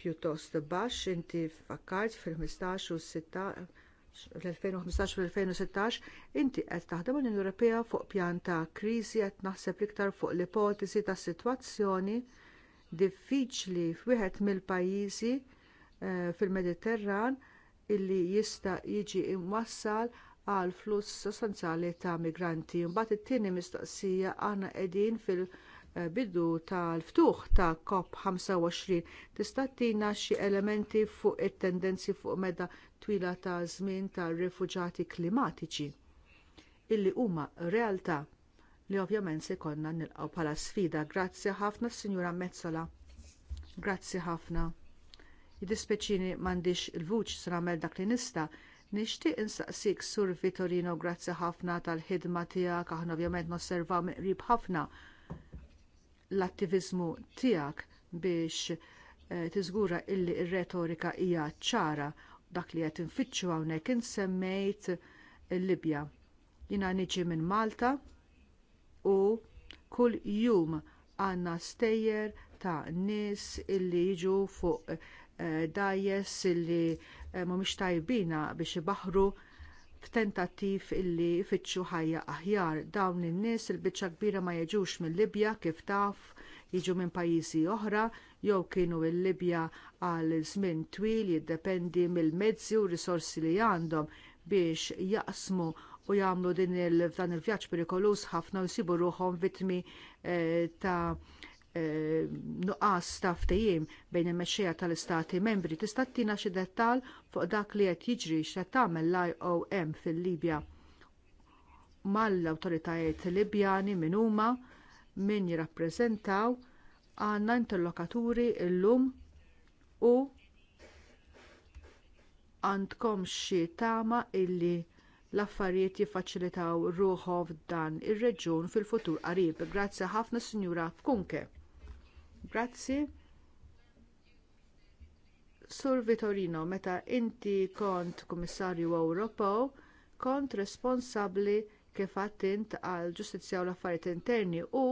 pjuttost baxx, inti fakkart fil-15 u 16 l-2015 u l-2016, inti qed taħdem l-Unjoni Ewropea fuq pjan ta' kriżi qed naħseb iktar fuq l-ipotesi ta' sitwazzjoni diffiċli f'wieħed mill-pajjiżi eh, fil-Mediterran illi jista' jiġi imwassal għal fluss sostanzjali ta' migranti. Imbagħad it-tieni mistoqsija aħna qegħdin fil- bidu tal-ftuħ ta' COP25 tista' tina xi elementi fuq it-tendenzi fuq meda twila ta' żmien tar rifuġati klimatiċi illi huma realtà li ovvjament se jkollna nilqgħu bħala sfida. Grazzi ħafna Sinjura Mezzola. Grazzi ħafna. Jidispeċini m'għandix il-vuċ se nagħmel dak li nista' Nixtieq insaqsik Sur Vitorino grazzi ħafna tal-ħidma tiegħek aħna ovvjament nosservaw mill-qrib ħafna l-attivizmu tiegħek biex eh, tiżgura illi r retorika hija ċara dak li qed infittxu hawnhekk insemmejt il-Libja. Jiena niġi minn Malta u kull jum għandna stejjer ta' nies illi jiġu fuq eh, dajes illi eh, mhumiex tajbina biex ibaħru f'tentattiv illi jfittxu ħajja aħjar. Dawn in-nies il-biċċa kbira ma jiġux mill-Libja kif taf jiġu minn pajjiżi oħra jew kienu l-Libja għal żmien twil jiddependi mill-mezzi u risorsi li għandhom biex jaqsmu u jagħmlu din il-dan il-vjaġġ perikoluż ħafna u jsibu ruħhom vittmi eh, ta' nuqqas ta' ftehim bejn il-mexxejja tal-istati membri tista' tina xi dettall fuq dak li qed jiġri x'qed tagħmel l-IOM fil-Libja mal-awtoritajiet Libjani minn huma min jirrappreżentaw għandna interlokaturi llum u għandkom xi tama illi l-affarijiet jiffaċilitaw ruħhom f'dan ir-reġjun fil-futur qarib. Grazzi ħafna Sinjura Kunke. Grazzi. Sur Vitorino, meta inti kont Kummissarju Ewropew, kont responsabbli kif attint għal ġustizzja u l-affarijiet interni u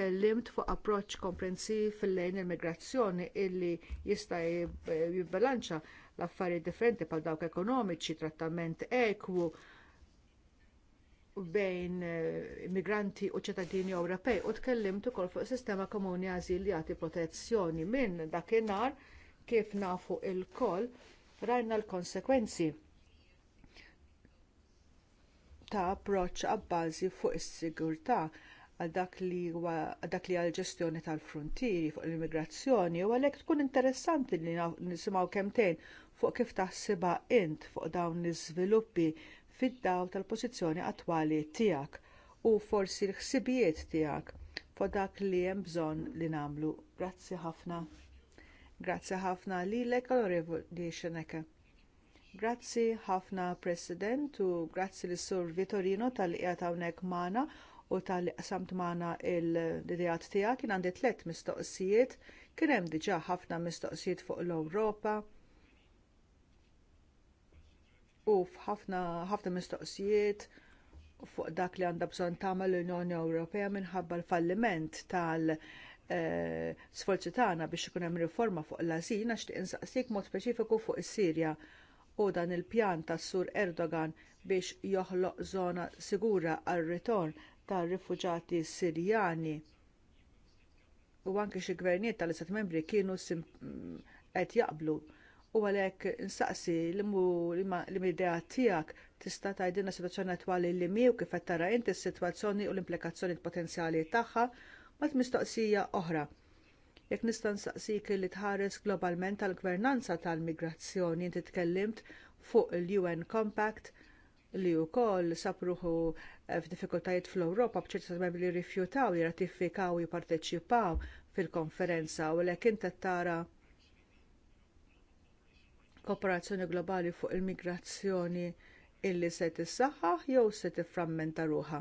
kellimt fuq approċċ komprensiv fil-lejn immigrazzjoni illi jista' jibbilanċa l-affarijiet differenti bħal dawk ekonomiċi, trattament ekwu bejn eh, immigranti u ċittadini Ewropej u tkellimt ukoll fuq sistema komuni għażil li jagħti protezzjoni minn dakinhar kif nafu il-koll rajna l-konsekwenzi ta' approċċ abbażi fuq is-sigurtà għal dak li għal ġestjoni tal-frontieri fuq l-immigrazzjoni u għalhekk tkun interessanti li nisimgħu kemtejn fuq kif taħsibha int fuq dawn l-iżviluppi fid-dawl tal-pożizzjoni attwali tiegħek u forsi l-ħsibijiet tiegħek fuq dak li hemm bżonn li nagħmlu. Grazzi ħafna. Grazzi ħafna lilek onorevoli Xeneke. Grazzi ħafna President u grazzi lis sur Vitorino tal-qiegħed hawnhekk magħna u tal-qasamt magħna l-idejat tiegħek kien għandi tliet mistoqsijiet, kien hemm diġà ħafna mistoqsijiet fuq l-Ewropa u f'ħafna ħafna mistoqsijiet fuq dak li għandha bżonn tagħmel l-Unjoni Ewropea minħabba l-falliment tal- eh, sforzi tagħna biex ikun hemm riforma fuq l-azina xtieq insaqsik mod speċifiku fuq is-Sirja u dan il-pjan tas sur Erdogan biex joħloq żona sigura għar ritorn tar rifuġati Sirjani. U anke xi gvernijiet tal-Istat Membri kienu mm, qed jaqblu u għalhekk insaqsi li mu l-idea tiegħek tista' tgħidilna situazzjoni attwali li mi u kif qed tara inti s-sitwazzjoni u l-implikazzjoni potenzjali tagħha mat mistoqsija oħra. Jekk nista' nsaqsik li tħares globalment għall gvernanza tal-migrazzjoni inti tkellimt fuq il-UN Compact li wkoll sapruħu eh, f'diffikultajiet fl-Ewropa b'ċerti membri li rifjutaw jirratifikaw u jipparteċipaw fil-konferenza u lekin tara kooperazzjoni globali fuq il-migrazzjoni illi se tissaħħaħ jew se tifframmenta ruħha.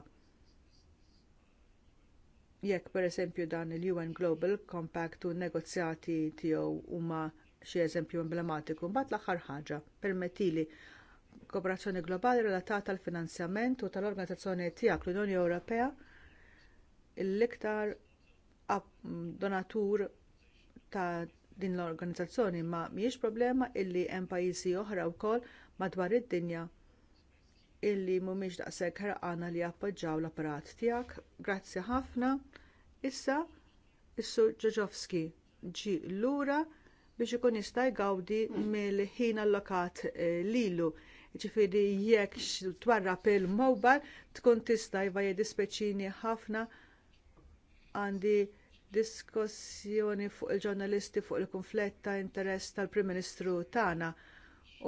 Jekk pereżempju dan il-UN Global Compact u n negozjati tiegħu huma xi eżempju emblematiku, mbagħad l-aħħar ħaġa permettili kooperazzjoni globali relatata għall finanzjament u tal-organizzazzjoni tiegħek l-Unjoni Ewropea l-iktar donatur ta' din l-organizzazzjoni ma mhijiex problema illi hemm pajjiżi oħra wkoll madwar id-dinja illi mhumiex daqshekk ħraqana li jappoġġjaw l-apparat tiegħek. Grazzi ħafna. Issa is-Sur Ġoġovski ġie lura biex ikun jista' jgawdi mill-ħin allokat eh, lilu. Ġifieri jekk twarrab il-mowbal tkun tista' jvajja jedi ħafna għandi diskussjoni fuq il-ġurnalisti fuq il-konflett ta' interess tal-Prim Ministru tagħna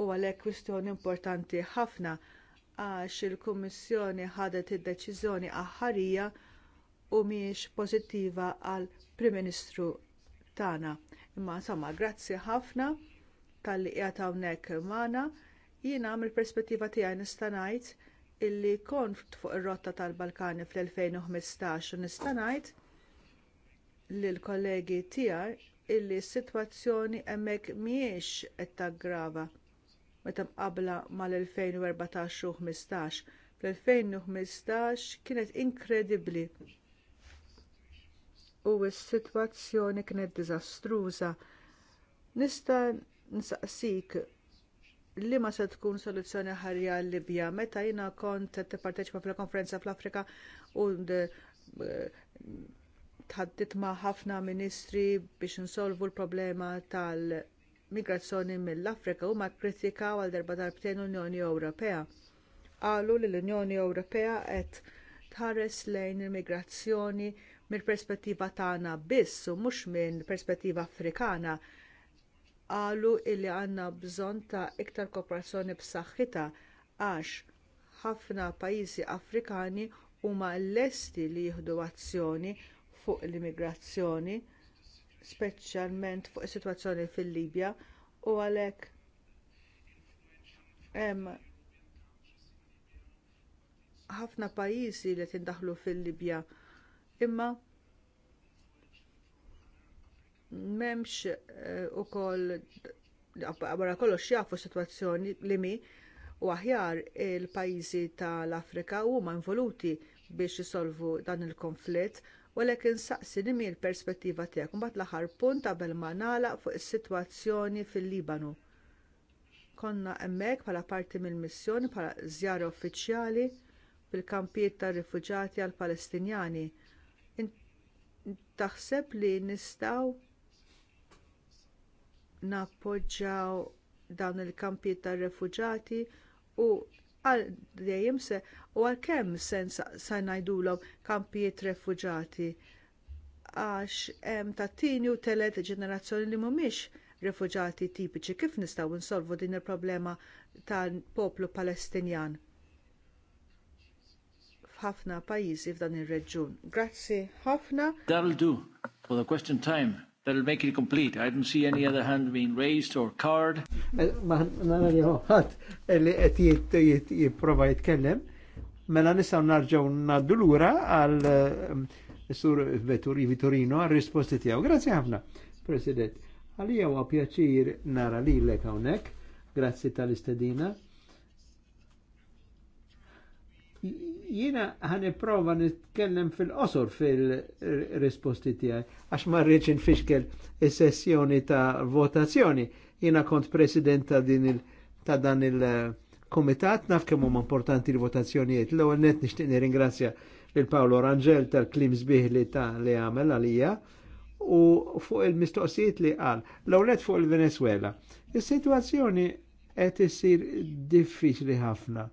u għalhekk kwistjoni importanti ħafna għax il-Kummissjoni ħadet id-deċiżjoni aħħarija u mhijiex pożittiva għall Prim Ministru tagħna. Imma insomma, grazzi ħafna tal-li qiegħed hawnhekk magħna. Jiena mill-perspettiva tiegħi nista' ngħid illi kont fuq ir-rotta tal-Balkani fl-2015 u nista' ngħid lill-kollegi tiegħi illi s-sitwazzjoni hemmhekk mhijiex qed taggrava meta mqabbla mal-2014 u 15. Fl-2015 kienet inkredibbli u s-sitwazzjoni kienet diżastruża. Nista' nsaqsik li ma se tkun soluzzjoni ħarja l-Libja meta jiena kont tipparteċipa fil-konferenza fl-Afrika u tħaddit ma' ħafna ministri biex insolvu l-problema tal-migrazzjoni mill-Afrika huma kkritikaw għal darba darbtejn l-Unjoni Ewropea. Qalu li l-Unjoni Ewropea qed tħares lejn il-migrazzjoni mill-perspettiva tagħna biss u mhux minn perspettiva Afrikana. Qalu li għandna bżonn ta' iktar kooperazzjoni b'saħħitha għax ħafna pajjiżi Afrikani huma lesti li jieħdu azzjoni fuq l-immigrazzjoni, speċjalment fuq is-sitwazzjoni fil-Libja u għalhekk hemm ħafna pajjiżi li tindaħlu fil-Libja imma m'hemmx eh, ukoll wara kollox jafu s-sitwazzjoni li mi u aħjar il-pajjiżi tal-Afrika huma involuti biex isolvu dan il-konflitt walakin saqsi nimi l-perspettiva tiegħek mbagħad l-aħħar punt qabel ma nagħlaq fuq is-sitwazzjoni fil-Libanu. Konna hemmhekk bħala parti mill-missjoni bħala żjara uffiċjali fil-kampijiet tar-rifuġati għall palestinjani Taħseb li nistgħu nappoġġjaw dawn il-kampijiet tar-refuġati u għal dejjem se u għal kemm se ngħidulhom kampijiet refuġati għax hemm tat-tieni u telet ġenerazzjoni li mhumiex refuġati tipiċi kif nistgħu nsolvu din il-problema tal-poplu Palestinjan f'ħafna pajjiżi f'dan ir-reġjun. Grazzi ħafna. That'll do for the question time. That'll make it complete. I don't see any other hand being raised or card. Eh, ma nara li ħadd li qed mela nistgħu narġgħu ngħaddu għal eh, sur Veturi Vitorino għal risposti tijaw. Grazie ħafna, President. Għalija huwa pjaċir nara lilek hawnhekk. Grazie tal istadina Jina ħan prova nitkellem fil-qosor fil-risposti tiegħi għax marriċ infixkel il sessjoni ta' votazzjoni. Jina kont president ta' din il ta' dan il-komitat naf kemmu huma importanti l-votazzjonijiet. L-ewwel net nixtieq nirringrazzja l Paolo Rangel tal-klim sbieħ li ta' li għamel għalija u fuq il-mistoqsijiet li qal. L-ewwel net fuq il-Venezuela. Is-sitwazzjoni qed issir diffiċli ħafna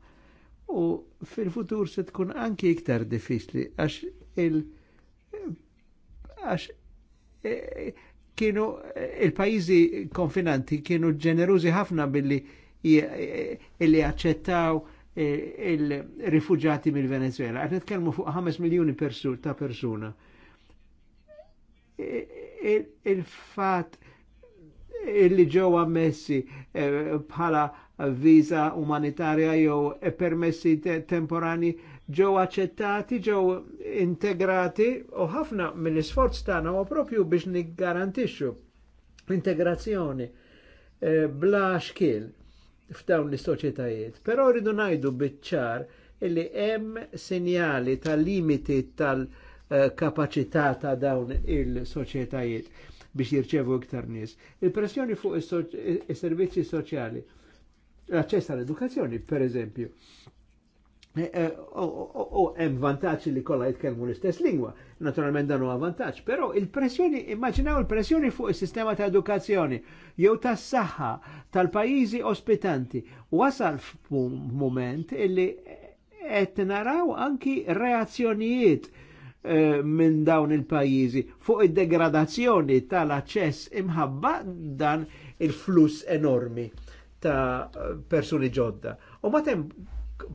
u fil-futur se tkun anki iktar diffiċli għax il- għax e, kienu il-pajizi konfinanti kienu ġenerużi ħafna billi e, illi accettaw e, il rifugġati mill-Venezuela. Għadet kelmu fuq 5 miljoni ta' persuna. Il-fat illi ġewa messi bħala eh, viza umanitarja jew permessi temporani ġew aċċettati, ġew integrati u ħafna mill-isforz tagħna u propju biex niggarantixxu integrazzjoni eh, bla xkil f'dawn is-soċjetajiet. Però rridu ngħidu biċ-ċar illi hemm sinjali tal-limiti tal-kapaċità eh, ta' dawn il-soċjetajiet biex jirċevu iktar nies. Il-pressjoni fuq is-servizzi soċjali l access għall-edukazzjoni, per eżempju. U eh, eh, hemm vantaġġ li kollha jitkellmu l-istess lingwa, naturalment dan huwa vantaġġ, però il-pressjoni, immaġinaw il-pressjoni fuq is-sistema ta' edukazzjoni jew tas-saħħa tal-pajjiżi ospitanti. Wasal f'mument illi qed naraw anki reazzjonijiet eh, minn dawn il-pajjiżi fuq id-degradazzjoni tal-aċċess imħabba dan il-fluss enormi ta' persuni ġodda. U matem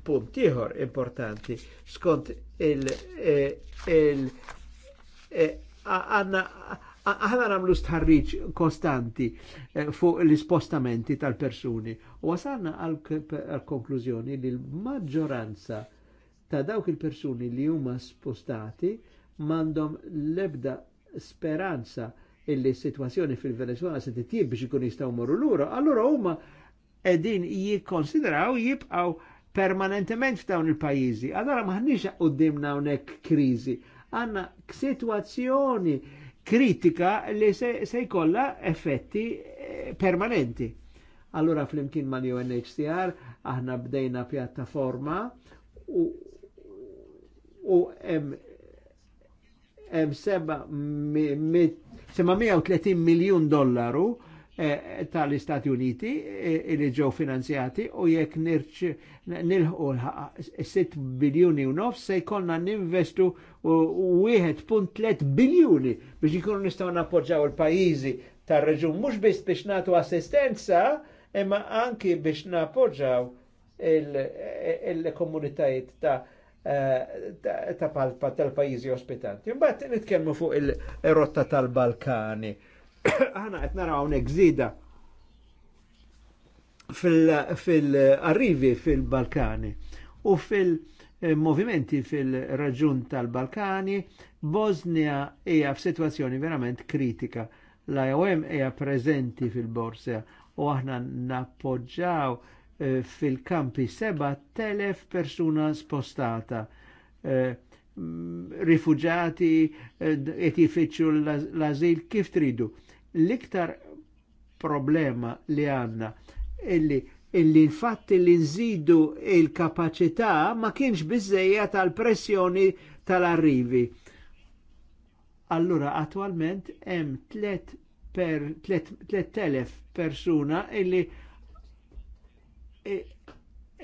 punt ieħor importanti skont il- e- il- e- għanna aħna namlu stħarriċ kostanti e, fuq l-ispostamenti tal-persuni. U għasanna għal-konklużjoni li l-maġġoranza ta' dawk il-persuni li huma spostati mandom lebda speranza illi situazzjoni fil-Venezuela se titjib biex ikun jistaw morru l-ura, allora huma edin jikonsideraw jibqaw permanentement f'dawn il-pajizi. Allora u dimna unek krizi. Għanna situazzjoni kritika li se, jkolla effetti eh, permanenti. Allora fl-imkien ma' UNHCR aħna bdejna pjattaforma u, hemm em, seba, 130 dollaru tal-Istati Uniti li ġew finanzjati u jekk nilħu 6 biljuni u nofs se jkollna ninvestu 1.3 biljuni biex ikunu nistgħu nappoġġaw il-pajjiżi tar-reġun mhux biss biex nagħtu assistenza imma anki biex nappoġġaw il-komunitajiet ta' ta' palpa tal pajjiżi ospitanti. Imbagħad nitkellmu fuq il-rotta tal-Balkani aħna qed nara hawnhekk żieda fil-arrivi fil-Balkani u fil-movimenti fil-raġun tal-Balkani, Bosnia hija f'sitwazzjoni verament kritika. L-IOM hija preżenti fil-Borsja u aħna nappoġġaw eh, fil-kampi 7.000 persuna spostata. Eh, Rifugjati etifiċu eh, l-azil kif tridu L-iktar problema li għanna illi illi nfatt li nżidu il-kapacità ma kienx bizzejja tal-pressjoni tal-arrivi. Allura, attualment hemm 3 per 3000 persuna illi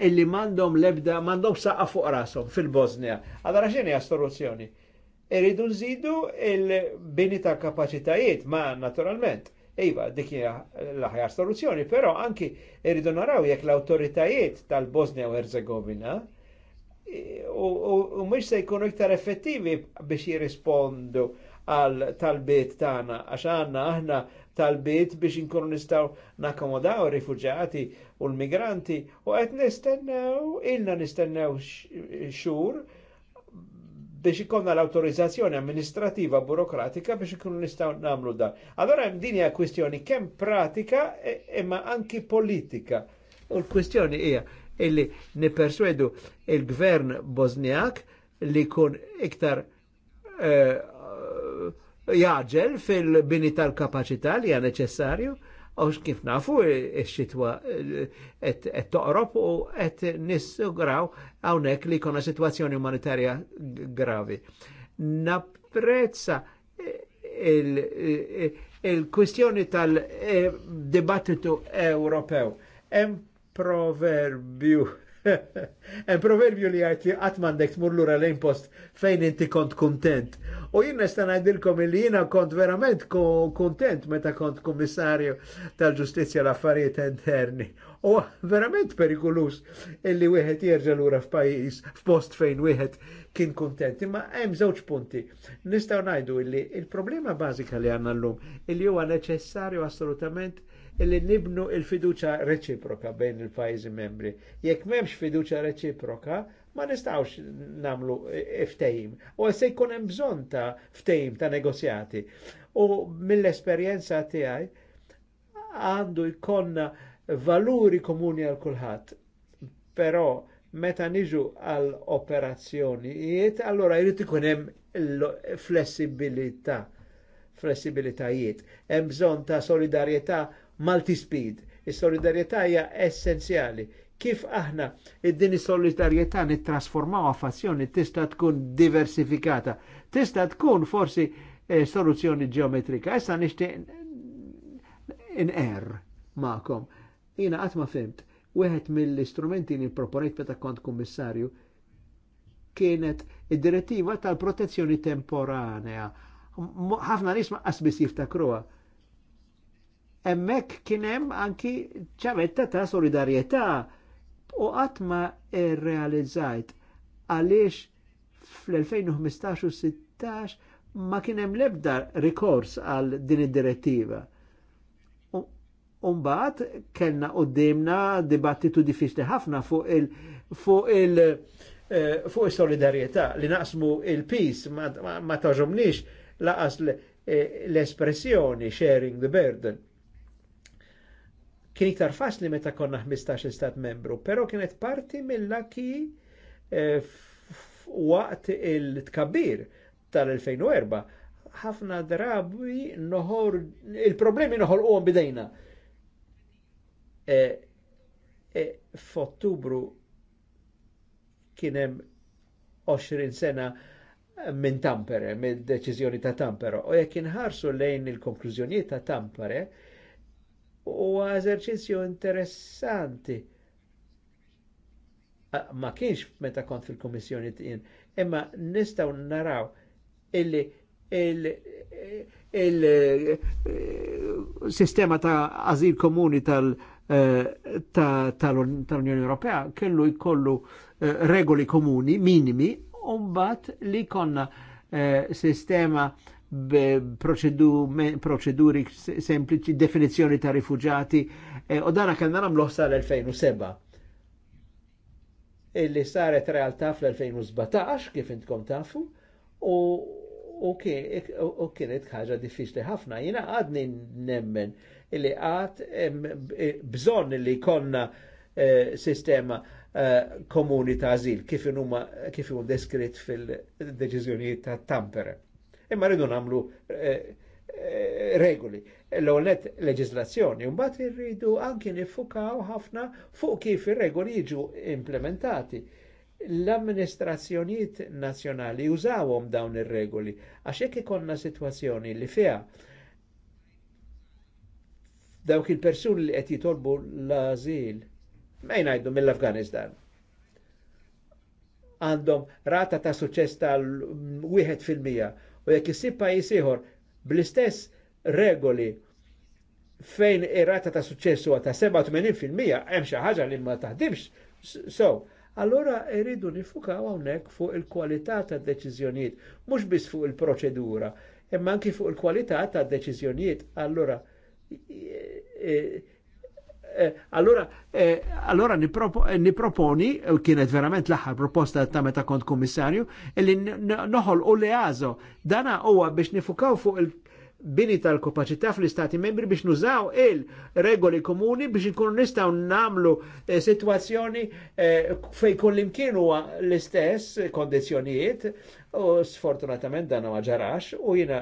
illi mandom lebda, mandom saqqa fuq rasom fil-Bosnia. Allora xini għas soluzzjoni? Irridu nżidu il-bini ta' kapacitajiet, ma' naturalment. Iva, dik hija l-aħjar soluzzjoni, però anki irridu naraw jekk l-awtoritajiet tal-Bosnia u Herzegovina u mux se jkunu iktar effettivi biex jirrispondu għal tal-bit tagħna għax għandna aħna tal-bit biex inkunu nistgħu nakomodaw rifugġati u l-migranti u qed nistennew ilna nistennew xhur biex ikonna l-autorizzazzjoni amministrativa burokratika biex ikun nistaw namlu dan. Allora din hija kwistjoni kemm pratika e, imma e, anki politika. U l-kwistjoni hija illi nipperswedu il-gvern Bosniak li kun iktar e, jaġel fil-bini tal-kapacità li hija neċessarju għax kif nafu il-xitwa et toqrop u qed nissugraw għawnek li kona situazzjoni umanitarja gravi. Naprezza eh, eh, il kwistjoni tal eh, dibattitu Ewropew. Em proverbju Hemm proverbju li għajt li qatt m'għandek tmur lura lejn post fejn inti kont kuntent. U jien nesta ngħidilkom li jiena kont verament kuntent meta kont kummissarju tal-Ġustizzja l-Affarijiet Interni. U verament perikulus illi wieħed jerġa' lura f'pajjiż f'post fejn wieħed kien kuntent. Imma hemm żewġ punti. Nistgħu ngħidu illi il-problema bażika li għandna llum illi huwa neċessarju assolutament illi nibnu il-fiduċa reċiproka bejn il-pajzi membri. Jekk memx fiduċa reċiproka, ma nistawx namlu eh, ftejim. U se jkun hemm bżonn ta' ftejim ta' negozjati. U mill-esperjenza tiegħi għandu jkonna valuri komuni għal kulħadd. Però meta niġu għal operazzjonijiet, allora jrid ikun hemm flessibilità flessibilitajiet. Hemm bżonn ta' solidarjetà Malti Speed. Is-solidarjetà hija essenzjali. Kif aħna id-din is-solidarjetà nittrasformaw f'azzjoni tista' tkun diversifikata. Tista' tkun forsi eh, soluzzjoni ġeometrika. Issa nixtieq inqer ma'kom. Jiena qatt ma fimt. Wieħed mill-istrumenti li proponejt meta kont kummissarju kienet id-direttiva tal-protezzjoni temporanea. Ħafna nisma' qasbis jiftakruha emmek kienem anki ċavetta ta' solidarieta u għatma realizzajt għaliex fl-2015 u 16 ma kienem lebda rikors għal din id-direttiva. Umbaħt kellna u demna dibattitu diffiċli ħafna fuq il- fuq il- eh, fuq il solidarieta li naqsmu il peace ma, ma, ma laqas eh, l-espressjoni sharing the burden Kien iktar faċli meta konna 15 stat membru, però kienet parti mill-laki eh, waqt il-tkabbir tal-2004. Ħafna drabi noħor, il-problemi noħor u bidejna. Eh, eh, F'Ottubru kienem 20 sena minn Tampere, minn deċiżjoni ta' Tampere. U jekk inħarsu lejn il-konklużjonijiet ta' Tampere, u eżerċizzju interessanti. Ah, ma kienx meta kont fil-Komissjoni tqin, imma nistaw naraw illi il-sistema eh, ta' azil komuni eh, tal-Unjoni Ewropea kellu jkollu eh, regoli komuni minimi umbat li konna sistema proċeduri sempliċi, definizjoni ta' rifugjati, e, u dana kellna namluħ l 2007 Illi saret realtà fl-2017, kif intkom tafu, u u kienet ħaġa diffiċli ħafna. Jina għadni nemmen illi għad bżon li konna e, sistema e, komuni ta' azil kif huma deskritt fil-deċiżjonijiet ta' Tampere imma rridu nagħmlu eh, eh, regoli. L-għonet leġislazzjoni, mbagħad irridu anki nifukaw ħafna fuq kif ir-regoli jiġu implementati. L-amministrazzjonijiet nazzjonali użawom dawn ir-regoli għax hekk ikonna sitwazzjoni li fiha dawk il-persuni li qed jitolbu l-azil ma jgħidu mill-Afganistan. Għandhom rata ta' suċċess tal-1 fil-mija U jekk issib pajjiż ieħor bl-istess regoli fejn ir-rata ta' suċċess huwa ta' 87% hemm xi ħaġa li ma taħdimx. So, allora rridu nifukaw hawnhekk fuq il-kwalità tad-deċiżjonijiet, mhux biss fuq il-proċedura, imma anki fuq il-kwalità tad-deċiżjonijiet. Allora, Eh, allora, eh, allora niproponi, eh, eh, kienet verament l-aħħar proposta ta' meta kont kummissarju, li noħol u le għazo. Dana huwa biex nifukaw fuq il- bini tal-kapacità fl-istati membri biex nużaw il-regoli komuni biex nkunu nistaw namlu situazzjoni fej kullim kienu l-istess kondizjonijiet u sfortunatament dan ma ġarax u jina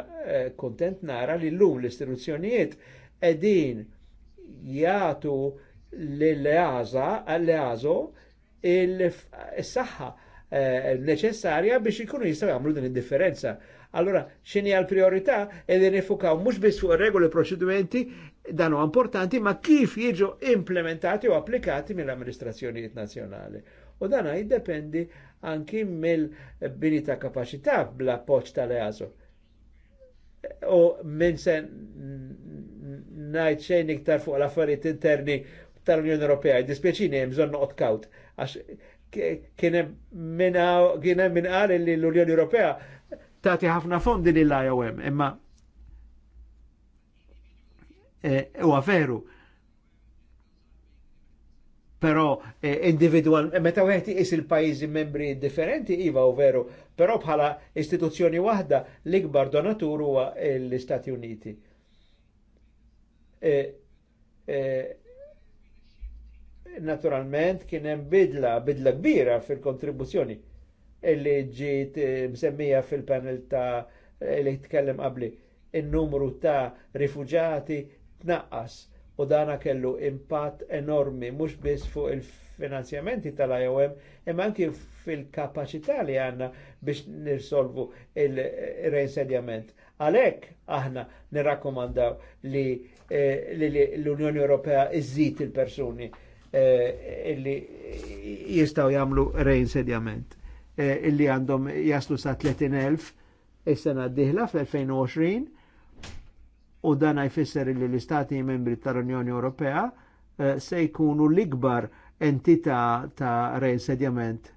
kontent nara li l-lum l-istituzzjonijiet edin jgħatu l-leaza, għall-leazo, il-saxħa eh, neċessarja biex ikunu jistaw għamlu din il differenza Allora, xini għal priorità edin nifukaw mux biss fuq regoli proċedimenti danu importanti, ma kif jiġu implementati u applikati mill-amministrazzjonijiet nazjonali. U dana jiddependi anki mill-bini ta' kapacità bla poċ tal-eazo. U minn sen ngħid xejn iktar fuq l-affarijiet interni tal-Unjoni Ewropea. Dispjaċini hemm bżonn noqgħod kawt għax kien hemm min qal li l-Unjoni Ewropea tagħti ħafna fondi lil IOM, imma e, huwa veru. Però e, individual, e, meta wieħed is il-pajjiżi membri differenti iva u veru, però bħala istituzzjoni waħda l-ikbar donatur huwa l-Istati Uniti E, e, naturalment kien hemm bidla, bidla kbira fil-kontribuzzjoni illi ġiet e, msemmija fil-panel ta' li jitkellem qabli in-numru ta' rifuġati tnaqqas u dana kellu impatt enormi mhux biss fuq il-finanzjamenti tal-IOM imma anki fil-kapaċità li għandna biex nirsolvu il-reinsedjament. Għalhekk aħna nirrakkomandaw li Eh, li l-Unjoni Ewropea iżżid il-persuni eh, li jistaw jamlu reinsedjament eh, illi għandhom jaslu sa' 30.000 is-sena d-dihla fl-2020 u dan jfisser li l-istati membri tal-Unjoni Ewropea se jkunu l-ikbar entita' ta' reinsedjament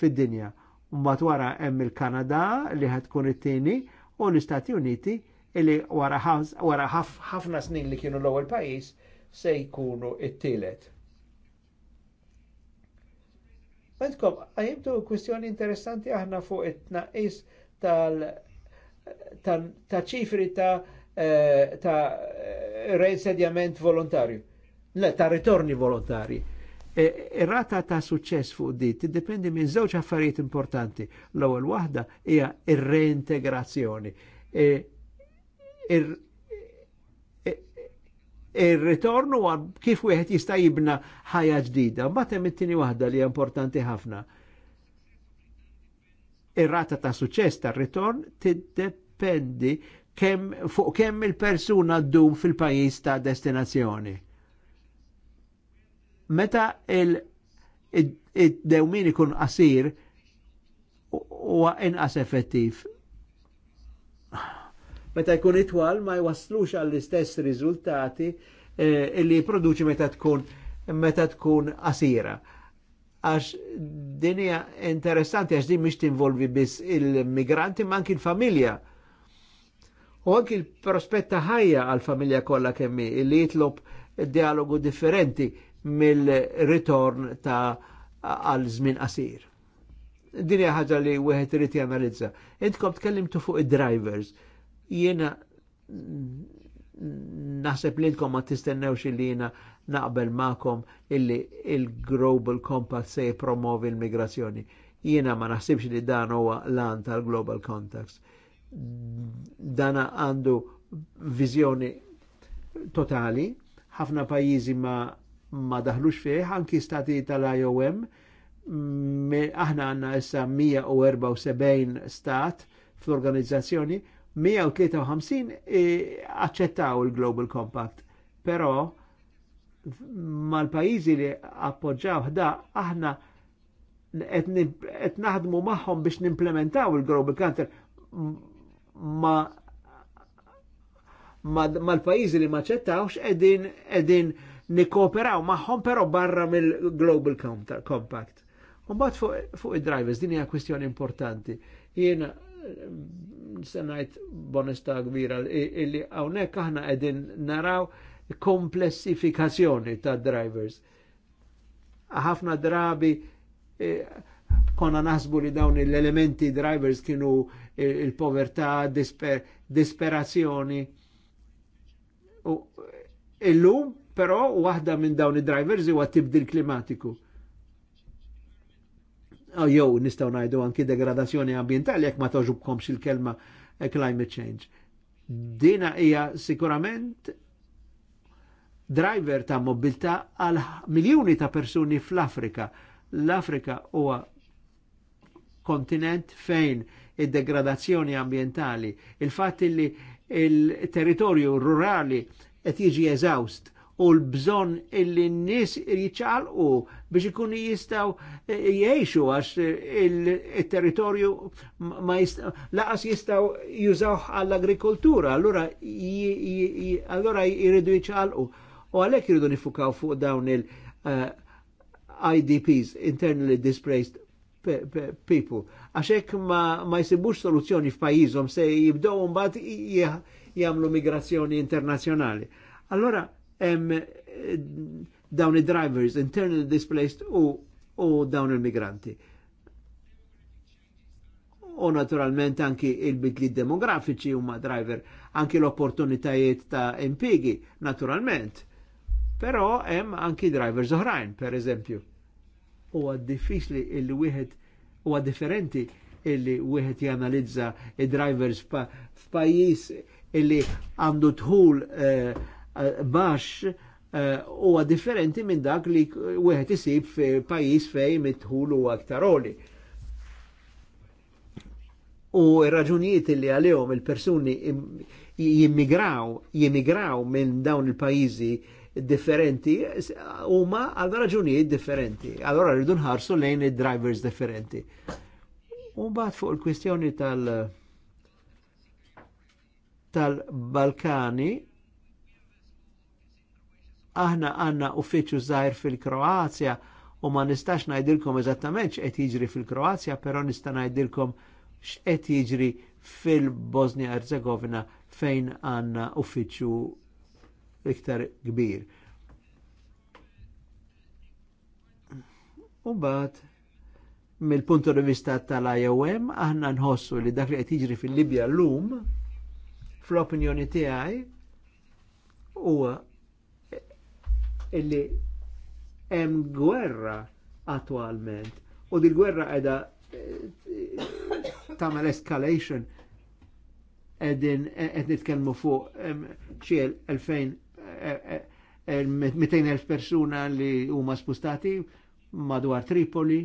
fid-dinja. Mbagħad wara hemm il-Kanada li ħadd tkun it-tieni u l-Istati Uniti illi wara ħafna snin li kienu l-ewwel pajjiż se jkunu t tielet Għandkom, għajibtu kwistjoni interessanti aħna fuq it tnaqis tal ta' ċifri ta' eh, ta' reinsedjament volontarju. Le, ta' ritorni volontari. Ir-rata e, e, ta' suċċess fuq di tiddependi minn żewġ affarijiet importanti. L-ewwel waħda hija ir-reintegrazzjoni. E, ir-ritornu għal kif wieħed jista' jibna ħajja ġdida. Mbagħad hemm it-tieni waħda li hija importanti ħafna. Ir-rata ta' suċċess tar-ritorn tiddependi kemm fuq kemm il-persuna ddum fil-pajjiż ta' destinazzjoni. Meta il-dewmin ikun qasir huwa inqas effettiv meta jkun itwal ma jwaslux għall-istess riżultati eh, illi produċi meta tkun meta tkun asira. Għax dinja interessanti għax din mhix tinvolvi biss il-migranti ma anki l-familja. U anki l-prospetta ħajja għall familja kollha kemm li jitlob dialogu differenti mill-ritorn ta' għal żmien qasir. Dinja ħaġa li wieħed irid janalizza. Intkom tkellimtu fuq id-drivers. Jiena naħseb li l-kom ma tistennewx li jiena naqbel ma'kom illi il-Global Compact se promovi l-migrazzjoni. Jiena ma naħsibx li dan huwa lan tal-Global Contacts. Dana għandu viżjoni totali, ħafna pajjiżi ma, ma daħlux fih, anki stati tal-IOM, aħna għanna issa 174 stat fl-organizzazzjoni 153 eh, accettaw il-Global Compact, però mal-pajizi li appoġġaw da aħna qed naħdmu magħhom biex nimplementaw il-Global Counter ma mal-pajizi ma li maċċettawx edin edin nikkooperaw magħhom però barra mill-Global Compact. Umbat fuq id-drivers, din hija kwestjoni importanti. Jiena senajt bonesta kbira illi hawnhekk aħna għedin naraw komplessifikazzjoni ta' drivers. Ħafna drabi e, konna nasbu li dawn l-elementi drivers kienu e, il-povertà, disperazzjoni. U e, illum però waħda minn dawn id-drivers huwa tibdil klimatiku Ah, jo nistgħu ngħidu anki degradazzjoni ambjentali jekk ma toġobkomx il-kelma eh, climate change. Dina hija sikurament driver ta' mobilità għal miljuni ta' persuni fl-Afrika. L-Afrika huwa kontinent fejn id-degradazzjoni ambientali, il-fatt li il-territorju rurali qed jiġi eżawst u l-bżon illi n-nis jiċalqu biex ikun jistaw eh, jiexu għax il-territorju ma jistaw, laqas jistaw jużaw għall-agrikoltura, allora jiridu jiċalqu. U għalek jiridu nifukaw fuq dawn il-IDPs, eh, internally displaced people, għaxek ma, ma jisibux soluzzjoni f'pajizom se jibdow mbagħad jgħamlu migrazzjoni internazjonali. Allora, hemm dawn id-drivers, internal displaced u, u dawn il-migranti. U naturalment anki il-bidli demografiċi huma driver, anki l-opportunitajiet ta' impigi, naturalment. Però hemm anki drivers oħrajn, per eżempju. Huwa diffiċli il wieħed huwa differenti illi wieħed janalizza id-drivers f'pajjiż illi għandu tħul uh, eh, baxx eh, huwa differenti minn dak li wieħed isib f'pajjiż fejn mitħul huwa aktar oli. U raġunijiet li għalihom il-persuni jimmigraw, jimmigraw minn dawn il-pajjiżi differenti huma għal raġunijiet differenti. Allora rridu nħarsu lejn il drivers differenti. U mbagħad fuq il-kwistjoni tal- tal-Balkani Aħna għanna uffiċċju żgħir fil-Kroazja u ma nistax ngħidilkom eżattament x'qed jiġri fil-Kroazja, però nista' ngħidilkom x'qed jiġri fil-Bosnia Herzegovina fejn għanna uffiċċju iktar kbir. U bat, mill-puntu di vista tal-IOM, aħna nħossu li dak li qed jiġri fil-Libja l-lum, fl-opinjoni tiegħi, huwa illi hemm gwerra attualment u di gwerra edha eh, tamal escalation edin eh, ed nitkellmu fuq xiel 200.000 eh, persuna li huma spustati madwar Tripoli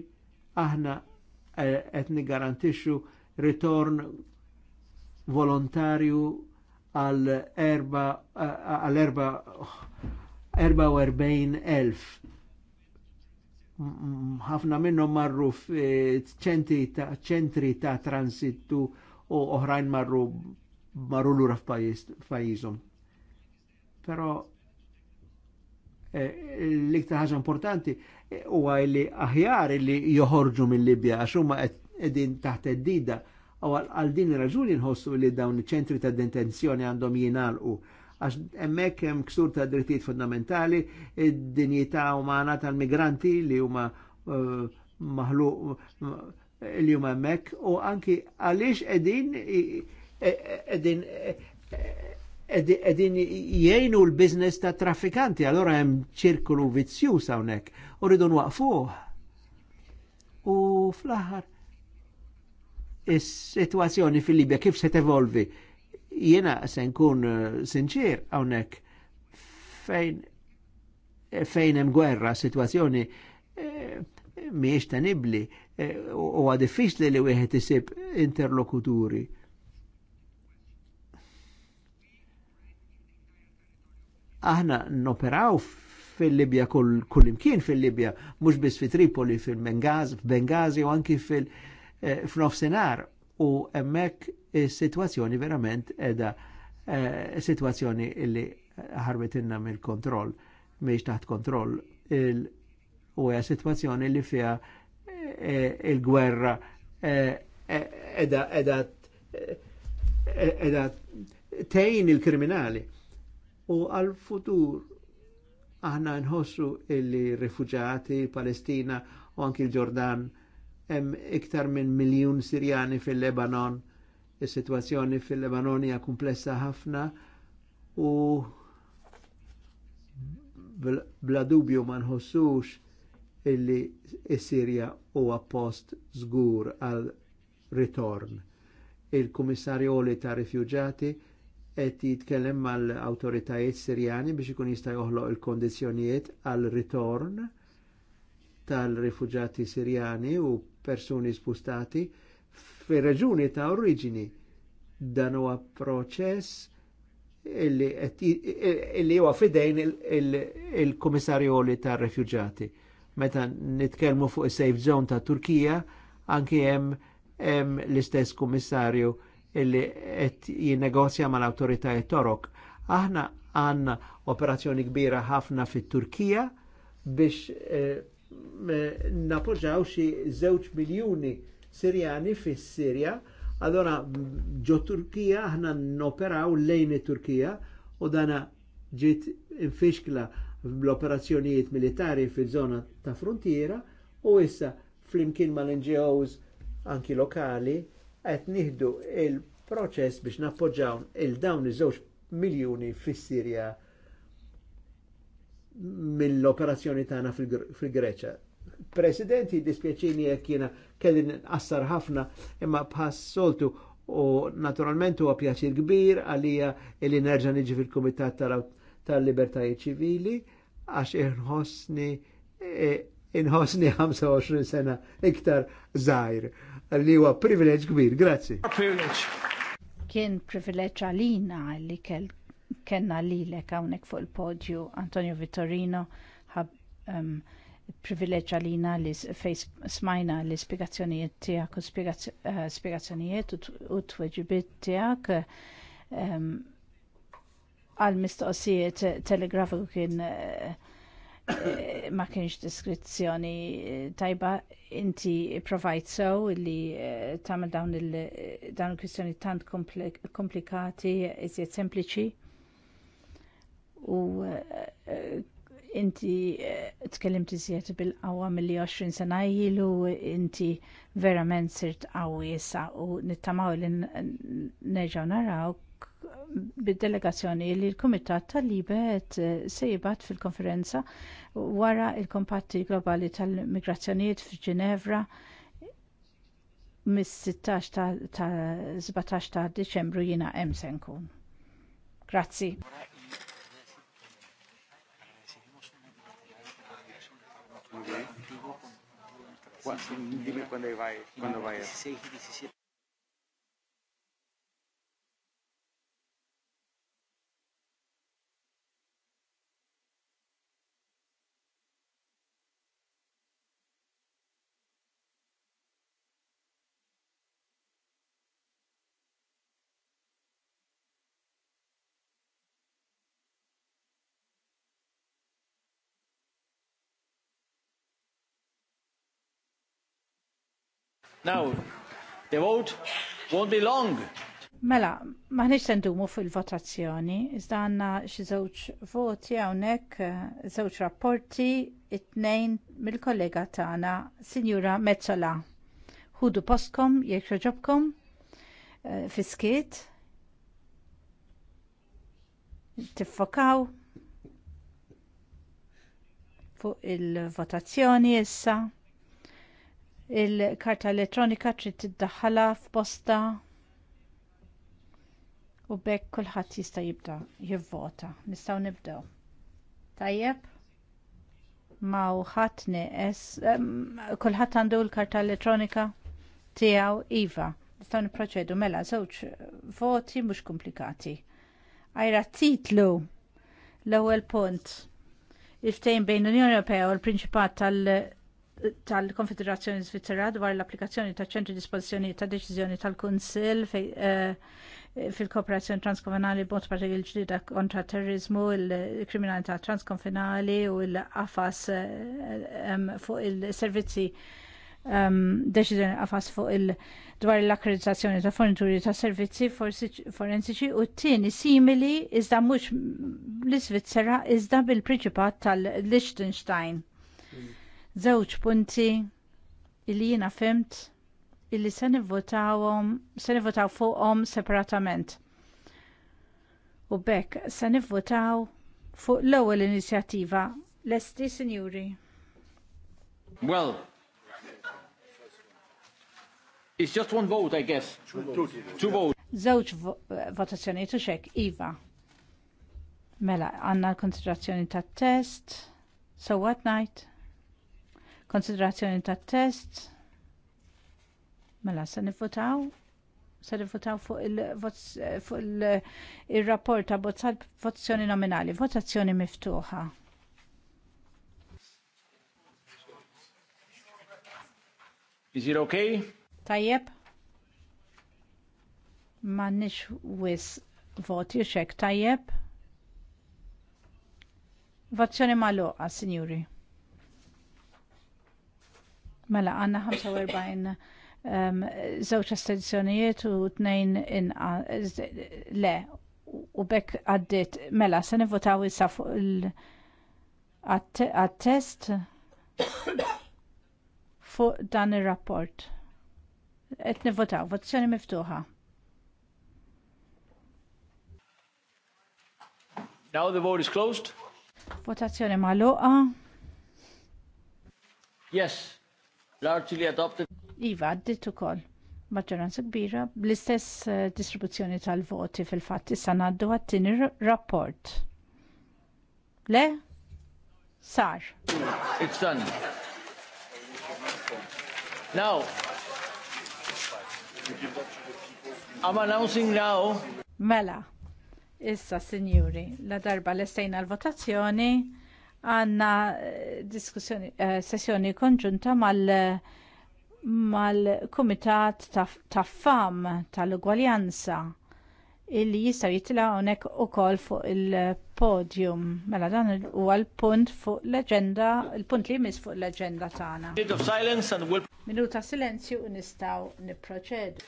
aħna etni garantixu ritorn volontarju għal erba għal erba 44,000 ħafna minnhom marru f'ċentri ta' ċentri ta' transitu u oħrajn marru marru lura f'pajjiżhom. Però e, l-iktar ħaġa importanti e, huwa li aħjar li joħorġu mill-Libja għax huma qegħdin taħt id-dida għal din raġuni nħossu li dawn iċ-ċentri ta' detenzjoni għandhom jingħalqu għax emmek hemm ksur ta' drittijiet fundamentali, id-dinjità umana tal-migranti li huma uh, eh, maħluq eh, li huma hemmhekk u anki għaliex qegħdin e, e, qegħdin edin e, jgħinu l-biznes ta' traffikanti, allora hemm ċirkolu vizzjuż hawnhekk, u rridu nwaqfuh. U fl-aħħar is-sitwazzjoni fil-Libja kif se tevolvi? Jena se nkun eh, sinċir hawnhekk fejn fejn hemm gwerra situazzjoni eh, miex tanibli eh, u diffiċli li wieħed isib interlokuturi. Aħna noperaw fil-Libja kull, imkien fil-Libja, mhux biss fi Tripoli, fil-Bengazi, f'Bengazi u anki fil- eh, u emmek situazzjoni verament edha e, eh, situazzjoni illi ħarbetinna mill-kontroll, miex taħt kontroll, u għja situazzjoni li fija e, eh, il-gwerra eh, edha edha edha tejn il-kriminali. U għal-futur aħna nħossu il-rifugġati, Palestina u anki l-Ġordan il hemm iktar minn miljun Sirjani fil-Lebanon. Is-sitwazzjoni fil-Lebanon hija komplessa ħafna u bla dubju ma nħossux illi s-Sirja huwa post żgur għal ritorn. Il-Kummissarju ta' Rifuġati qed jitkellem mal-awtoritajiet Sirjani biex ikun jista' joħloq il-kondizzjonijiet għal ritorn tal-rifuġati Sirjani u persuni spustati fir reġuni ta' origini. dan huwa proċess illi huwa fidejn il komissarjoli ta' refugjati. Meta nitkellmu fuq is-safe zone ta' Turkija, anki hemm hemm l-istess kummissarju illi qed jinnegozja mal-awtoritajiet torok. Aħna għandna operazzjoni kbira ħafna fit-Turkija biex eh, napoġaw xi żewġ miljuni Sirjani fis-Sirja, allora ġo Turkija aħna noperaw lejn it-Turkija u dana ġiet infixkla l-operazzjonijiet militari fi żona ta' frontiera u issa flimkien mal-NGOs anki lokali qed nieħdu il-proċess biex nappoġġaw il-dawn iż-żewġ miljuni fis-Sirja mill-operazzjoni tagħna fil-Greċa. Presidenti dispjaċini jekk jiena kelli nqassar ħafna imma bħas soltu u naturalment huwa pjaċir kbir għalija li nerġa' niġi fil-Kumitat tal-Libertajiet Ċivili għax inħossni e, inħossni 25 sena iktar żgħir li huwa privileġġ kbir. Grazzi. Kien privileġġ għalina li kelk kellna lilek hawnhekk fuq il-podju Antonio Vittorino ħab um, privileġġa lina li fej smajna l ispjegazzjonijiet tiegħek u spjegazzjonijiet eh, u tweġibiet tiegħek um, għal mistoqsijiet telegrafiku kien eh, ma kienx diskrizzjoni tajba inti provajt sew li eh, tagħmel dawn il-kwistjoni tant komplikati iżjed sempliċi u eh, inti eh, tkellimt iżjed bil-qawwa milli 20 sena ilu inti verament sirt qawwi issa u nittamaw li nerġgħu naraw bid-delegazzjoni li l-Kumitat tal-Libet eh, se jibgħat fil-konferenza wara l kompatti Globali tal-Migrazzjonijiet f'Ġinevra mis-16 ta' 17 ta' Diċembru jiena hemm se nkun. Grazzi. Muy bien. Dime cuándo, vai, 16 17. Now, the vote won't be long. Mela, maħniċ tendumu fil-votazzjoni, iżda għanna xizawċ voti għonek, zawċ rapporti, it-nejn mill-kollega tagħna, Sinjura Mezzola. Hudu postkom, jek raġobkom, eh, fiskiet, tiffokaw fuq il-votazzjoni issa il-karta elettronika trid tiddaħħalha f'posta u bekk kulħadd jista' jibda jivvota. Nistgħu nibdew. Tajjeb? Ma ħadd neqes kulħadd għandu l-karta elettronika tiegħu iva. Nistgħu nipproċedu mela żewġ voti mhux komplikati. Ajra titlu l-ewwel punt. il bejn l-Unjoni Ewropea u l-Prinċipat tal- tal-Konfederazzjoni Svizzera dwar l-applikazzjoni ta' ċentri dispożizzjoni ta' deċiżjoni tal-Kunsill eh, fil-kooperazzjoni transkonfinali b'mod parti il-ġdida kontra terrorizmu, il-kriminalità transkonfinali u l afas eh, fuq il-servizzi deċiżjoni Afas fuq il- dwar l-akkreditazzjoni ta' fornituri ta' servizzi forensiċi u t-tieni simili iżda mhux l-Iżvizzera iżda bil-Prinċipat tal-Liechtenstein. Mm żewġ punti illi jiena fimt illi se nivvotawhom se nivvotaw fuqhom separatament. U bekk se nivvotaw fuq l-ewwel inizjattiva Lesti Sinjuri. Well, it's just one vote, I guess. Two, votes. Żewġ votazzjoni tu xek, Iva. Mela, għanna l-konsiderazzjoni tat test. So what night? konsiderazzjoni ta' test. Mela, se nifutaw? Se nifutaw fuq il-rapport il ta' bozzat votazzjoni nominali, votazzjoni miftuħa. Is it okay? Tajjeb? Ma nix wis voti xek tajjeb? Votazzjoni maluqa, signori. Mela, għanna 45 um, zewċ astenzjonijiet u tnejn in le u bekk għaddit. Mela, se nivotaw issa fuq il fuq dan il-rapport. Et nivotaw, votazzjoni miftuħa. Now the vote is closed. Votazzjoni maluqa. Yes, largely adopted. Iva, għaddit ukoll maġġoranza kbira bl-istess eh, distribuzzjoni tal-voti fil-fatt issa ngħaddu għat-tieni rapport. Le? Sar. It's done. Now, I'm announcing now. Mela, issa, sinjuri, la darba l-estejna l-votazzjoni għanna eh, diskussjoni uh, sessjoni konġunta mal mal-Kumitat ta' Fam tal-Ugwaljanza illi jistaw jitla hawnhekk u kol fuq il-podium. Mela dan huwa l-punt fuq l-agenda, il-punt li jmiss fuq l-agenda tagħna. Minuta silenzju u nistgħu niproċedu.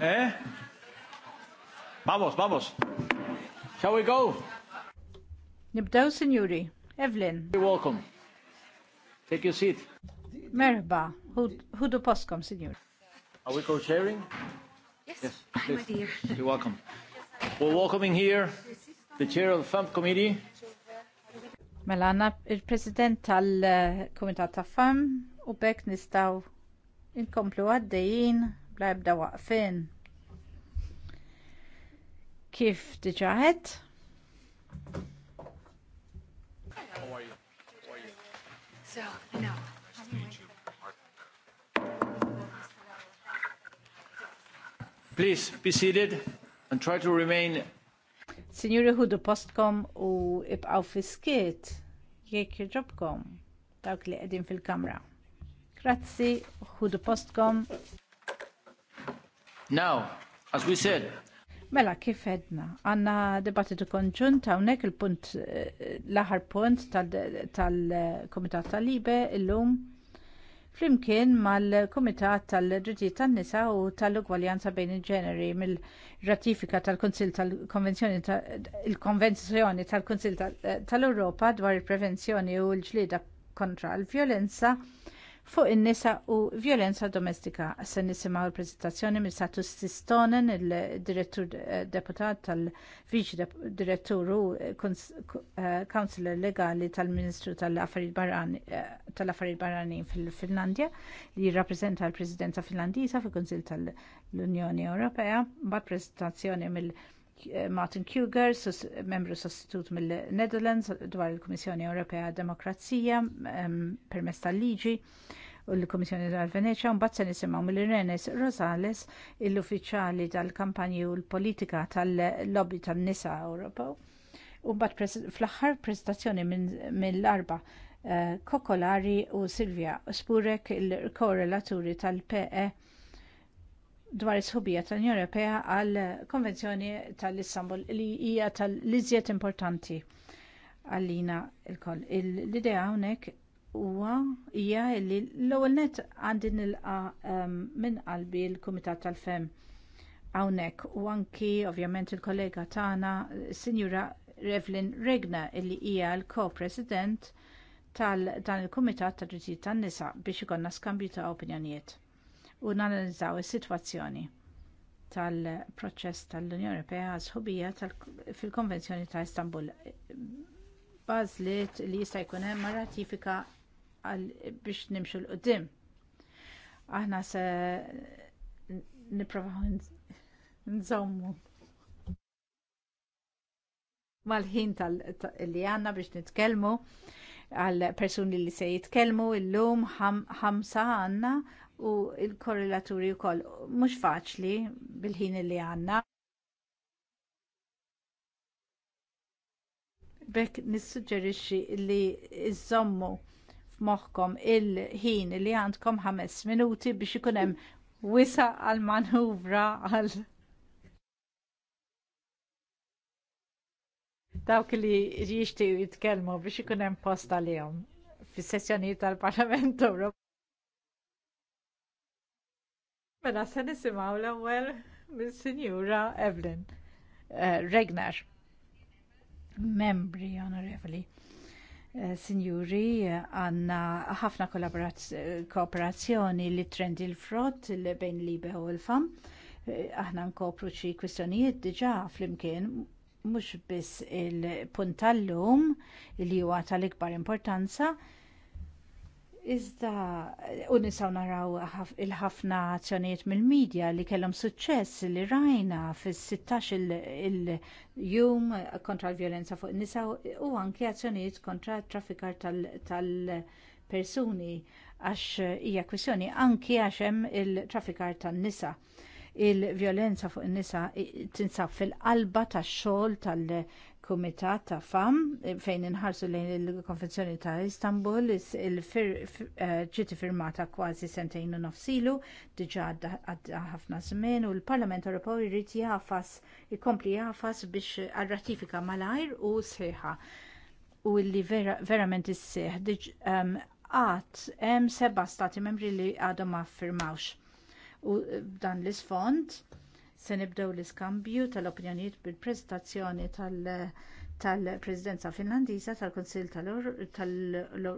Eh? Vamos, vamos. Shall we go? Nibdew, Signori. Evelyn. You're welcome. Take your seat. Merba, Who hudu poskom, Signor. Are we co-chairing? Yes, yes please. my dear. You're welcome. We're welcoming here the chair of the FAMP committee. Melana, għanna il-president tal-komitat ta' FAM u bekk nistaw inkomplu għaddejjien bla ebda waqfin. Kif diġaħet? Please be seated and try to remain. Signori ħudu postkom u ibqaw fiskiet jekk jġobkom dawk li qegħdin fil-kamra. Grazzi, ħudu postkom. Now, as we said, Mela, kif edna? Għanna debattitu konġunt hawnhekk il-punt eh, l-aħar punt tal-Komitat tal-Libe illum flimkien mal-Komitat tal drittijiet tan-Nisa u tal-Ugwaljanza bejn il-ġeneri mill-ratifika tal-Kunsil tal-Konvenzjoni il-Konvenzjoni tal-Kunsil tal-Ewropa dwar il-prevenzjoni u l-ġlieda kontra l-vjolenza fuq in-nisa u vjolenza domestika. Se nisimgħu l-preżentazzjoni mill Satu Sistonen, il-direttur eh, deputat tal-Viċi Direttur u Kanzler eh, Legali tal-Ministru tal-Affarijiet Barranin eh, fil-Finlandja li jirrappreżenta l-Presidenza Finlandiża fil konsil tal-Unjoni Ewropea, Bat preżentazzjoni mill- Martin Kuger, membru sostitut mill-Netherlands dwar il-Kummissjoni Ewropea Demokrazija um, permess tal-liġi u l-Kummissjoni tal Venezia, un se nisimgħu mill-Renes Rosales, l-uffiċjali tal-kampanji u l-politika tal-lobby tan-nisa Ewropew. U bat fl-aħħar prestazzjoni mill-arba uh, Kokolari u Silvia Spurek, il-korrelaturi tal-PE dwar is-ħubija tal-Unjoni Ewropea għall konvenzjoni tal-Istanbul li hija tal-iżjed importanti għallina lkoll. L-idea hawnhekk huwa hija li l-ewwel nett għandi nilqa ehm, minn qalbi l-Kumitat tal-Fem hawnhekk u anki ovvjament il-kollega tagħna Sinjura Revlin Regna illi hija l co president tal dan il-Kumitat tad-Drittijiet tan-Nisa biex ikollna skambju ta' opinjonijiet u nanalizzaw is-sitwazzjoni tal-proċess tal-Unjoni Ewropea sħubija fil-Konvenzjoni ta' Istanbul. Bażliet li jista' jkun hemm ratifika biex nimxu l qudiem Aħna se nipprovaw nżommu mal-ħin tal-li għanna biex nitkellmu għal persuni li se jitkellmu illum ħamsa għanna u l korrelaturi wkoll mhux faċli bil-ħin li għandna. Bek nissuġġerixxi li iżommu f'moħħkom il-ħin li għandkom ħames minuti biex ikun hemm wisa għal manuvra għal dawk li jixtiequ jitkellmu biex ikun hemm post għalihom fis-sessjonijiet tal-Parlament Ewropew. Mela se nisimgħu l-ewwel mis-Sinjura Evelyn Regner. Eh, Regnar. Membri onorevoli. Eh, Sinjuri, għanna ħafna kooperazzjoni li trendi l-frott bejn libe u l-fam. Eh, aħna nkopru xi kwistjonijiet diġà flimkien mhux biss il-puntallum li huwa tal-ikbar importanza, Iżda, u nisaw naraw il-ħafna azzjonijiet mill-medja li kellhom suċċess li rajna fis-16 il-jum kontra l-vjolenza fuq nisa u anke azzjonijiet kontra t traffikar tal-persuni għax hija kwistjoni anke għax hemm il-traffikar tan-nisa il-vjolenza fuq in-nisa tinsab fil-qalba tax-xogħol tal-Kumitat ta' Fam fejn inħarsu lejn il-Konvenzjoni ta' Istanbul eh, ġiet firmata kważi sentejn u nofsilu diġà għadda ħafna żmien u l-Parlament Ewropew irid jafas ikompli jafas biex għar-ratifika malajr u sħiħa u li verament isseħħ għat hemm seba' stati membri li għadhom ma ffirmawx u eh, dan l-isfond se nibdew l-iskambju tal-opinjonijiet bil-prezentazzjoni tal-Presidenza Finlandiża tal-Kunsill ehm,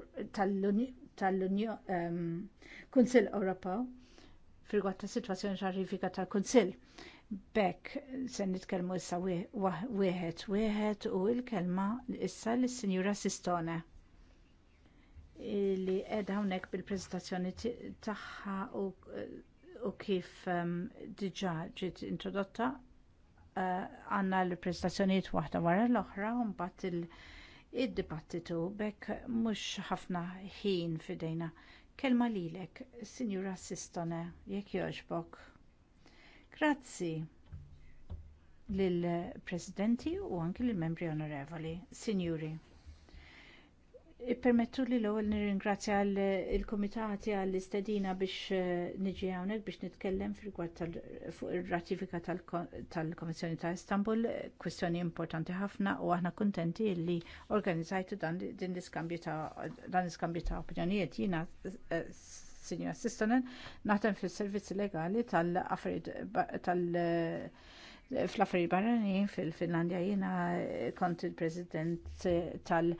tal-Kunsill Ewropew fil-gwatt ta' situazzjoni ġarrifika tal-Kunsill. b'hekk se nitkellmu issa wieħed wieħed u l-kelma issa lis-Sinjura Sistone li qiegħda hawnhekk bil-preżentazzjoni tagħha u eh, u kif um, ehm, diġa ġiet introdotta eh, għanna uh, l-prestazzjoniet waħda wara l-oħra un bat il-dibattitu bekk mux ħafna ħin fidejna. Kelma lilek, Signora Sistone, jekk joġbok. Grazzi lill presidenti u anki lill membri onorevoli, Signori. Permettu li l-ewwel nirringrazzja l-Kumitati għall-istedina biex eh, niġi hawnhekk biex nitkellem rigward fuq il ratifika tal komissjoni ta' Istanbul, kwistjoni importanti ħafna u aħna kuntenti li organizzajtu dan l-iskambju ta' dan iskambju ta' opinjonijiet jiena eh, Sinjor Sistonen naħdem fis-servizzi legali tal-affarijiet tal tal fl affarijiet barranin fil-Finlandja jiena kont il-President eh, tal-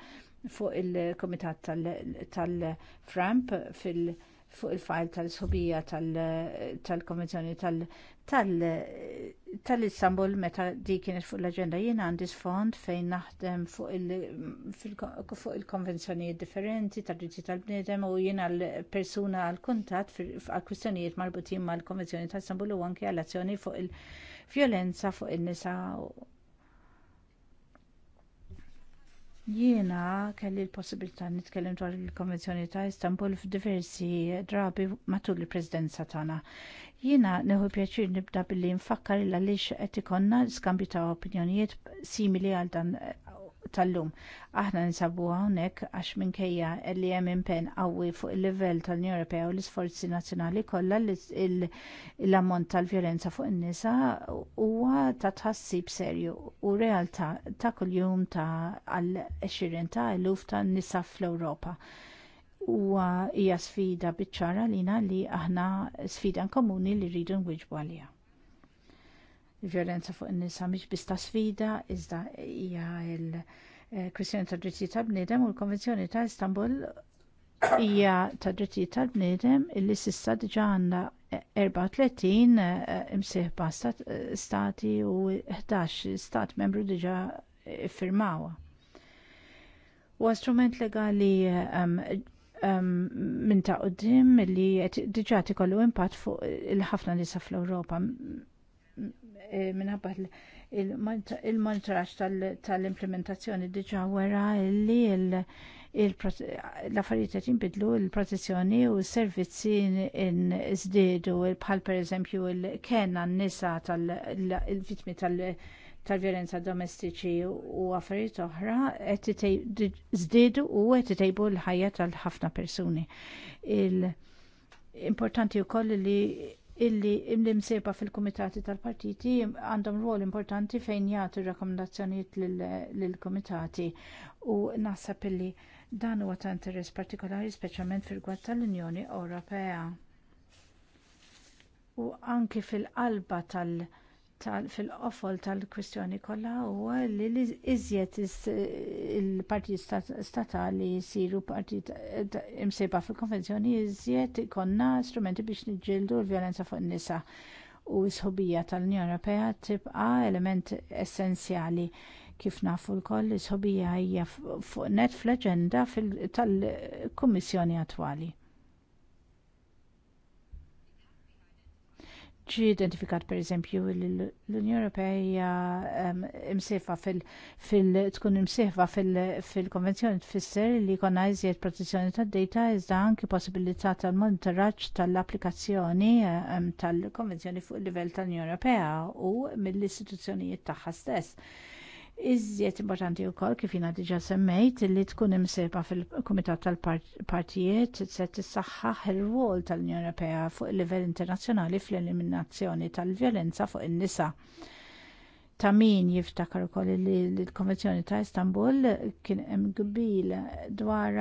fuq il-Komitat tal-Framp fil- fuq il-fajl tal-sħubija tal komissjoni tal-Istanbul meta di kienet fuq l-agenda jiena għandi sfond fejn naħdem fuq il-konvenzjoni differenti tal dritti tal-bniedem u jiena l-persuna għal-kuntat għal-kwistjonijiet marbutin mal-Konvenzjoni tal-Istanbul u anke għal-azzjoni fuq il-vjolenza fuq il-nisa Jiena kelli l-possibilità nitkellem dwar il-Konvenzjoni ta' Istanbul f'diversi drabi matul il-Presidenza tagħna. Jiena neħu pjaċir nibda billi nfakkar il għaliex qed ikollna skambju ta' opinjonijiet simili għal dan tal-lum. Aħna nisabu hawnhekk għax minkejja li hemm impenn qawwi fuq il-livell tal-Unjoni Ewropea u l-isforzi nazzjonali kollha l-ammont tal-vjolenza fuq in-nisa huwa ta' tħassib serju u realtà ta' kuljum ta' għal 20 ta' eluf ta' nisa fl-Ewropa huwa hija sfida biċċara lina li aħna sfida komuni li rridu nwiġbu għaliha. Il-violenza fuq in-nisa mhix biss ta' sfida, iżda hija l-kwistjoni ta' drittijiet tal-bniedem u l-Konvenzjoni ta' Istanbul hija ta' drittijiet tal-bniedem illi s'issa diġà għandha 34 eh, imsieħba eh, stati u 11 stat membru diġà iffirmawha huwa strument legali ehm, ehm, minn ta' qoddim li diġa tikollu impatt fuq il-ħafna nisa fl-Ewropa. Eh, minħabba il-montraċ tal-implementazzjoni diġa wera li l-affarijiet qed jinbidlu l-protezzjoni u s-servizzi nżdiedu bħal pereżempju l-kenna n-nisa tal-vittmi tal-violenza domestiċi u affarijiet oħra qed żdiedu u qed itejbu l-ħajja tal-ħafna persuni. Importanti wkoll li illi imlimsejba fil-komitati tal-partiti għandhom ruol importanti fejn jgħatu rakkomandazzjonijiet lill-komitati u naħseb illi dan huwa ta' interess partikolari speċjalment fil-gwad tal-Unjoni Ewropea. U anki fil-qalba tal-, -tal fil-qofol tal-kwistjoni kollha huwa li iżjed il-partijiet statali jsiru partijiet imsejba fil-konvenzjoni iżjed ikonna strumenti biex niġġieldu l-vjolenza fuq in-nisa u s-ħobija tal-Unjoni Ewropea tibqa element essenzjali kif nafu lkoll is-ħobija hija fuq net fl-aġenda tal-Kummissjoni attwali ġi identifikat per eżempju l-Unjoni Ewropea hija fil tkun imsieħfa fil-konvenzjoni tfisser li jkollna iżjed protezzjoni tad-data iżda anki possibilità tal-monitoraġġ tal-applikazzjoni tal-konvenzjoni fuq il livell tal-Unjoni Ewropea u mill-istituzzjonijiet tagħha stess Iżjed importanti wkoll kif jiena diġà semmejt li tkun imsejba fil-Kumitat tal-Partijiet se tissaħħaħ ir-rwol tal-Unjoni Ewropea fuq il-livell internazzjonali fl-eliminazzjoni tal-vjolenza fuq in-nisa. Ta' min jiftakar ukoll li l-Konvenzjoni ta' Istanbul kien hemm gbil dwar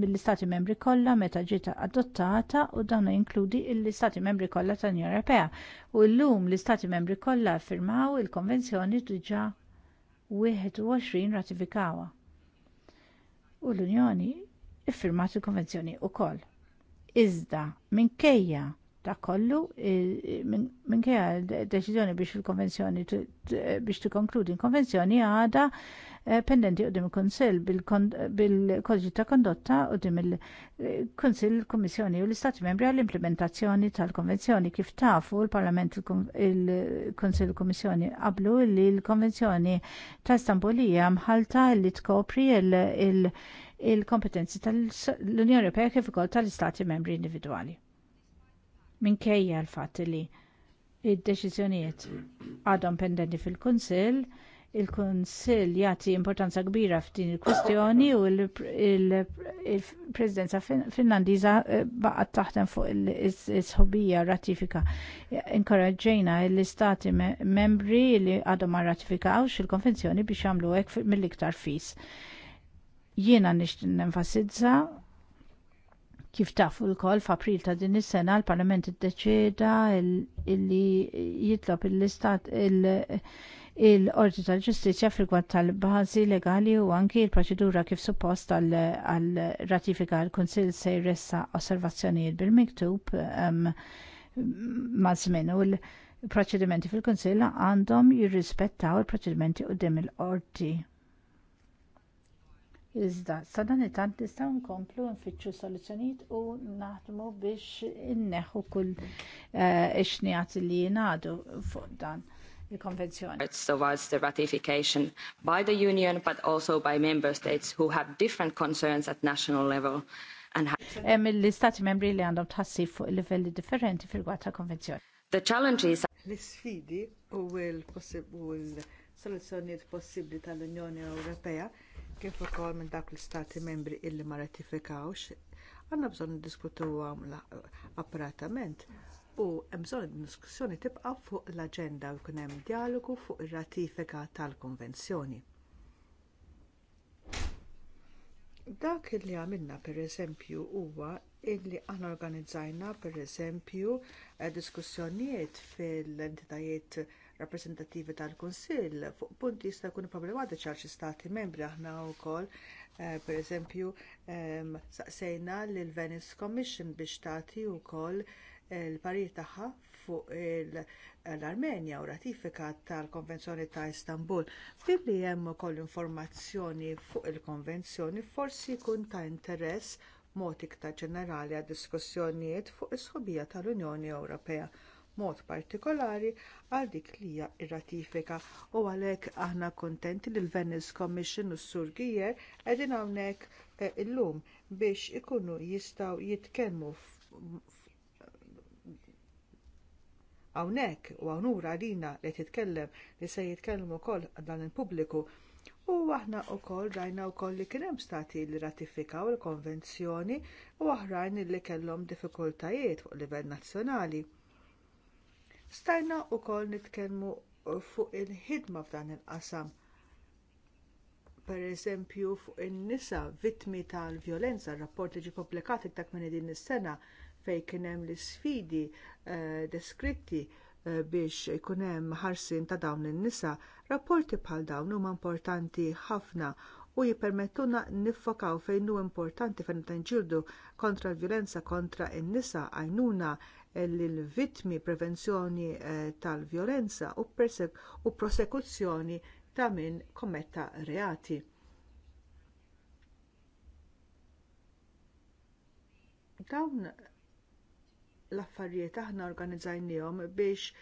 mill-Istati Membri kollha meta ġiet adottata u dan inkludi l-Istati Membri kollha tal-Unjoni Ewropea. U llum l-Istati Membri kollha firmaw il-Konvenzjoni diġà 21 ratifikawa. U l-Unjoni iffirmat il-konvenzjoni wkoll. Iżda minkejja ta' kollu eh, minkejja deċiżjoni biex il-konvenzjoni biex tikkonkludi l-konvenzjoni għada Eh, pendenti qudiem il-Kunsill bil kodġi ta' Kondotta qudiem il-Kunsill, il-Kummissjoni u l-Istati Membri għall-implementazzjoni tal-Konvenzjoni kif tafu l-Parlament il-Kunsill il-Kummissjoni qablu li l-Konvenzjoni ta' Istanbul hija mħalta li tkopri il-kompetenzi tal-Unjoni Ewropea kif ukoll tal-Istati Membri individwali minkejja l-fatt li id-deċiżjonijiet għadhom pendenti fil-Kunsill il-Konsil jagħti importanza kbira f'din il-kwestjoni u il-Presidenza Finlandiża eh, baqgħet taħdem fuq is-sħobija ratifika. Inkoraġġejna l-istati membri li għadhom ma ratifikawx il-konvenzjoni biex jagħmlu hekk mill-iktar fis. Jiena nixtieq nenfasizza Kif tafu l-kol f'April ta' din is-sena l-Parlament iddeċida illi jitlob l-istat il qorti tal-Ġustizzja frigwat tal-bażi legali u anki l-proċedura kif suppost għal-ratifika l-Kunsill se jressa osservazzjonijiet bil-miktub ma' żmien u l-proċedimenti fil-Kunsill għandhom jirrispettaw il-proċedimenti quddiem il qorti Iżda, sa dan it-tant nistgħu nkomplu nfittxu soluzzjonijiet u naħdmu biex inneħu kull eh, ixnijat li jingħadu fuq dan il-konvenzjoni. Towards the ratification by the Union but also by member states who have different concerns at national level. Hemm l-istati membri li għandhom tħassib fuq livelli differenti fil-gwata konvenzjoni. The challenges L-sfidi u l-soluzzjonijiet possibli tal-Unjoni Ewropea kif ukoll minn dak l-istati membri illi ma ratifikawx, għandna bżonn niddiskutuha apparatament u hemm bżonn diskussjoni tibqa' fuq l-aġenda u jkun hemm dijalogu fuq ir-ratifika tal-konvenzjoni. Dak li għamilna pereżempju huwa illi aħna organizzajna pereżempju eh, diskussjonijiet fil-entitajiet rappreżentattivi tal-Kunsill fuq punti jista' jkunu problematiċi għal xi stati membri aħna wkoll eh, pereżempju ehm, saqsejna lill Venice Commission biex tagħti wkoll il-parir tagħha fuq l-Armenja u ratifika tal-Konvenzjoni ta' Istanbul. Billi hemm ukoll informazzjoni fuq il-Konvenzjoni forsi jkun ta' interess mod iktar ġenerali għad diskussjonijiet fuq is-sħobija tal-Unjoni Ewropea mod partikolari għal dik li hija r-ratifika u għalhekk aħna kuntenti li l-Venice Commission u s-Sur Gier qegħdin hawnhekk eh, illum biex ikunu jistgħu jitkellmu hawnhekk u għawnura għalina li titkellem li se jitkellmu wkoll dan il-pubbliku U aħna wkoll rajna wkoll li kien hemm stati li ratifikaw il-konvenzjoni u oħrajn li kellhom diffikultajiet fuq livell nazzjonali. Stajna wkoll nitkellmu fuq il-ħidma f'dan il-qasam. Pereżempju fuq in-nisa vittmi tal-vjolenza, rapport rapporti ġie publikat dak minn din is-sena fejn kien hemm l-isfidi uh, deskritti uh, biex ikun hemm ħarsien ta' dawn in-nisa, rapporti bħal dawn huma importanti ħafna u jippermettuna niffokaw fejn hu importanti fejn tanġildu kontra l-violenza kontra n-nisa għajnuna l-vittmi prevenzjoni eh, tal vjolenza u prosekuzzjoni ta' min kommetta reati. Dawn l-affarijiet aħna organizzajnijom biex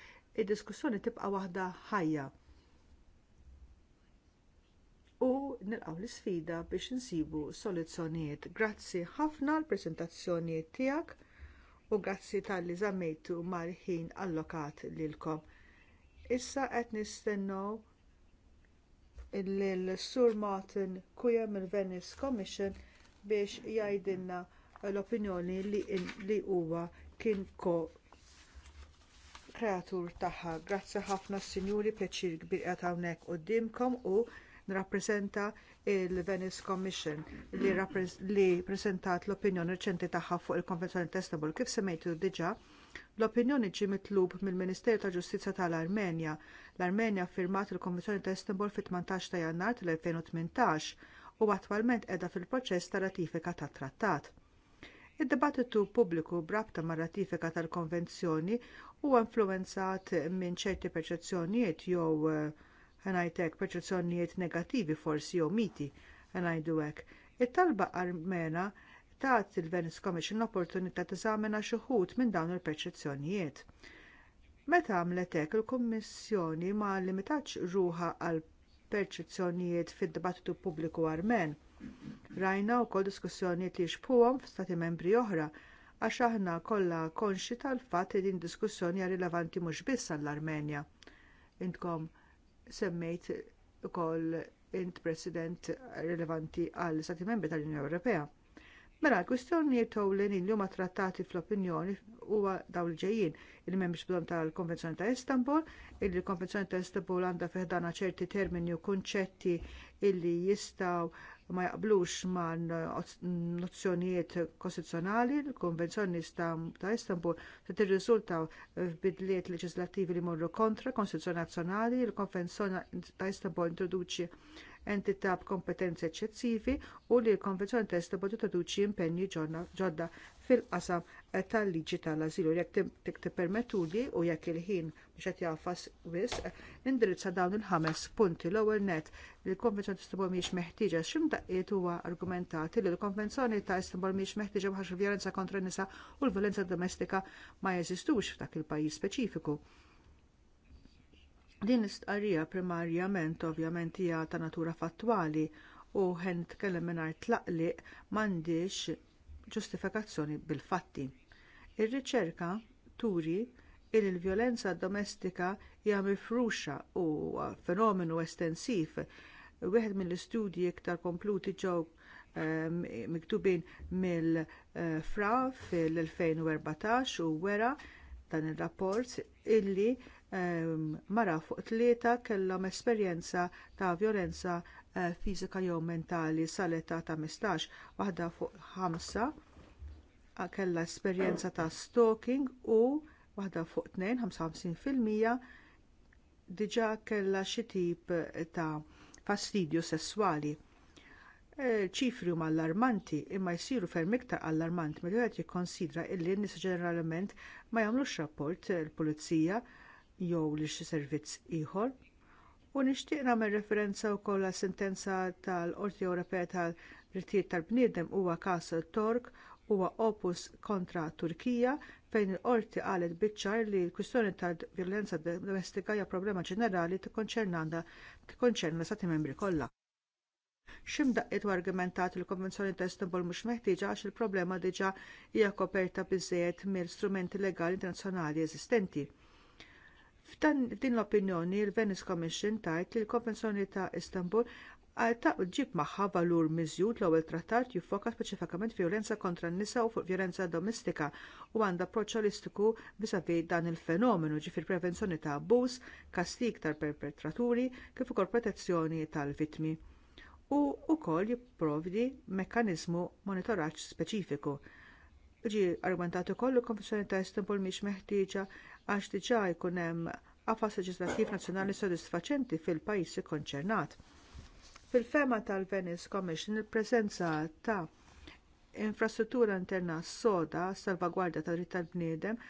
id-diskussjoni tibqa' waħda ħajja. U nilqgħu l isfida biex insibu soluzzjonijiet. Grazzi ħafna l-preżentazzjoni tiegħek u grazzi talli żammejtu mal-ħin allokat lilkom. Issa qed nistennew l-Sur Martin Kuja mill-Venice Commission biex jgħidilna l-opinjoni li huwa kien ko kreatur tagħha. Grazzi ħafna, Sinjuri, pjaċir kbir qed hawnhekk quddiemkom u nirrappreżenta l venice Commission li, li l-opinjoni reċenti tagħha fuq il-Konvenzjoni Testable kif semmejtu diġà l-opinjoni ġie mitlub mill-Ministeru ta' Ġustizzja tal-Armenja. L-Armenja firmat il-Konvenzjoni Testable fit-18 ta' Jannar tal-2018 u attwalment qiegħda fil-proċess ta' ratifika tat trattat. Id-dibattitu pubbliku brabta mar ratifika tal-konvenzjoni huwa influwenzat minn ċerti perċezzjonijiet jew uh, ħanajtek perċezzjonijiet negattivi forsi jew miti ħanajdu hekk. It-talba armena tat il-Venice Commission l-opportunità tiżamina xi wħud minn dawn il-perċezzjonijiet. Meta għamlet hekk il-Kummissjoni ma limitax ruħa għal perċezzjonijiet fid-dibattitu pubbliku armen. Rajna wkoll diskussjonijiet li xpuhom f'stati membri oħra, għax aħna kollha konxi tal fat li din diskussjoni għal rilevanti mhux biss għall-Armenja. Intkom semmejt ukoll int president rilevanti għall stati membri tal-Unjoni Ewropea. Mela, kwistjonijiet ewlenin li huma trattati fl-opinjoni huwa dawn ġejjin il m'hemmx bżonn tal-Konvenzjoni ta' Istanbul, illi l-Konvenzjoni ta' Istanbul għandha fiħdana ċerti termini u kunċetti illi jistgħu ma jaqblux ma nozzjonijiet kostituzzjonali, l-Konvenzjoni ta' Istanbul se tirriżulta f'bidliet leġislattivi li morru kontra Konstituzzjoni Nazzjonali, l-Konvenzjoni ta' Istanbul introduċi entità b'kompetenzi eċċessivi u li l-Konvenzjoni ta' Istanbul introduċi impegni ġodda fil-qasam tal-liġi tal-azilu. Jekk tippermettuli u jekk il-ħin biex qed jafas wisq, indirizza dawn il-ħames punti l-ewwel nett li l-konvenzjoni Istanbul mhijiex meħtieġa x'imdaqqiet huwa argumentati li l-konvenzjoni ta' Istanbul mhijiex meħtieġa bħax il-vjolenza kontra n-nisa u l-violenza domestika ma jeżistux f'dak il-pajjiż speċifiku. Din l-istqarrija primarjament ovvjament hija ta' natura fattwali u ħen tkellem mingħajr tlaqliq m'għandix ġustifikazzjoni bil-fatti. Ir-riċerka turi il il-vjolenza domestika hija mifruxa u fenomenu estensiv. Wieħed mill-istudji iktar kompluti ġew ehm, miktubin mill-fra eh, fil-2014 u wera dan ir il rapport illi ehm, mara fuq tlieta kellhom esperjenza ta' vjolenza Eh, fiżika jew mentali sal-età ta' 15, waħda fuq ħamsa kellha esperjenza ta' stalking u waħda fuq 2, 55% diġà kellha xi tip ta' fastidju sesswali eh, ċifri huma allarmanti imma jsiru ferm iktar allarmant meta wieħed jikkonsidra illi n-nies ġeneralment ma jagħmlux rapport il-pulizija jew lix xi servizz ieħor U nixtieq nagħmel referenza wkoll għas sentenza tal-Qorti Ewropea tal-Drittijiet tal-Bniedem huwa każ Tork huwa opus kontra Turkija fejn il-qorti qalet biċċar li l-kwistjoni tal-violenza domestika hija problema ġenerali tikkonċernanda tikkonċerna stati membri kollha. X'imdaqqiet u argumentat il-Konvenzjoni ta' Istanbul mhux meħtieġa għax il-problema diġà hija koperta biżżejjed mill-strumenti legali internazzjonali eżistenti F'din l-opinjoni il-Venice Commission tajt li l-Konvenzjoni ta' Istanbul ta' ġib magħha valur miżjud l ewwel trattat jiffoka speċifikament violenza kontra n-nisa u fuq violenza domestika u għandha approċċ holistiku visavi dan il-fenomenu ġifir prevenzjoni ta' abbuż, kastig tal-perpetraturi kif ukoll protezzjoni tal-vittmi. U wkoll jipprovdi mekkaniżmu monitoraġġ speċifiku. Ġi argumentat ukoll il konfessjoni ta' Istanbul mhix meħtieġa għax diġà jkun hemm qafas leġislattiv nazzjonali sodisfaċenti fil-pajjiżi konċernat. Fil-fema tal-Venice Commission, il-preżenza ta' infrastruttura interna soda salvagwardja tad dritt tal-bniedem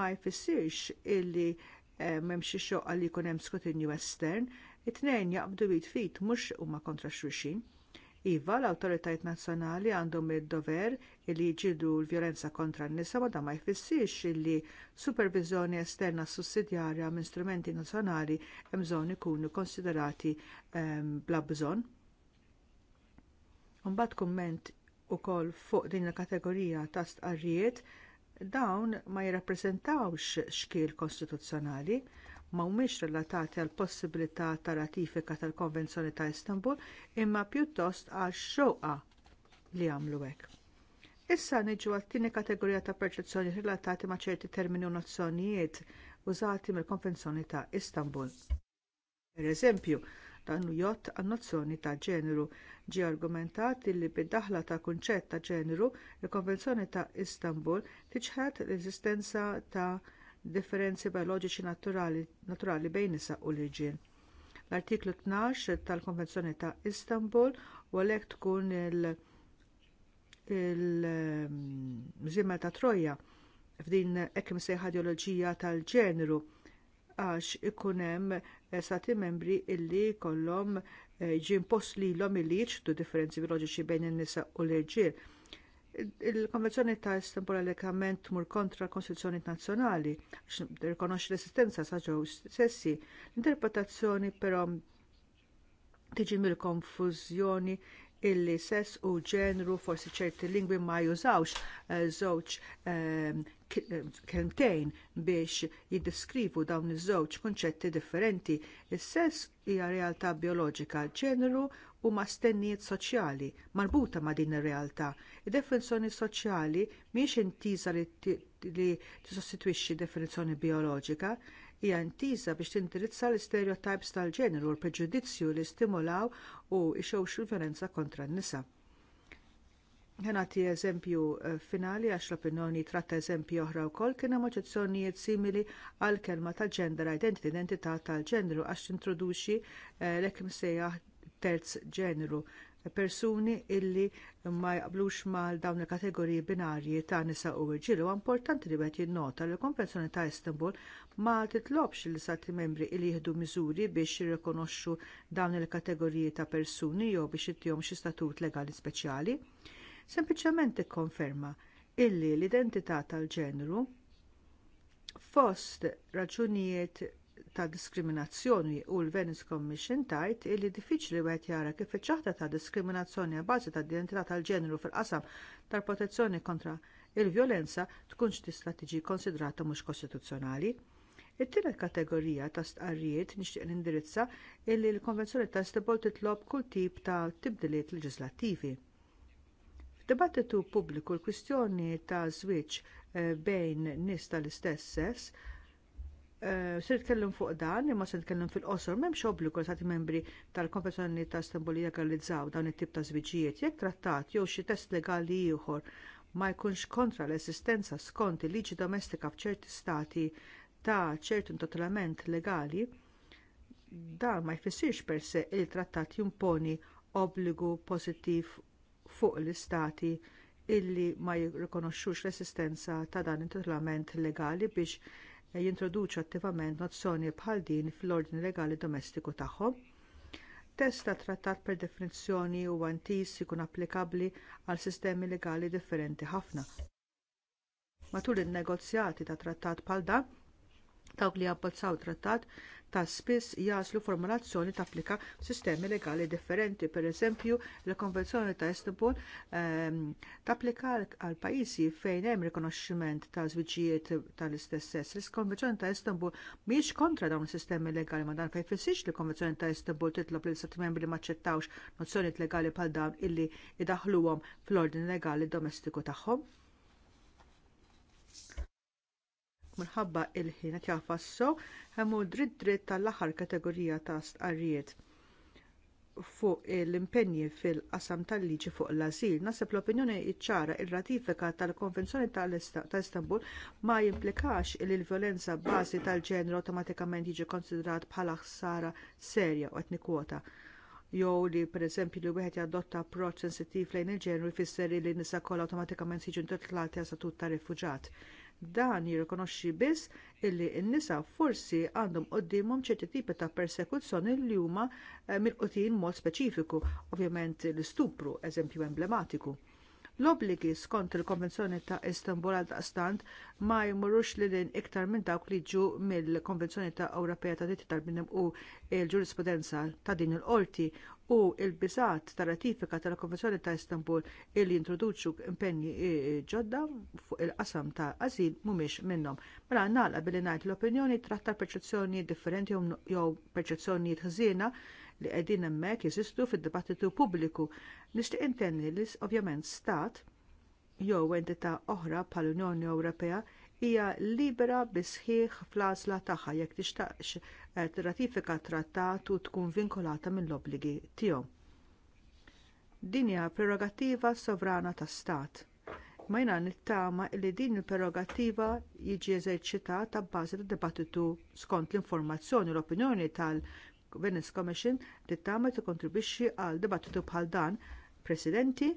ma jfissirx illi eh, m'hemmx xi xoqqa li jkun hemm skrutinju estern, it-tnejn jaqbdu jitfit mhux huma kontra xulxin. Iva, l awtoritajiet nazzjonali għandhom id-dover li jġidu l-vjolenza kontra n-nisa ma ma jfissirx li supervizjoni esterna sussidjarja minn strumenti nazzjonali hemm bżonn ikunu konsiderati ehm, bla bżonn. Imbagħad kumment ukoll fuq din il-kategorija ta' stqarrijiet dawn ma jirrappreżentawx xkil kostituzzjonali Ma mhumiex relatati għall possibilità ta' ratifika tal-Konvenzjoni ta' Istanbul imma pjuttost għal xewqa li għamlu hekk. Issa niġu għat-tieni kategorija ta' perċezzjoni relatati ma' ċerti termini u nozzjonijiet użati mill-Konvenzjoni ta' Istanbul. Pereżempju, dan jott għan nozzjoni ta' ġeneru ġie argumentat li bid-daħla ta' kunċett ta' ġeneru il-Konvenzjoni ta' Istanbul tiċħat l-eżistenza ta' differenzi bioloġiċi naturali, naturali bejn nisa u l-irġiel. L-artiklu 12 tal-Konvenzjoni ta' Istanbul u għalhekk tkun il- il-mżimmel mm, ta' Troja f'din ekkim sejħa ideologija tal-ġeneru għax ikun hemm eh, stati membri illi jkollhom eh, ġie om lilhom liċ jiġtu differenzi bioloġiċi bejn in-nisa u l-irġiel Il-konvenzjoni ta' estemporalekament tmur kontra konstituzjoni nazjonali, Nazzjonali, rikonoxxi l-esistenza sa' ġew sessi. L-interpretazzjoni però tiġi mill-konfużjoni illi sess u ġenru forsi ċerti lingwi ma jużawx eh, żewġ ehm, eh, kelmtejn biex jiddeskrivu dawn iż-żewġ kunċetti differenti. Is-sess hija realtà bioloġika, ġeneru huma stennijiet soċjali marbuta ma' din ir-realtà. Id-definizzjoni soċjali mhix intiża li tissostitwixxi definizzjoni bioloġika, hija intisa biex tindirizza l-istereotypes tal-ġeneru u l-preġudizzju li stimulaw u ixewxu l-violenza kontra n-nisa. Ħenati eżempju eh, finali għax l-opinjoni tratta eżempju oħra wkoll kien hemm oġġezzjonijiet simili għal kelma tal-gender identity, identità tal-ġeneru għax tintroduxi eh, l-ekim terz ġeneru eh, persuni illi ma jaqblux mal dawn il-kategoriji binarji ta' nisa u irġiel u importanti li qed jinnota li l-Konvenzjoni ta' Istanbul ma titlobx li sati membri li jieħdu miżuri biex jirrikonoxxu dawn il-kategoriji ta' persuni jew biex ittihom xi statut legali speċjali. Sempliċement ikkonferma illi l-identità tal-ġeneru fost raġunijiet ta' diskriminazzjoni u l-Venice Commission tajt illi diffiċli wieħed jara kif iċ-ċaħda ta' diskriminazzjoni bażi tad identità tal ġenru fil-qasam tal-protezzjoni kontra l vjolenza tkunx tista' tiġi konsidrata mhux kostituzzjonali. It-tielet kategorija ta' stqarrijiet nixtieq nindirizza illi l-Konvenzjoni ta' Istanbul titlob kull tip ta' tibdiliet leġislattivi. F'dibattitu pubbliku l-kwistjoni ta' żwieġ eh, bejn nies tal-istess sess eh, se nitkellem fuq dan imma se nitkellem fil-qosor m'hemmx obbligu li tagħti membri tal-Konvenzjoni ta' Istanbul jegalizzaw dawn it-tip ta' żwiġijiet, jekk trattat jew xi test legali ieħor ma jkunx kontra l-esistenza skont il-liġi domestika f'ċerti stati ta' ċertu intitolament legali, dan ma jfissirx per se li trattat jimponi obbligu pożittiv fuq l-istati illi ma jirrikonoxxux l-esistenza ta' dan intitolament legali biex eh, jintroduċu attivament nozzjoni bħal din fl-ordni legali domestiku tagħhom. Test tat trattat per definizzjoni u ntis ikun applikabbli għal sistemi legali differenti ħafna. Matul in-negozjati ta' trattat bħal dan, dawk li jabbozzaw trattat ta' spiss jaslu formulazzjoni tapplika sistemi legali differenti. pereżempju il konvenzjoni ta' Istanbul ehm, tapplika għal pajjiżi fejn hemm rikonoxximent ta' żwiġijiet tal-istess sess. Il-Konvenzjoni ta' Istanbul mhijiex kontra dawn is-sistemi legali ma' dan fejn fissiex li konvenzjoni ta' Istanbul titlob lil sat membri li maċċettawx nozzjonijiet legali bħal dawn illi jdaħħluhom fl-ordni legali domestiku tagħhom. minħabba il-ħin qed jaffassu hemm dritt dritt tal-aħħar kategorija ta' stqarrijiet fuq l-impenji fil-qasam tal-liġi fuq l-azil, nasib l-opinjoni ċara r ratifika tal-Konvenzjoni ta' Istanbul ma jimplikax li l vjolenza bbażi tal-ġenru awtomatikament jiġi konsidrat bħala ħsara serja u etni kwota. Jew li pereżempju li wieħed jadotta approċċ sensittiv lejn il-ġenru jfisser li n-nisa kollha awtomatikament jiġu intitolati għal statut ta' rifuġat. Dan jirrikonoxxi biss illi n-nisa forsi għandhom quddiemhom ċerti tipi ta' persekuzzjoni li huma mill eh, milqutin mod speċifiku, ovvjament l-istupru, eżempju emblematiku. L-obbligi skont il-Konvenzjoni ta' Istanbul għal daqstant ma jmurux li iktar minn dawk li ġu mill-Konvenzjoni ta' Ewropea ta' Ditti tal-Binem u l ġurisprudenza ta' din il qorti u il-bizat ta' ratifika tal-Konvenzjoni ta' Istanbul li introduċu impenji e, e, ġodda fuq il-qasam ta' azil mhumiex minnhom. Mela nagħla billi ngħid l-opinjoni tratta perċezzjoni differenti jew perċezzjoni ħżiena li qegħdin hemmhekk jeżistu fid-dibattitu pubbliku. Nixtieq intenni li ovvjament stat jew entità oħra bħall-Unjoni Ewropea hija libera bi sħiħ fl-għażla tagħha jekk tixtaqx għed t trattatu tkun vinkolata mill-obbligi tiegħu. Din hija prerogattiva sovrana tas stat. Ma jina nittama li din il-prerogattiva jiġi eżerċitata bbażi tad dibattitu skont l-informazzjoni u l-opinjoni tal-Venice Commission li tama tikkontribwixxi għal dibattitu bħal dan presidenti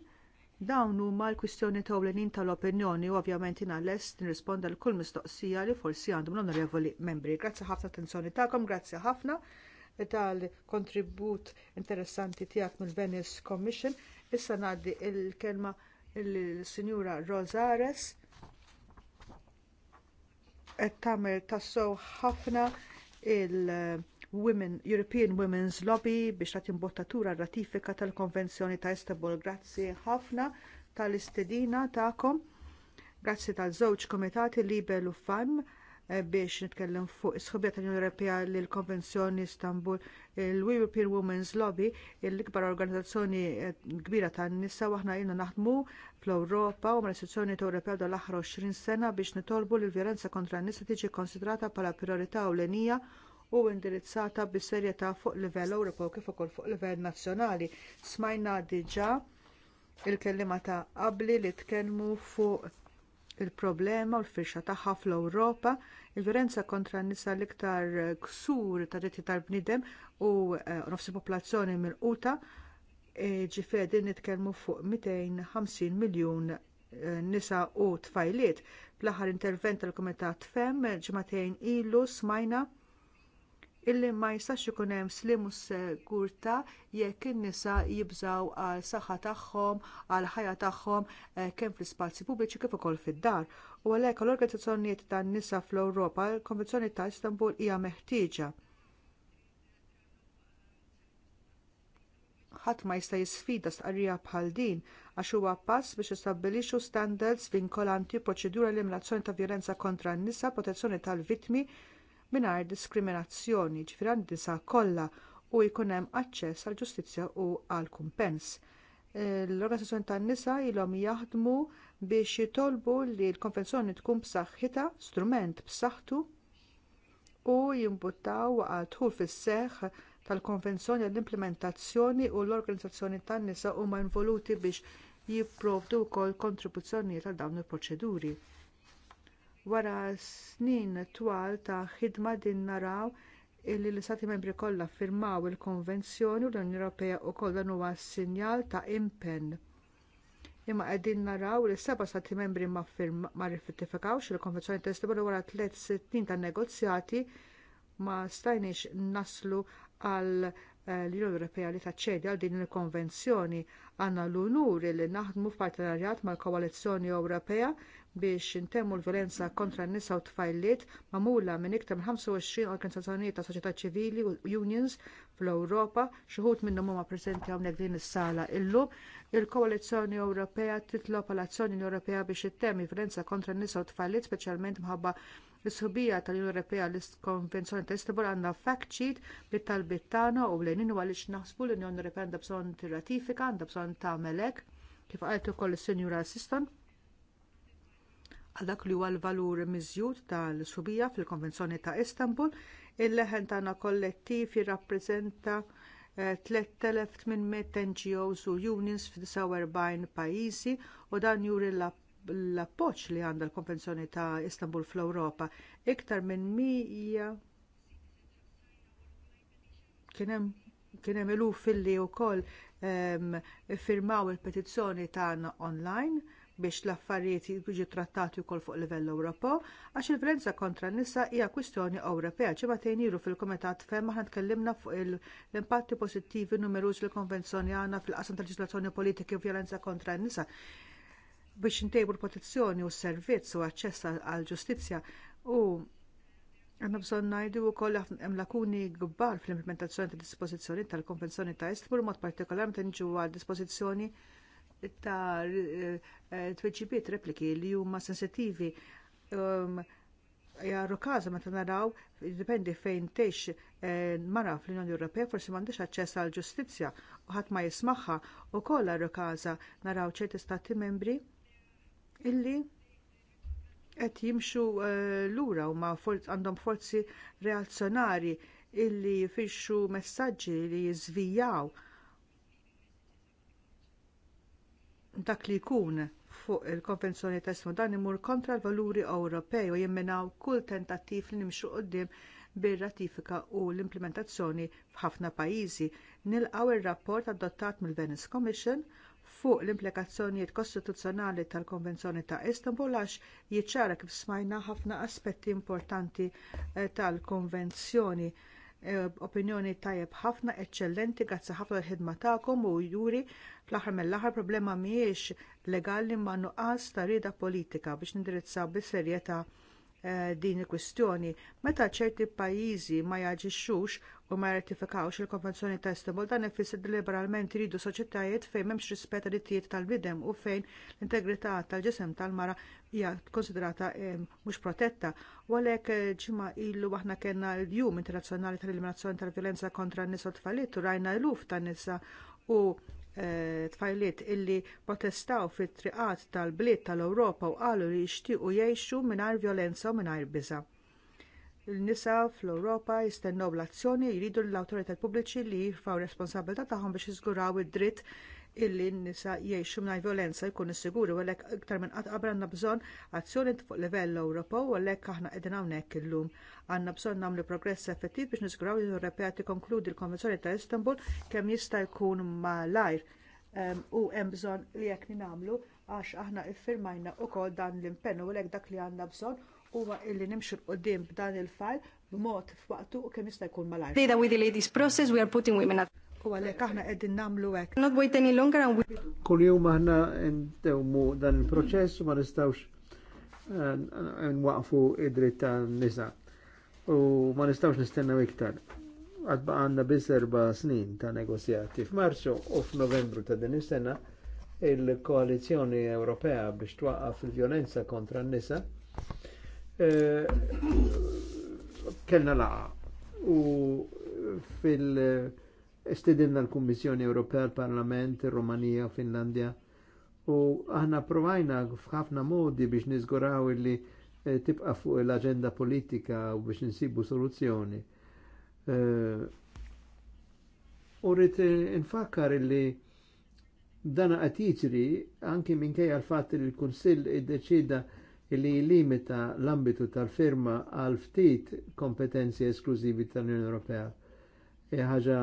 Dawn huma l-kwistjoni tewlenin tal-opinjoni u ovvjament jiena lest nirrisponda l kull mistoqsija li forsi għandhom l-onorevoli membri. Grazzi ħafna attenzjoni tagħkom, grazzi ħafna tal-kontribut interessanti tiegħek mill-Venice Commission. Issa ngħaddi l kelma l-Sinjura Rosares qed tagħmel tassew ħafna il- Women, European Women's Lobby biex ta' timbottatura ratifika tal-Konvenzjoni ta' Istanbul. Grazzi ħafna tal-istedina tagħkom. Grazzi tal-żewġ komitati Libel u Fam eh, biex nitkellem fuq is-sħobja tal-Unjoni Ewropea lill konvenzjoni Istanbul il-European Women's Lobby, l-ikbar organizzazzjoni eh, kbira tan-nisa waħda ilna naħdmu fl-Ewropa u mal-istituzzjoni Ewropea dal-aħħar 20 sena biex nitolbu li l-vjolenza kontra n-nisa tiġi konsidrata bħala priorità ewlenija u indirizzata bis-serjetà fuq livell Ewropew kif ukoll fuq livell nazzjonali. Smajna diġà il kelliema ta' qabli li tkellmu fuq il-problema u l-firxa tagħha fl-Ewropa, il-violenza kontra n-nisa l-iktar ksur ta' diritti tal-bnidem u eh, nofsi popolazzjoni mill-quta e, ġifier nitkellmu fuq 250 miljun eh, nisa u tfajliet. Fl-aħħar intervent tal-Kumitat Fem ġimagħtejn ilu smajna illi ma jistax ikun hemm slim u sigurtà jekk in-nisa jibżgħu għal saħħa tagħhom, għal ħajja tagħhom eh, kemm fl-ispazji pubbliċi kif ukoll fid-dar. U għalhekk l-organizzazzjonijiet tan-nisa fl-Ewropa, l konvenzjoni ta' Istanbul hija meħtieġa. ħadd ma jista' jisfida stqarrija bħal din għax huwa pass biex istabbilixxu standards vinkolanti proċedura l-eliminazzjoni ta' vjolenza kontra n-nisa, protezzjoni tal-vittmi, minar diskriminazzjoni ġifier għand nisa kollha u jkun hemm aċċess għall ġustizzja u għall kumpens. L-organizzazzjoni tan-nisa ilhom jaħdmu biex jitolbu li l-konvenzjoni tkun b'saħħitha, strument b'saħħtu u jimbuttaw għal tħul fis-seħħ tal-konvenzjoni għall-implementazzjoni u l-organizzazzjoni tan-nisa huma involuti biex jipprovdu wkoll kontribuzzjonijiet għal dawn il-proċeduri. Wara snin twal ta' ħidma din naraw illi l-istati membri kollha ffirmaw il-konvenzjoni u l-Unjoni Ewropea wkoll dan huwa sinjal ta' impenn. Imma qegħdin naraw li seba' stati membri ma, ma il-konvenzjoni testibol wara tliet sittin ta' negozjati ma stajniex naslu għal l-Unjoni Ewropea li taċċedi għal din il-konvenzjoni għandna l-unur li naħdmu f'partenarjat mal-Koalizzjoni Ewropea biex intemmu l-violenza kontra n-nisa u tfajliet magħmula minn iktar minn 25 organizzazzjonijiet ta' soċjetà ċivili u unions fl-Ewropa, xi minnhom huma preżenti hawnhekk din is-sala illum. Il-Koalizzjoni Ewropea titlob għal azzjoni Ewropea biex ittemi violenza kontra n-nisa u tfajliet speċjalment mħabba l subija tal-Unjoni Ewropea l-Konvenzjoni ta' Istanbul għandha fact sheet bit talbit tagħna u lejnin għaliex naħsbu l-Unjoni Ewropea għandha bżonn tirratifika, għandha bżonn tagħmel hekk kif qalt ukoll is-Sinjura Assistant għal dak li huwa l-valur miżjud tal-subija fil-Konvenzjoni ta' Istanbul, il-leħen tagħna kollettiv jirrappreżenta 3800 eh, NGOs u unions f'49 pajjiżi u dan juri l l appoġġ li għandha l-Konvenzjoni ta' Istanbul fl-Ewropa. Iktar minn mija kien hemm iluf illi wkoll ehm, firmaw il-petizzjoni tagħna online biex l-affarijiet jiġu trattati wkoll fuq livell Ewropew għax il-violenza kontra n-nisa hija kwistjoni Ewropea. Ġimgħatejn iru fil-Kumitat fejn aħna tkellimna fuq l-impatti pożittivi numerużi li konvenzjoni għandna fil-qasam tal-leġislazzjoni politiki u violenza kontra n-nisa biex intejbu l-protezzjoni u s-servizz u aċċess għall-ġustizzja u għandna bżonn ngħidu wkoll hemm lakuni kbar fl-implementazzjoni tad dispożizzjoni tal-Konvenzjoni ta' Istanbul mod partikolar meta niġu għal dispożizzjoni ta' eh, eh, tweġibiet repliki li huma sensittivi um, jarru każu meta naraw dipendi fejn tex eh, mara fl-Unjoni Ewropea forsi m'għandhiex aċċess għall ġustizzja u ħadd ma jismaħħa u kollha jarru naraw ċerti stati membri illi qed jimxu eh, lura huma għandhom forzi reazzjonari illi jfixxu messaġġi li jiżvijaw dak li jkun fuq il-konvenzjoni ta' ismu dan imur kontra l-valuri Ewropej u jimminaw kull tentattiv li nimxu quddiem bir-ratifika u l-implementazzjoni f'ħafna pajjiżi. Nilqgħu ir-rapport adottat mill-Venice Commission fuq l-implikazzjonijiet kostituzzjonali tal-Konvenzjoni ta' Istanbul għax jiċċara kif smajna ħafna aspetti importanti eh, tal-Konvenzjoni. Eh, opinjoni tajjeb ħafna, eċċellenti, grazzi ħafna l-ħidma tagħkom u juri fl-aħħar mill-aħħar problema mhijiex legali ma' nuqqas ta' rieda politika biex nindirizzaw bis-serjetà Eh, din il-kwistjoni. Meta ċerti pajjiżi ma jaġixxux u ma jirratifikawx il-Konvenzjoni ta' Istanbul dan ifisser liberalment iridu soċjetajiet fejn memx rispett rittijiet tal-bidem u fejn l-integrità tal-ġisem tal-mara hija konsiderata eh, mhux protetta. U għalhekk eh, ġimgħa ilu aħna kellna l-Jum Internazzjonali tal-Eliminazzjoni tal-Vjolenza kontra n-nisa u tfalit u rajna l uf tan-nisa u Eh, tfajliet illi protestaw fit-triqat tal-bliet tal-Ewropa u qalu li jixtiequ jgħixu mingħajr vjolenza u mingħajr biża'. Il-nisa fl-Ewropa jistennew l-azzjoni jridu l-awtoritet pubbliċi li jirfaw responsabilità tagħhom biex jiżguraw id-dritt illi n-nisa jgħixu mingħajr violenza jkunu siguri u għalhekk iktar minn qatt qabel għandna bżonn azzjoni fuq livell Ewropew u għalhekk aħna qegħdin hawnhekk illum. Għandna bżonn nagħmlu progress effettiv biex nisguraw li l-Ewropea tikkonkludi l-Konvenzjoni ta' Istanbul kemm jista' jkun malajr ehm, u hemm bżonn li jekk nagħmlu għax aħna iffirmajna wkoll dan l-impenn u għalhekk dak li għandna bżonn huwa illi nimxu l b'dan il-fajl b'mod f'waqtu u kemm jista' jkun malajr. with the ladies process we are putting women at u għalhekk aħna qegħdin nagħmlu hekk. Not wait any longer and we... Kuljum aħna ntewmu dan il-proċess u ma nistawx eh, nwaqfu id-dritt ta' nisa u ma nistgħux nistennew iktar. Għadba għanna biss erba snin ta' negozjati. F'Marzu u f'Novembru ta' din is-sena il-Koalizjoni Ewropea biex twaqqaf il-vjolenza kontra n-nisa eh, kellna laqa u fil- Estedinna l kommissjoni Ewropea, l-Parlament, Romania, Finlandia. U aħna provajna f'ħafna modi biex nizguraw illi eh, tibqa fuq l-agenda politika u biex nsibu soluzzjoni. Eh, u rrit eh, nfakkar illi dana għatiċri anki minkejja l-fat li l-Kunsill id-deċida li limita l-ambitu tal-firma għal ftit kompetenzi esklużivi tal-Unjoni Ewropea. E ħaġa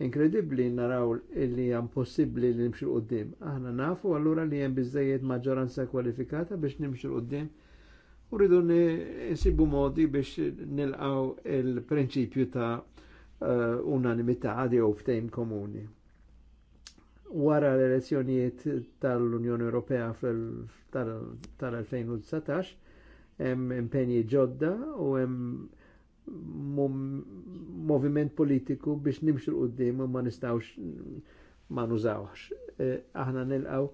Inkredibbli naraw li hija possibbli li nimxu l-qoddim. Aħna nafu allura li hemm biżejjed maġġoranza kwalifikata biex nimxu l-qoddim u rridu nsibu modi biex nilqaw il-prinċipju ta' uh, unanimità għadi u ftejn komuni. Wara l-elezzjonijiet tal-Unjoni Ewropea tal-2019 hemm impenji ġodda u hemm moviment politiku biex nimxu l-qoddim u ma nistawx ma nużawx. E, aħna nilqaw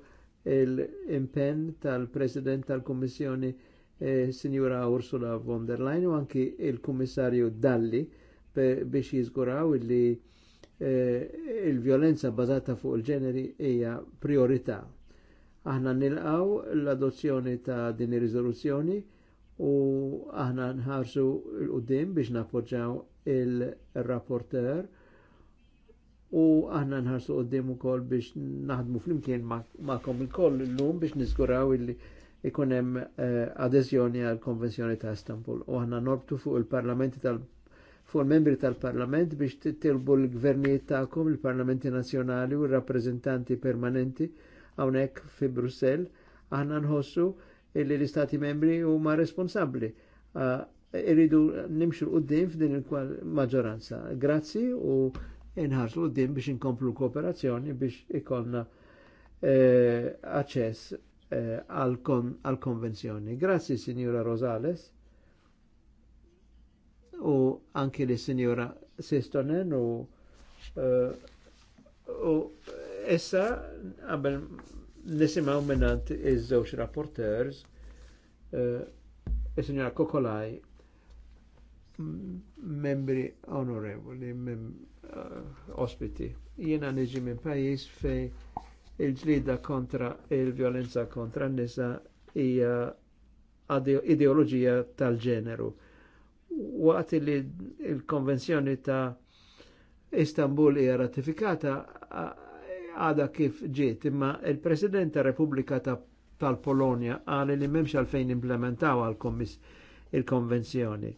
l-impenn tal-President tal-Kommissjoni e, Signora Ursula von der Leyen u anki il-Kummissarju Dalli biex jizguraw li e, il-violenza bazata fuq il-ġeneri hija priorità. Aħna nilqaw l-adozzjoni ta' din ir-riżoluzzjoni u aħna nħarsu l-qoddim biex nappoġġaw il-rapporter u aħna nħarsu qoddim ukoll biex naħdmu flimkien ma'kom il-koll l-lum biex niżguraw illi ikunem eh, adeżjoni għal konvenzjoni ta' Istanbul u aħna norbtu fuq il-parlamenti tal fuq il-membri tal-parlament biex titilbu l-gvernijiet ta'kom, il-parlamenti nazjonali u r-rappresentanti permanenti hawnhekk fi Brussell aħna nħossu illi l-istati membri u ma responsabli. Ah, irridu nimxu l-qoddim f'din il kwal maġoranza. Grazzi u inħarsu l-qoddim biex inkomplu kooperazzjoni biex ikonna eh, eh għal-konvenzjoni. Grazzi, Signora Rosales u anki li Signora Sistonen u eh, essa għabel nisimaw minnant iż-żewġ rapporters, eh, il-Sinjora Kokolaj, membri onorevoli, eh, ospiti. Jena niġi minn pajis fej il-ġlida kontra il-violenza kontra n-nisa hija ideologija tal-ġeneru. Waqt li il-konvenzjoni ta' Istanbul hija ratifikata, għada kif ġiet, imma il-President ta' Repubblika tal-Polonja għal li memx għalfejn implementaw għal il-konvenzjoni.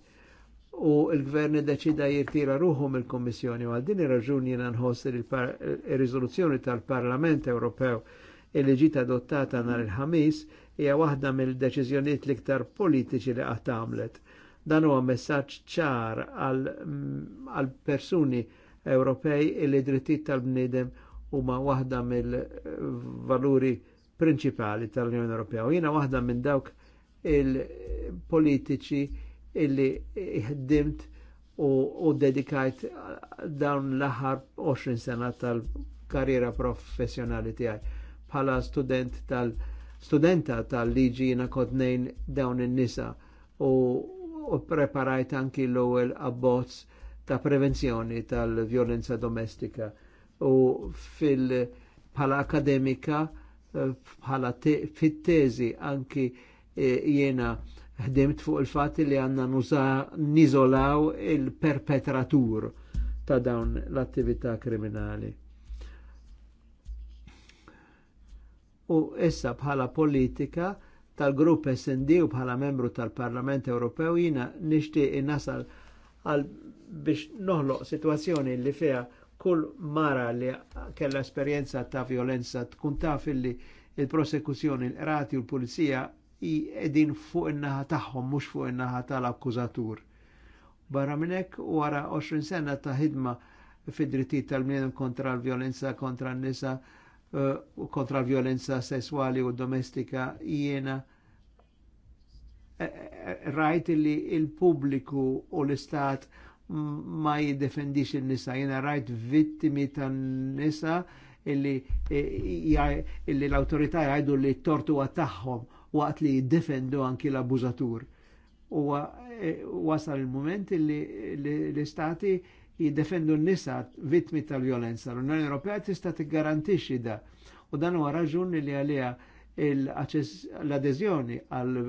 U il-gvern deċida jirtira ruħu mill-Kommissjoni u għal din ir-raġuni jiena nħoss il-riżoluzzjoni tal-Parlament Ewropew li ġiet adottata nhar il-ħamis hija waħda mill-deċiżjonijiet l-iktar politiċi li qatt għamlet. Dan huwa messaġġ ċar għal persuni Ewropej li drittijiet tal-bniedem huma waħda mill-valuri prinċipali tal-Unjoni Ewropea. U jiena waħda minn dawk il-politiċi illi ħdimt u, u dedikajt dawn l-aħħar 20 sena tal-karriera professjonali tiegħi bħala student tal- studenta tal-liġi jiena kodnejn dawn in-nisa u, u preparajt anki l-ewwel abbozz ta' prevenzjoni tal-vjolenza domestika u fil bħala akademika eh, bħala fit-teżi anki eh, jena ħdimt fuq il-fat li għanna nizolaw il-perpetratur ta' dawn l-attività kriminali. U issa bħala politika tal-grupp SND u bħala membru tal-Parlament Ewropew jina nishtiq nasal għal biex noħloq situazzjoni li fija kull mara li kella esperienza ta' violenza tkun taf illi il prosekuzjoni l-rati u l-pulizija jedin fuq in-naħa tagħhom mhux fuq in-naħa tal-akkużatur. Barra minnek u wara 20 sena ta' ħidma fid-drittijiet tal-bniedem kontra l-violenza kontra n-nisa eh, u kontra l-violenza sessuali u domestika jiena eh, eh, rajt li il-pubbliku u l-istat il pubbliku u l istat ma jiddefendix il-nisa. Jena rajt vittimi tan-nisa illi, eh, l-autorità jgħidu li t-tortu għattaħħom waqt li jiddefendu anki l abużatur U eh, wasal il-moment illi l-istati jiddefendu n-nisa vittmi tal-violenza. L-Unjoni Ewropea tista' tiggarantixxi da. U dan huwa raġun li għalija l-adeżjoni għal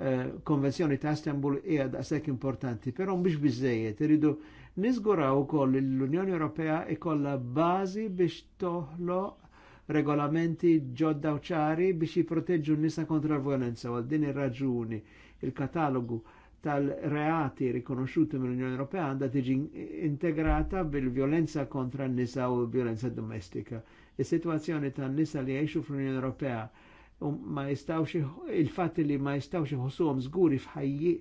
Eh, konvenzjoni ta' Istanbul hija daqshekk importanti, però mhux biżejjed iridu niżguraw ukoll li l-Unjoni Ewropea ikollha bażi biex toħloq regolamenti ġodda u ċari biex jipproteġġu n-nisa kontra l-violenza għal din ir-raġuni il-katalogu tal-reati rikonosciuti mill-Unjoni Ewropea għandha tiġi integrata bil-violenza kontra n-nisa u l-violenza domestika. Is-sitwazzjoni tan-nisa li jgħixu fl-Unjoni Ewropea u ma jistawx il fat li ma jistawx iħossuhom żguri f'ħajji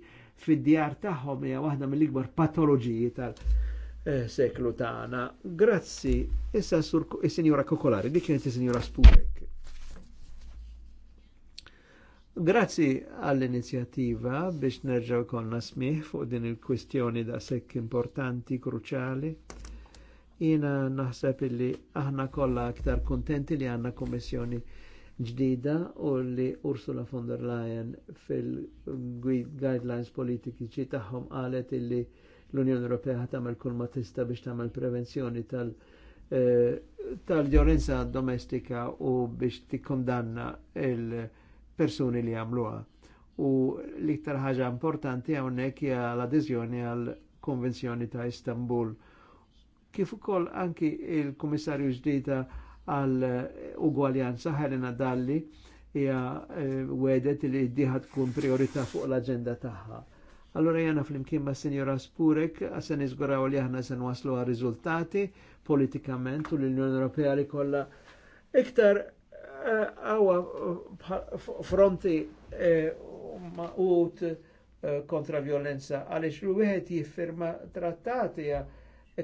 fid-djar tagħhom hija waħda mill-ikbar patoloġiji tal-seklu tagħna. Grazzi, issa sur is-Sinjora e Kokolari, dik kienet is-Sinjora Spurek. Grazzi għall-inizjattiva biex nerġaw konna smih fuq din il-kwistjoni da sekk importanti, kruċali. Jina naħseb illi aħna kollha aktar kontenti li għanna kommissjoni ġdida u li Ursula von der Leyen fil-guidelines politiċi tagħhom qalet illi l-Unjoni Ewropea tagħmel kull ma tista' biex tagħmel prevenzjoni tal- eh, tal-ġorenza domestika u biex tikkondanna il-persuni li għamluha. U l-iktar ħaġa importanti hawnhekk hija l-adeżjoni għal konvenzjoni ta' Istanbul. Kif ukoll anki il-Kummissarju ġdida għal eh, ugwaljanza ħarina dalli hija eh, wedet li diħa tkun priorità fuq l-agenda tagħha. Allora jana fl-imkien ma' Senjora Spurek, għasen izguraw li aħna sen waslu għal riżultati politikament u l-Unjoni Ewropea li kollha iktar eh, għawa fronti ut kontra violenza għalix l-wieħed jiffirma trattati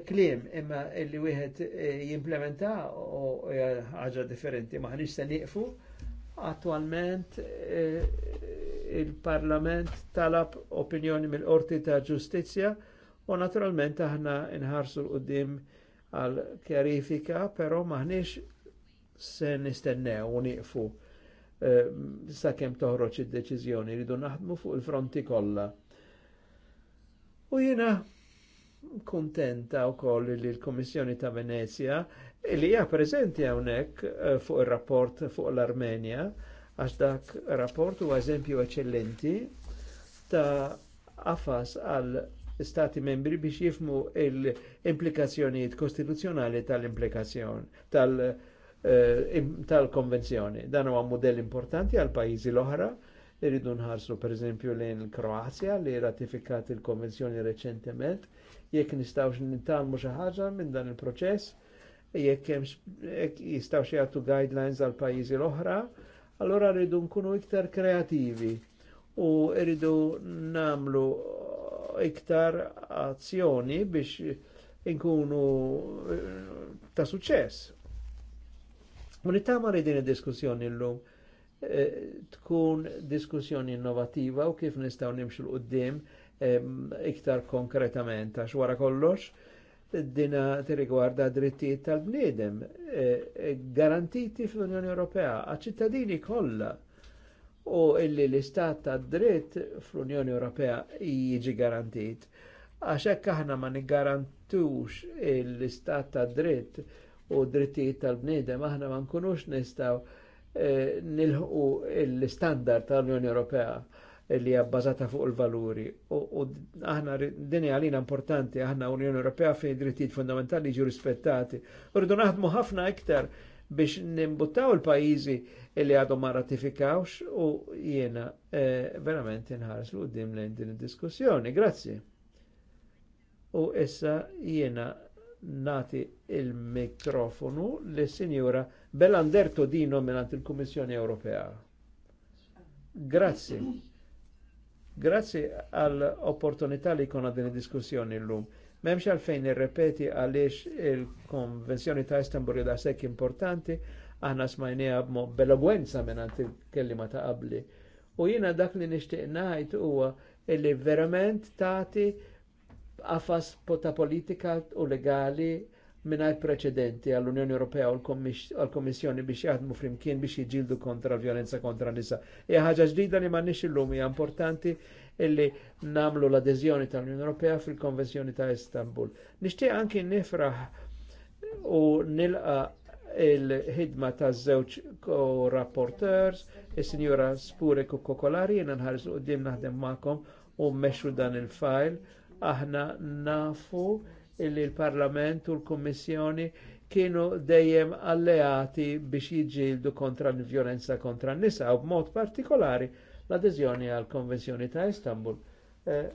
Klim imma li wieħed eh, jimplementa u eh, ħaġa differenti ma ħanix se nieqfu. Attualment eh, il-Parlament talab opinjoni mill-Qorti ta' Ġustizzja u naturalment aħna nħarsu l-qudiem għal kjarifika, però maħniex se nistennew u nieqfu sakemm toħroġ id-deċiżjoni rridu naħdmu fuq il-fronti kollha. U jiena kontenta u koll li l-Komissjoni ta' Venezia li hija prezenti hawnhekk eh, fuq ir-rapport fuq l-Armenja għax dak rapport huwa eżempju eċellenti ta' afas għal stati membri biex jifmu l-implikazzjonijiet kostituzzjonali tal-implikazzjoni eh, tal-konvenzjoni. Tal Dan huwa modell importanti għal pajjiżi l-oħra Irridu nħarsu per eżempju lejn il-Kroazja li ratifikat il-konvenzjoni reċentement, jekk nistawx nitalmu xi ħaġa minn dan il-proċess, jekk xi jagħtu guidelines għal pajjiżi l-oħra, allora rridu nkunu iktar kreativi u rridu namlu iktar azzjoni biex inkunu eh, ta' suċess. Unittama li din id-diskussjoni l-lum Eh, tkun diskussjoni innovativa u kif nistaw nimxu l-qoddim iktar konkretament, għax wara kollox dina t-rigwarda drittijiet tal-bniedem eh, garantiti fl-Unjoni Ewropea għaċ-ċittadini kollha u illi l-istat ta' dritt fl-Unjoni Ewropea jiġi garantit. Għax hekk aħna ma niggarantux l-istat ta' dritt u drittijiet tal-bniedem aħna ma nkunux nistgħu Eh, nilħu l-standard tal-Unjoni Ewropea li hija bbażata fuq il-valuri. U aħna din għalina importanti, aħna Unjoni Ewropea fejn drittijiet fundamentali jiġu rispettati. Urdu naħdmu ħafna iktar biex nimbuttaw il-pajizi li għadhom ma ratifikawx u jiena eh, verament inħares l qudiem lejn din id-diskussjoni. Grazzi. U issa jiena nati il-mikrofonu l sinjura Belander Todino nominant il-Kummissjoni Ewropea. Grazzi. Grazzi għall-opportunità li jkun din diskussjoni l-lum. Memx għalfejn irrepeti għaliex il-Konvenzjoni ta' Istanbul da' sekk importanti, aħna smajnija b'elogwenza minnant il-kellima ta' qabli. U jiena dak li nishtiq ngħid huwa illi verament tati qafas ta' politika u legali minnaj preċedenti għall-Unjoni Ewropea u l kommissjoni biex jaħdmu flimkien biex jiġġieldu kontra l-violenza kontra nisa. Hija ħaġa ġdida li m'għandniex illum hija importanti illi namlu l-adeżjoni tal-Unjoni Ewropea fil-Konvenzjoni ta' Istanbul. Nixtieq anki nifraħ u nilqa il-ħidma ta' żewġ co-rapporteurs, is-Sinjura Spurek u Kokolari, jena nħarżu qudiem naħdem magħkom u mmexxu dan il-fajl. Aħna nafu illi l-Parlament u l-Kommissjoni kienu dejjem alleati biex jiġġieldu kontra l-vjolenza kontra n-nisa u b'mod partikolari l-adeżjoni għal konvenzjoni ta' Istanbul. Eh,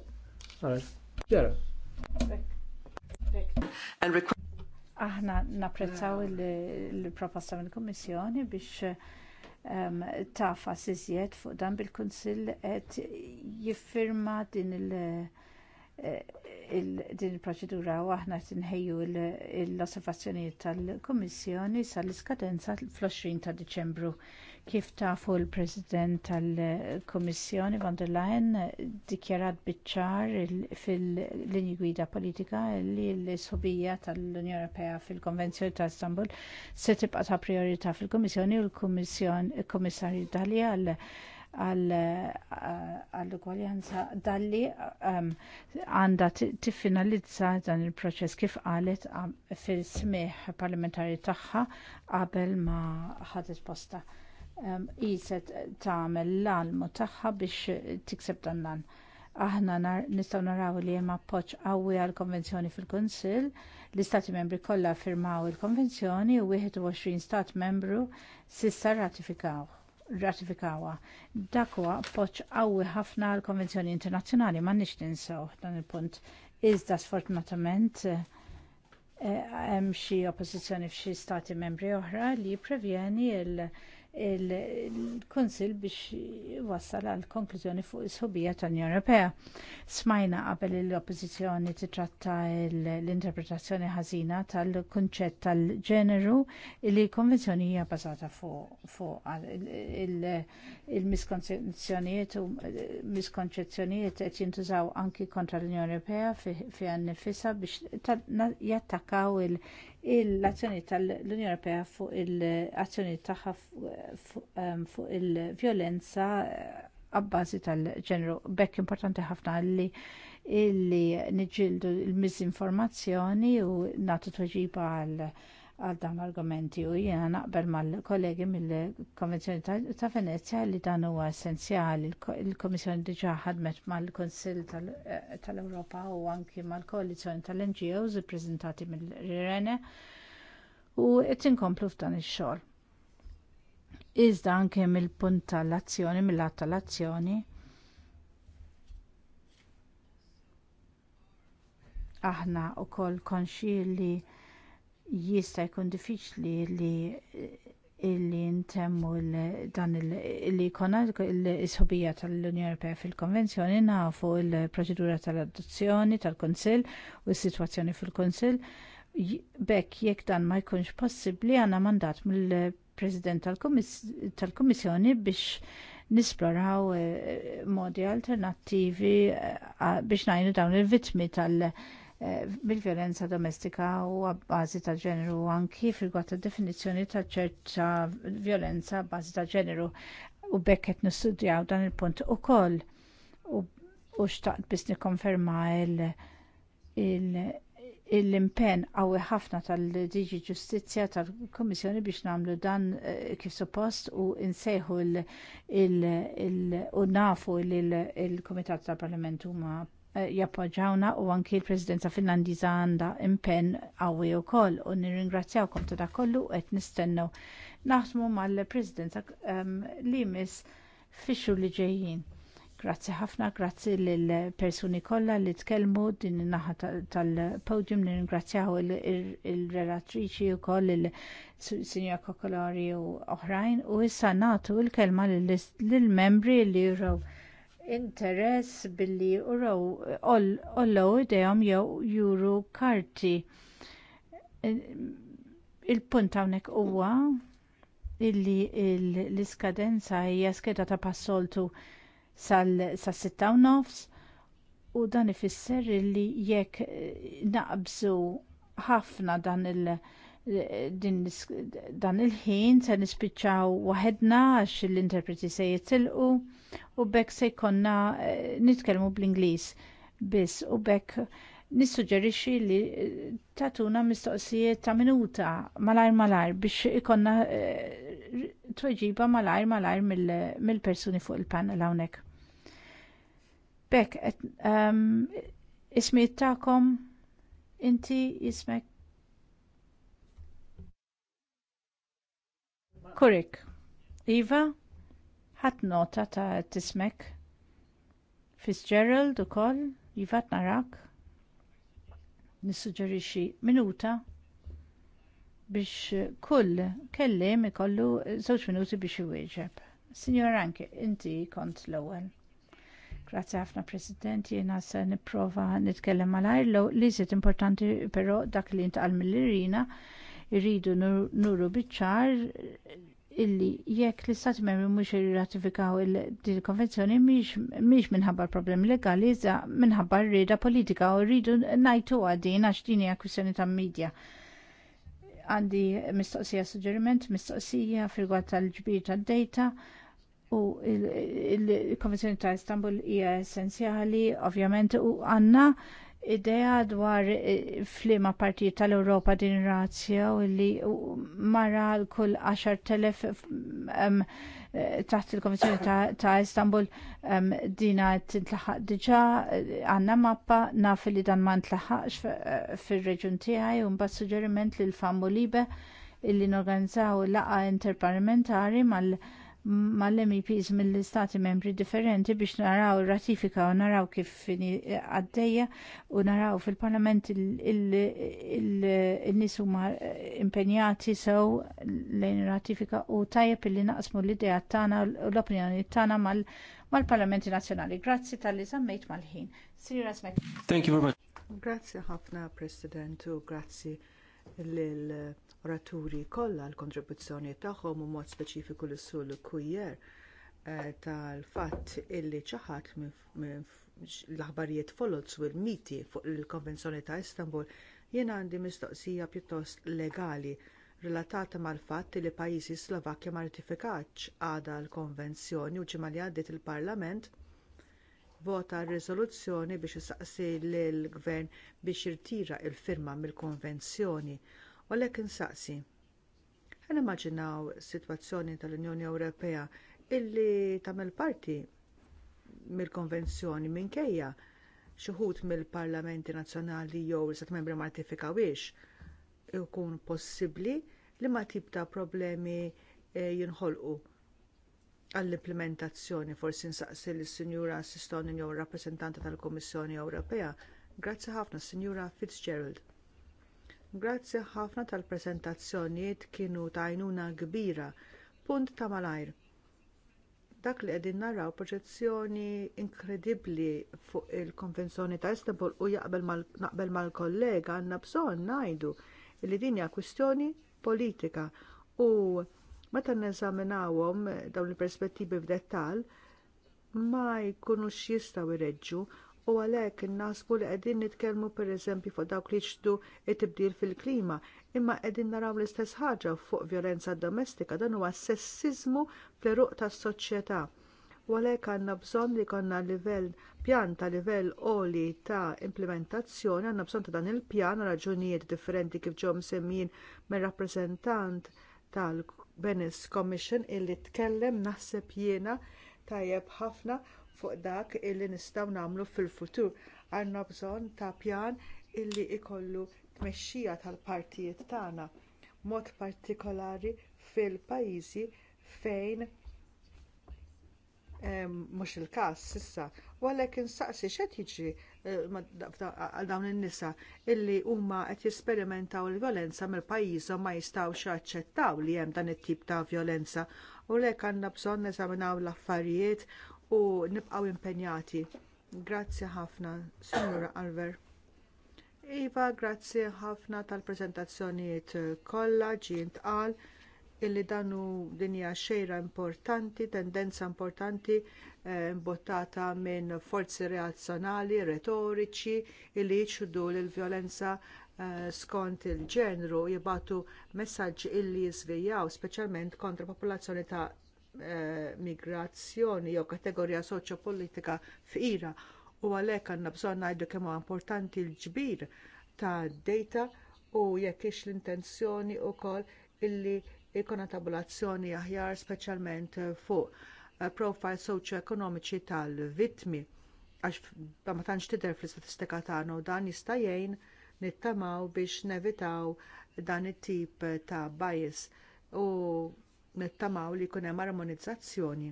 Aħna napprezzaw il-proposta mill-Kommissjoni biex ehm, taf assizjiet fuq dan bil-Kunsill qed jiffirma din il- din il-proċedura u aħna tinħejju l-osservazzjonijiet tal-Kummissjoni sal-iskadenza fl-20 ta' Diċembru. Kif tafu l-President tal-Kummissjoni van der Leyen dikjarat biċ-ċar fil-linji gwida politika li l-sobija tal-Unjoni Ewropea fil-Konvenzjoni ta' Istanbul se tibqa' ta' priorità fil-Kummissjoni u l-Kummissarju Dalja għal għall-ugwaljanza eh, dalli ehm, għandha tiffinalizza dan il-proċess kif qalet ehm, fil-smieħ parlamentari tagħha qabel ma ħadet posta. Ehm, Iset tagħmel l-almu tagħha biex tikseb dan lan. aħna nistgħu naraw li hemm poċ qawwi għall konvenzjoni fil-Kunsill, l-Istati membri kollha firmaw il-konvenzjoni u 21 stat membru s'issa ratifikaw ratifikawa. Dakwa poċ qawwi ħafna l-Konvenzjoni Internazzjonali ma nix ninsaw dan il-punt. Iżda sfortunatament eh, eh, hemm xi oppożizzjoni f'xi stati membri oħra li prevjeni il- il konsil biex wassal għal konklużjoni fuq is-ħobija tal-Unjoni Ewropea. Smajna qabel l-oppożizzjoni titratta l-interpretazzjoni ħażina tal-kunċett tal-ġeneru li l-konvenzjoni hija bażata fuq il-miskonzjonijiet u miskonċezzjonijiet qed jintużaw anki kontra l-Unjoni Ewropea fi nifisha biex jattakkaw il- l-azzjoni tal-Unjoni Ewropea fuq il-azzjoni tagħha ehm, fuq il-vjolenza eh, għabbażi tal-ġenru bekk importanti ħafna li illi niġildu l-mizinformazzjoni u natu tweġiba għal għal dan l-argumenti u jiena naqbel mal-kollegi mill-Konvenzjoni ta' Venezia li dan huwa essenzjali. Il-Komissjoni diġà ħadmet mal-Konsil eh, tal-Ewropa u anki mal-Koalizjoni tal-NGOs ippreżentati mill-Rene u qed inkomplu f'dan ix-xogħol. Iżda anke mill-punt tal-azzjoni, mill-att tal-azzjoni, aħna wkoll konxi li jista' jkun diffiċli li illi ntemmu dan li jkollna l-isħobija tal-Unjoni Ewropea fil-Konvenzjoni nafu l proċedura tal-adozzjoni tal-Kunsill u s-sitwazzjoni fil-Kunsill. Bekk jekk dan ma jkunx possibbli għandna mandat mill-President tal-Kummissjoni biex nisploraw eh, modi alternattivi eh, biex ngħinu dawn il-vittmi tal- bil-violenza domestika u għabbażi ta' ġeneru anki fil-gwatta definizjoni ta' ċerta violenza għabbażi ta' ġeneru u bekket nistudjaw dan il-punt u koll u xtaqt bis nikonferma l-impen għawi ħafna tal-Diġi Ġustizja tal-Komissjoni biex namlu dan eh, kif suppost u insejħu il-nafu il-Komitat tal-Parlament huma Eh, jappoġġawna u anki l-Presidenza Finlandiża għandha impenn qawwi wkoll u nirringrazzjawkom ta' dakollu u qed nistennew naħdmu mal-Presidenza ehm, li jmiss fix li ġejjin. Grazzi ħafna, grazzi lill persuni kollha li tkellmu din in-naħa tal-podium nirringrazzjaw il-relatriċi wkoll il-Sinjor Kokolari u oħrajn u issa nagħtu l-kelma lill-membri li jraw interess billi ollow idejhom jew juru karti. E, il-punt hawnhekk huwa illi l-iskadenza hija skeda ta' passoltu sal-sitta u nofs u dan ifisser illi jekk naqbżu ħafna dan il- dan il-ħin se nispiċċaw waħedna għax l-interpreti se jitilqu u bekk se jkollna eh, nitkellmu bl-Ingliż biss u bekk nissuġġerixxi li eh, tatuna mistoqsijiet ta' minuta malajr malajr biex ikonna eh, tweġiba malajr malajr mill-persuni fuq il-panel hawnhekk. Bekk, um, ismiet ta'kom, inti jismek Kurik, Iva, ħat nota ta' tismek. Fitzgerald ukoll, Iva narak. Nissuġġerixxi minuta biex kull kellim ikollu żewġ minuti biex iwieġeb. Signor Anke, inti kont l-ewwel. Grazie ħafna President, jena se niprofa nitkellem malajr, li importanti però dak li intqal mill-irina irridu nuru biċ-ċar illi jekk l-Istati Membri mhux irratifikaw il-konvenzjoni mhix minħabba problemi legali iżda minħabba rrieda politika u rridu ngħidu għadin għax din hija kwistjoni ta' midja għandi mistoqsija suġġeriment, mistoqsija fil tal-ġbir tad-data u il-Konvenzjoni ta' Istanbul hija essenzjali, ovvjament, u għanna idea dwar eh, flima partijiet tal-Europa din razzja u li mara l-kull 10.000 eh, taħt il-Konvenzjoni ta', Istanbul dina t tintlaħaq diġa eh, għanna mappa naf li dan ma ntlaħaqx fil-reġun tiegħi u suġeriment suġġeriment l famu libe illi norganizzaw laqa interparlamentari mal- mal-MEPs mill-istati membri differenti biex naraw ratifika u naraw kif għaddejja u naraw fil-parlament il-nisu ma impenjati sew lejn ratifika u tajjeb li naqsmu l-idea tagħna u l-opinjoni tagħna mal-parlamenti nazzjonali. Grazzi tal-li sammejt mal-ħin. Sira Thank you very much. Grazzi ħafna, President, u grazzi lil oraturi kollha l-kontribuzzjoni tagħhom u mod speċifiku l sul kujjer eh, tal-fatt illi ċaħat l-aħbarijiet follows u l-miti fuq il-Konvenzjoni ta' Istanbul jien għandi mistoqsija pjuttost legali relatata mal-fatt li pajjiżi Slovakkja ma ratifikatx għadha l-konvenzjoni u ġimgħa li għaddiet il-Parlament vota r-riżoluzzjoni biex isaqsi lill gvern biex jirtira l firma mill-konvenzjoni u għalhekk insaqsi. Għan immaġinaw sitwazzjoni tal-Unjoni Ewropea illi tagħmel parti mill-konvenzjoni minkejja xi wħud mill-parlamenti nazzjonali jew l membri ma ratifikawiex ikun possibbli li ma tip ta' problemi eh, jinħolqu għall-implementazzjoni forsi nsaqsi lis sinjura Sistoni jew rappreżentanta tal-Kummissjoni Ewropea. Grazzi ħafna Sinjura Fitzgerald. Grazzi ħafna tal-prezentazzjonijiet kienu ta' għajnuna kbira. Punt ta' malajr. Dak li qegħdin naraw proġezzjoni inkredibbli fuq il-Konvenzjoni ta' Istanbul u jaqbel naqbel mal-kollega għandna bżonn ngħidu li din hija kwistjoni politika u meta neżaminawhom dawn il-perspettivi f'dettall ma jkunux jistgħu jreġġu u għalhekk nasbu li qegħdin nitkellmu pereżempju fuq dawk li jixtu it-tibdil fil-klima, imma qegħdin naraw l-istess ħaġa fuq vjolenza domestika dan huwa sessiżmu fl-eruq tas-soċjetà. U għalhekk għandna bżonn li jkollna livell pjan ta' livell għoli ta' implementazzjoni għandna bżonn ta' dan il-pjan raġunijiet differenti kif ġew msemmijin mir rappreżentant tal-Venice Commission illi tkellem naħseb jiena tajjeb ħafna fuq dak illi nistgħu nagħmlu fil-futur. Għandna bżonn ta' pjan illi jkollu tmexxija tal-partijiet tagħna, mod partikolari fil-pajjiżi fejn mhux il-każ issa, u għalhekk insaqsi x'qed jiġri eh, għal dawn in-nisa illi huma qed jesperimentaw il-violenza mill-pajjiżhom ma jistgħux jaċċettaw li hemm dan it-tip ta' violenza u lek għandna bżonn neżaminaw l-affarijiet u nibqgħu impenjati. Grazzi ħafna, Signora Alver. Iva, grazzi ħafna tal-prezentazzjonijiet kollha ġint qal illi danu dinja xejra importanti, tendenza importanti eh, minn forzi reazzjonali, retoriċi illi jiċudu l-violenza eh, skont il-ġenru jibatu messaġġi illi jizvijaw, speċjalment kontra popolazzjoni ta' Eh, migrazzjoni jew kategorija soċjopolitika fqira u għalhekk għandna bżonn ngħidu kemm huwa importanti l-ġbir ta' data u jekk ix l-intenzjoni wkoll illi jkun tabulazzjoni aħjar speċjalment fuq eh, profile soċjoekonomiċi tal-vittmi għax ma tantx tidher fl-istatistika tagħna u dan jista' jgħin nittamaw biex nevitaw dan it-tip ta' bias u nittamaw li jkun hemm armonizzazzjoni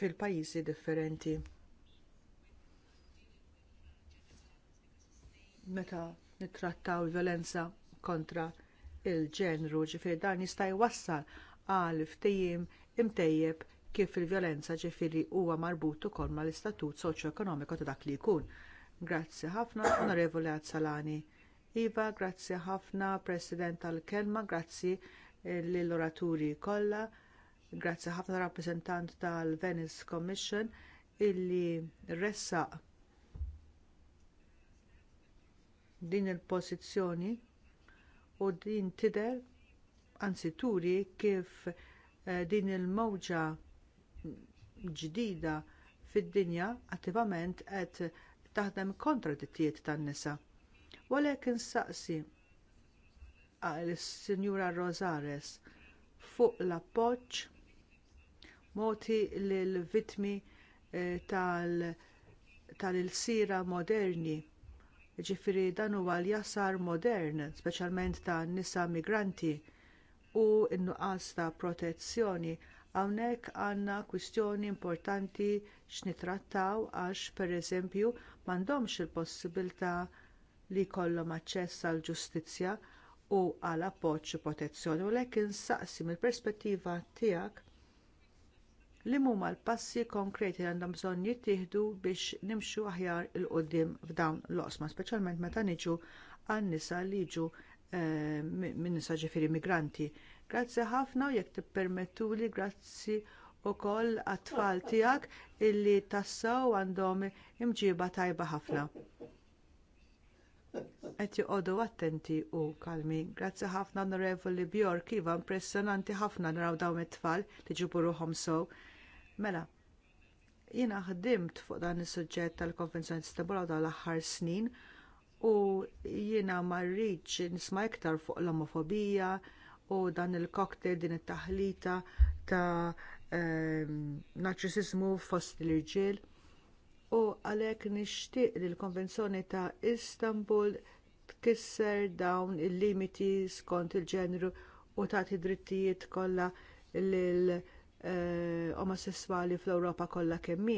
fil-pajjiżi differenti. Meta nittrattaw violenza kontra il-ġenru ġifieri dan jista' jwassal għal ftehim imtejjeb kif il-vjolenza ġifieri huwa marbut ukoll mal-istatut soċjo-ekonomiku ta' dak li jkun. Grazzi ħafna, Onorevole Azzalani. Iva, grazzi ħafna, President tal-kelma, grazzi eh, l-oraturi kollha, grazzi ħafna rappresentant tal-Venice Commission illi ressaq din il pożizzjoni u din tidher anzi turi kif eh, din il-mowġa ġdida fid-dinja attivament qed taħdem kontra d-dittijiet tan-nisa. Walek insaqsi għal sinjura Rosares fuq l appoġġ moti lill vittmi eh, tal-ilsira moderni. Ġifiri dan huwa l-jasar modern, speċjalment tan nisa migranti u n-nuqqas ta' protezzjoni. Hawnhekk għandna kwistjoni importanti x'nitrattaw għax pereżempju m'għandhomx il-possibilità li jkollhom aċċess għall ġustizzja u għal appoġġ u protezzjoni u lek insaqsi mill-perspettiva tiegħek li huma l-passi konkreti li għandhom bżonn jittieħdu biex nimxu aħjar il qudiem f'dawn l-oqsma, speċjalment meta niġu għan-nisa li jiġu eh, minn nisa ġifiri migranti. Grazzi ħafna u jekk tippermettuli grazzi wkoll għat-tfal tiegħek illi tassaw għandhom imġiba tajba ħafna. Qed joqogħdu attenti u kalmi. Grazzi ħafna Onorevoli Bjork, iva impressjonanti ħafna naraw dawn it-tfal li ġibu ruhom sew. Mela, jiena ħdimt fuq dan is-suġġett tal-Konvenzjoni Istanbul dawn l-aħħar snin u jiena ma rridx nisma' iktar fuq l-omofobija u dan il-cocktail din it-taħlita ta' eh, naċċisizmu fost l-irġiel u għalhekk nixtieq li l-Konvenzjoni ta' Istanbul tkisser dawn il-limiti skont il-ġenru u tagħti drittijiet kollha lil eh, omosessuali fl-Ewropa kollha kemm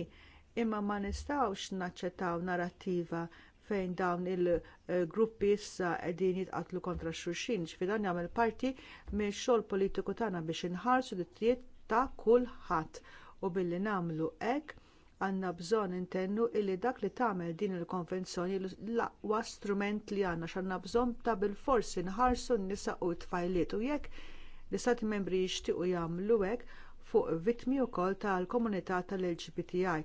imma ma nistgħux naċċettaw narattiva fejn dawn il-gruppi issa qegħdin jitqatlu kontra xulxin, ġifidan jagħmel parti minn xogħol politiku tagħna biex inħarsu drittijiet ta' kulħadd u billi nagħmlu hekk għandna bżonn intennu illi dak li tagħmel din il-konvenzjoni l-aqwa strument li għandna x'għandna bżonn ta' bilforsi nħarsu n-nisa u t-tfajliet u jekk l-istati membri jixtiequ jagħmlu hekk fuq vittmi wkoll tal-komunità tal-LGBTI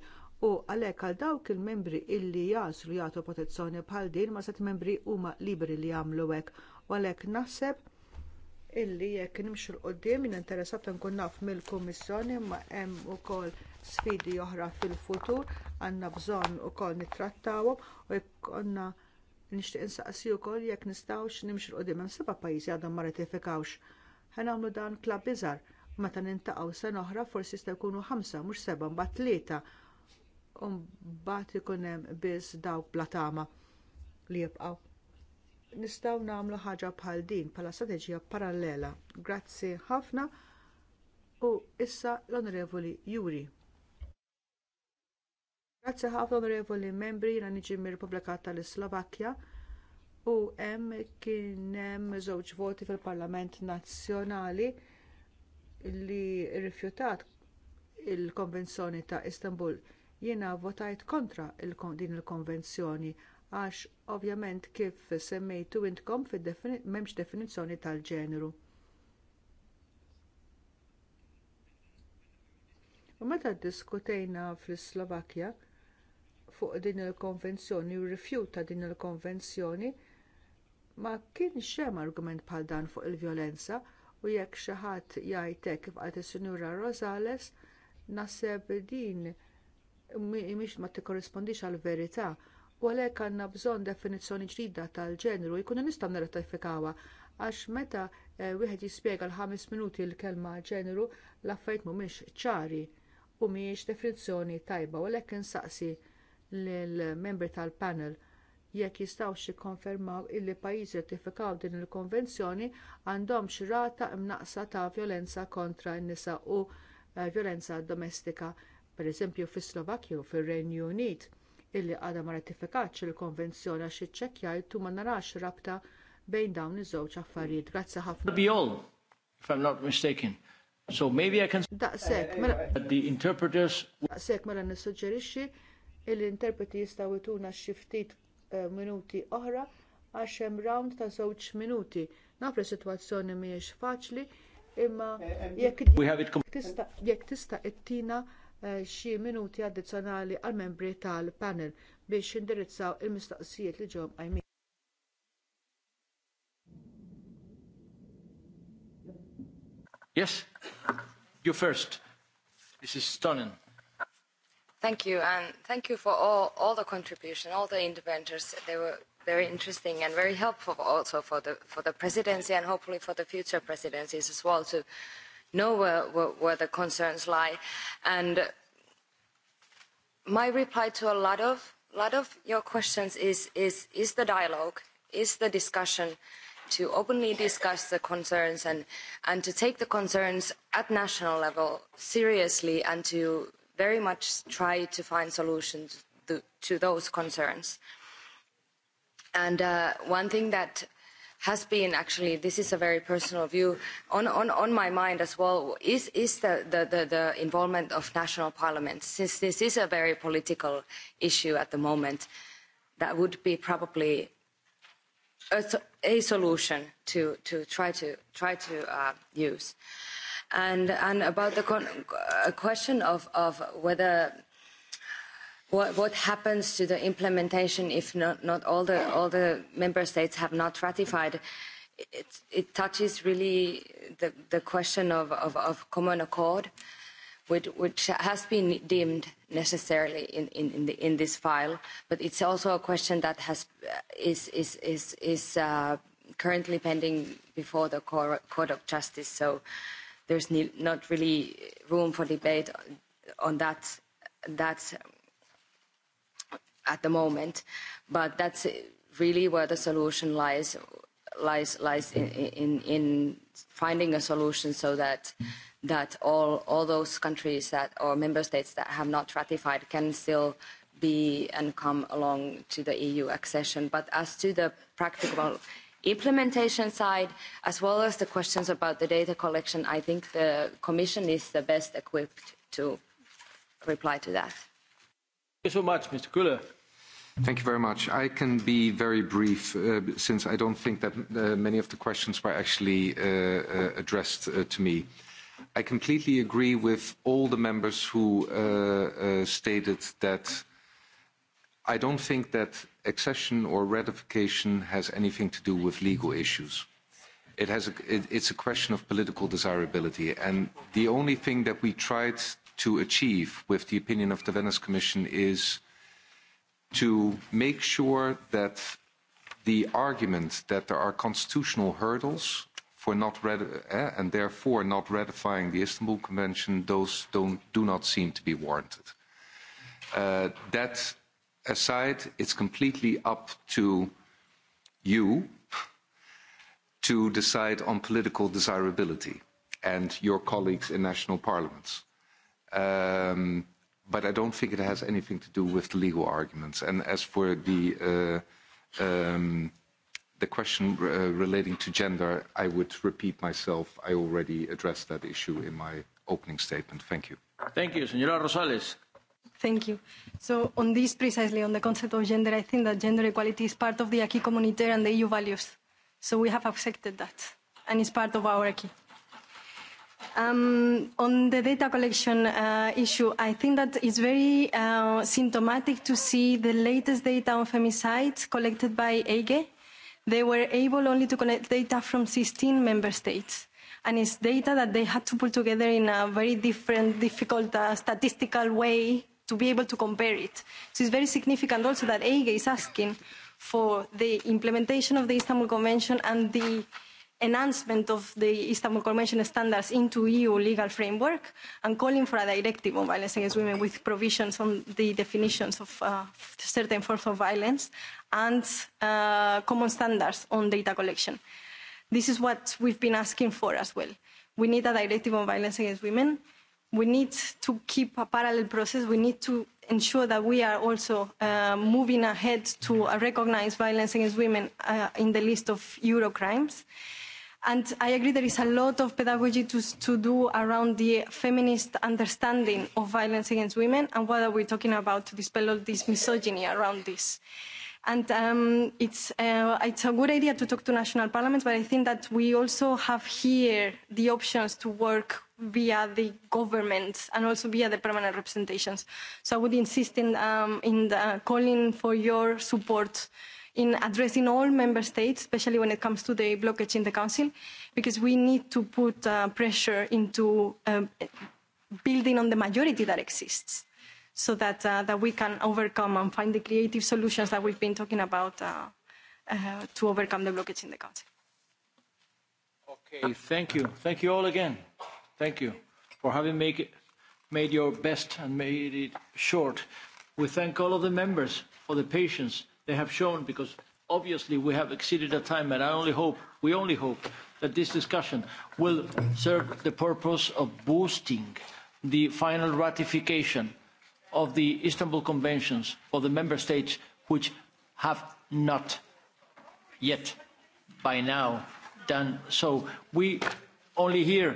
u għalhekk għal dawk il-membri illi jaslu jagħtu protezzjoni bħal din ma set membri huma liberi li jagħmlu hekk u għalhekk naħseb illi jekk nimxu l-qoddim interessat nkun naf mill-Kummissjoni ma hemm ukoll sfidi oħra fil-futur għandna bżonn ukoll nittrattawhom u jekk konna nixtieq insaqsi wkoll jekk nistgħux nimxu l-qudiem hemm seba' pajjiżi għadhom ma ratifikawx. Ħa nagħmlu dan klabb iżgħar meta nintaqgħu sena oħra forsi jista' jkunu ħamsa mhux seba' mbagħad tlieta u mbagħad ikun hemm biss dawk blatama. tama li jibqgħu. Nistgħu nagħmlu ħaġa bħal din bħala strateġija parallela. Grazzi ħafna u issa l-Onorevoli Juri. Grazzi ħafna onorevoli membri jiena niġi mir-Repubblika tal-Slovakkja u hemm kien hemm żewġ voti fil-Parlament Nazzjonali li rrifjutat il-Konvenzjoni ta' Istanbul. Jiena votajt kontra il din il-konvenzjoni għax ovvjament kif semmejtu intkom m'hemmx definizzjoni tal-ġeneru. U meta ddiskutejna fl-Slovakkja, fuq din il-konvenzjoni u rrifjuta din il-konvenzjoni ma kienx hemm argument bħal dan fuq il-vjolenza u jekk xi ħadd jgħid hekk is-Sinjura Rosales naħseb din mhix ma tikkorrispondix għall verità u għalhekk għandna bżonn definizzjoni ġdida tal-ġenru jkunu nistgħu nirratifikawha għax meta eh, wieħed jispjega l-ħames minuti l-kelma ġenru l-affarijiet mhumiex ċari u mhijiex definizzjoni tajba u għalhekk insaqsi lill-membri tal-panel jekk jistgħux jikkonfermaw illi pajjiżi rratifikaw din il-konvenzjoni għandhom xi rata imnaqsa ta' vjolenza kontra n-nisa u eh, vjolenza domestika, pereżempju fis-Slovakkja u fir-Renju Unit, illi għadha ma rratifikatx il-konvenzjoni għax iċċekkja tu ma narax rabta bejn dawn iż-żewġ affarijiet. Grazzi ħafna. So maybe I can... Daqsek, mela... The interpreters... Daqsek, mela nissuġġerixxi l-interpreti jistgħu jtuna xi ftit eh, minuti oħra għax hemm round ta' żewġ minuti. Naf li sitwazzjoni mhijiex faċli, imma eh, eh, jekk tista' ittina xi minuti addizzjonali għall membri tal-panel biex indirizzaw il-mistoqsijiet li ġew għajmin. Yes, you first. This is stunning. Thank you, and thank you for all, all the contribution, all the interventors. They were very interesting and very helpful also for the, for the presidency and hopefully for the future presidencies as well to know where, where, where the concerns lie. And my reply to a lot of, lot of your questions is, is, is the dialogue, is the discussion to openly discuss the concerns and, and to take the concerns at national level seriously and to very much try to find solutions to, to those concerns. And uh, one thing that has been actually, this is a very personal view, on, on, on my mind as well, is, is the, the, the, the involvement of national parliaments, since this is a very political issue at the moment. That would be probably a, a solution to, to try to, try to uh, use. Uh, And, and about the con uh question of, of whether what, what happens to the implementation if not, not all, the, all the member states have not ratified, it, it touches really the, the question of, of, of common accord, which, which has been deemed necessarily in, in, in, the, in this file. But it's also a question that has, uh, is, is, is, is uh, currently pending before the Court of Justice. So there's not really room for debate on that, that at the moment. But that's really where the solution lies, lies, lies in, in, in finding a solution so that, that all, all those countries that, or member states that have not ratified can still be and come along to the EU accession. But as to the practical implementation side, as well as the questions about the data collection, I think the Commission is the best equipped to reply to that. Thank you so much, Mr. Kuller. Thank you very much. I can be very brief uh, since I don't think that uh, many of the questions were actually uh, uh, addressed uh, to me. I completely agree with all the members who uh, uh, stated that I don't think that accession or ratification has anything to do with legal issues. It has a, it, it's a question of political desirability. And the only thing that we tried to achieve with the opinion of the Venice Commission is to make sure that the argument that there are constitutional hurdles for not rat eh, and therefore not ratifying the Istanbul Convention, those don't, do not seem to be warranted. Uh, that aside, it's completely up to you to decide on political desirability and your colleagues in national parliaments. Um, but I don't think it has anything to do with the legal arguments. And as for the, uh, um, the question uh, relating to gender, I would repeat myself. I already addressed that issue in my opening statement. Thank you. Thank you, Senora Rosales. Thank you. So on this precisely, on the concept of gender, I think that gender equality is part of the acquis communautaire and the EU values. So we have accepted that, and it's part of our acquis. Um, on the data collection uh, issue, I think that it's very uh, symptomatic to see the latest data on femicides collected by AGE. They were able only to collect data from 16 member states. And it's data that they had to put together in a very different, difficult uh, statistical way to be able to compare it. So it's very significant also that AIGA is asking for the implementation of the Istanbul Convention and the enhancement of the Istanbul Convention standards into EU legal framework and calling for a directive on violence against women with provisions on the definitions of uh, certain forms of violence and uh, common standards on data collection. This is what we've been asking for as well. We need a directive on violence against women we need to keep a parallel process. We need to ensure that we are also uh, moving ahead to uh, recognize violence against women uh, in the list of Euro crimes. And I agree there is a lot of pedagogy to, to do around the feminist understanding of violence against women and what are we talking about to dispel all this misogyny around this. And um, it's, uh, it's a good idea to talk to national parliaments, but I think that we also have here the options to work via the governments and also via the permanent representations. So I would insist in, um, in the uh, calling for your support in addressing all member states, especially when it comes to the blockage in the council, because we need to put uh, pressure into um, building on the majority that exists so that, uh, that we can overcome and find the creative solutions that we've been talking about uh, uh, to overcome the blockage in the council. Okay, thank you. Thank you all again. Thank you for having make it, made your best and made it short. We thank all of the members for the patience they have shown because obviously we have exceeded the time and I only hope, we only hope that this discussion will serve the purpose of boosting the final ratification of the Istanbul Conventions for the member states which have not yet by now done so. We only hear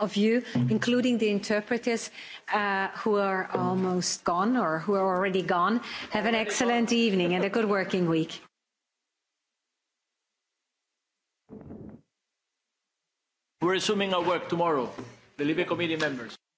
of you, including the interpreters uh, who are almost gone or who are already gone. Have an excellent evening and a good working week. We're resuming our work tomorrow, the Libe Committee members.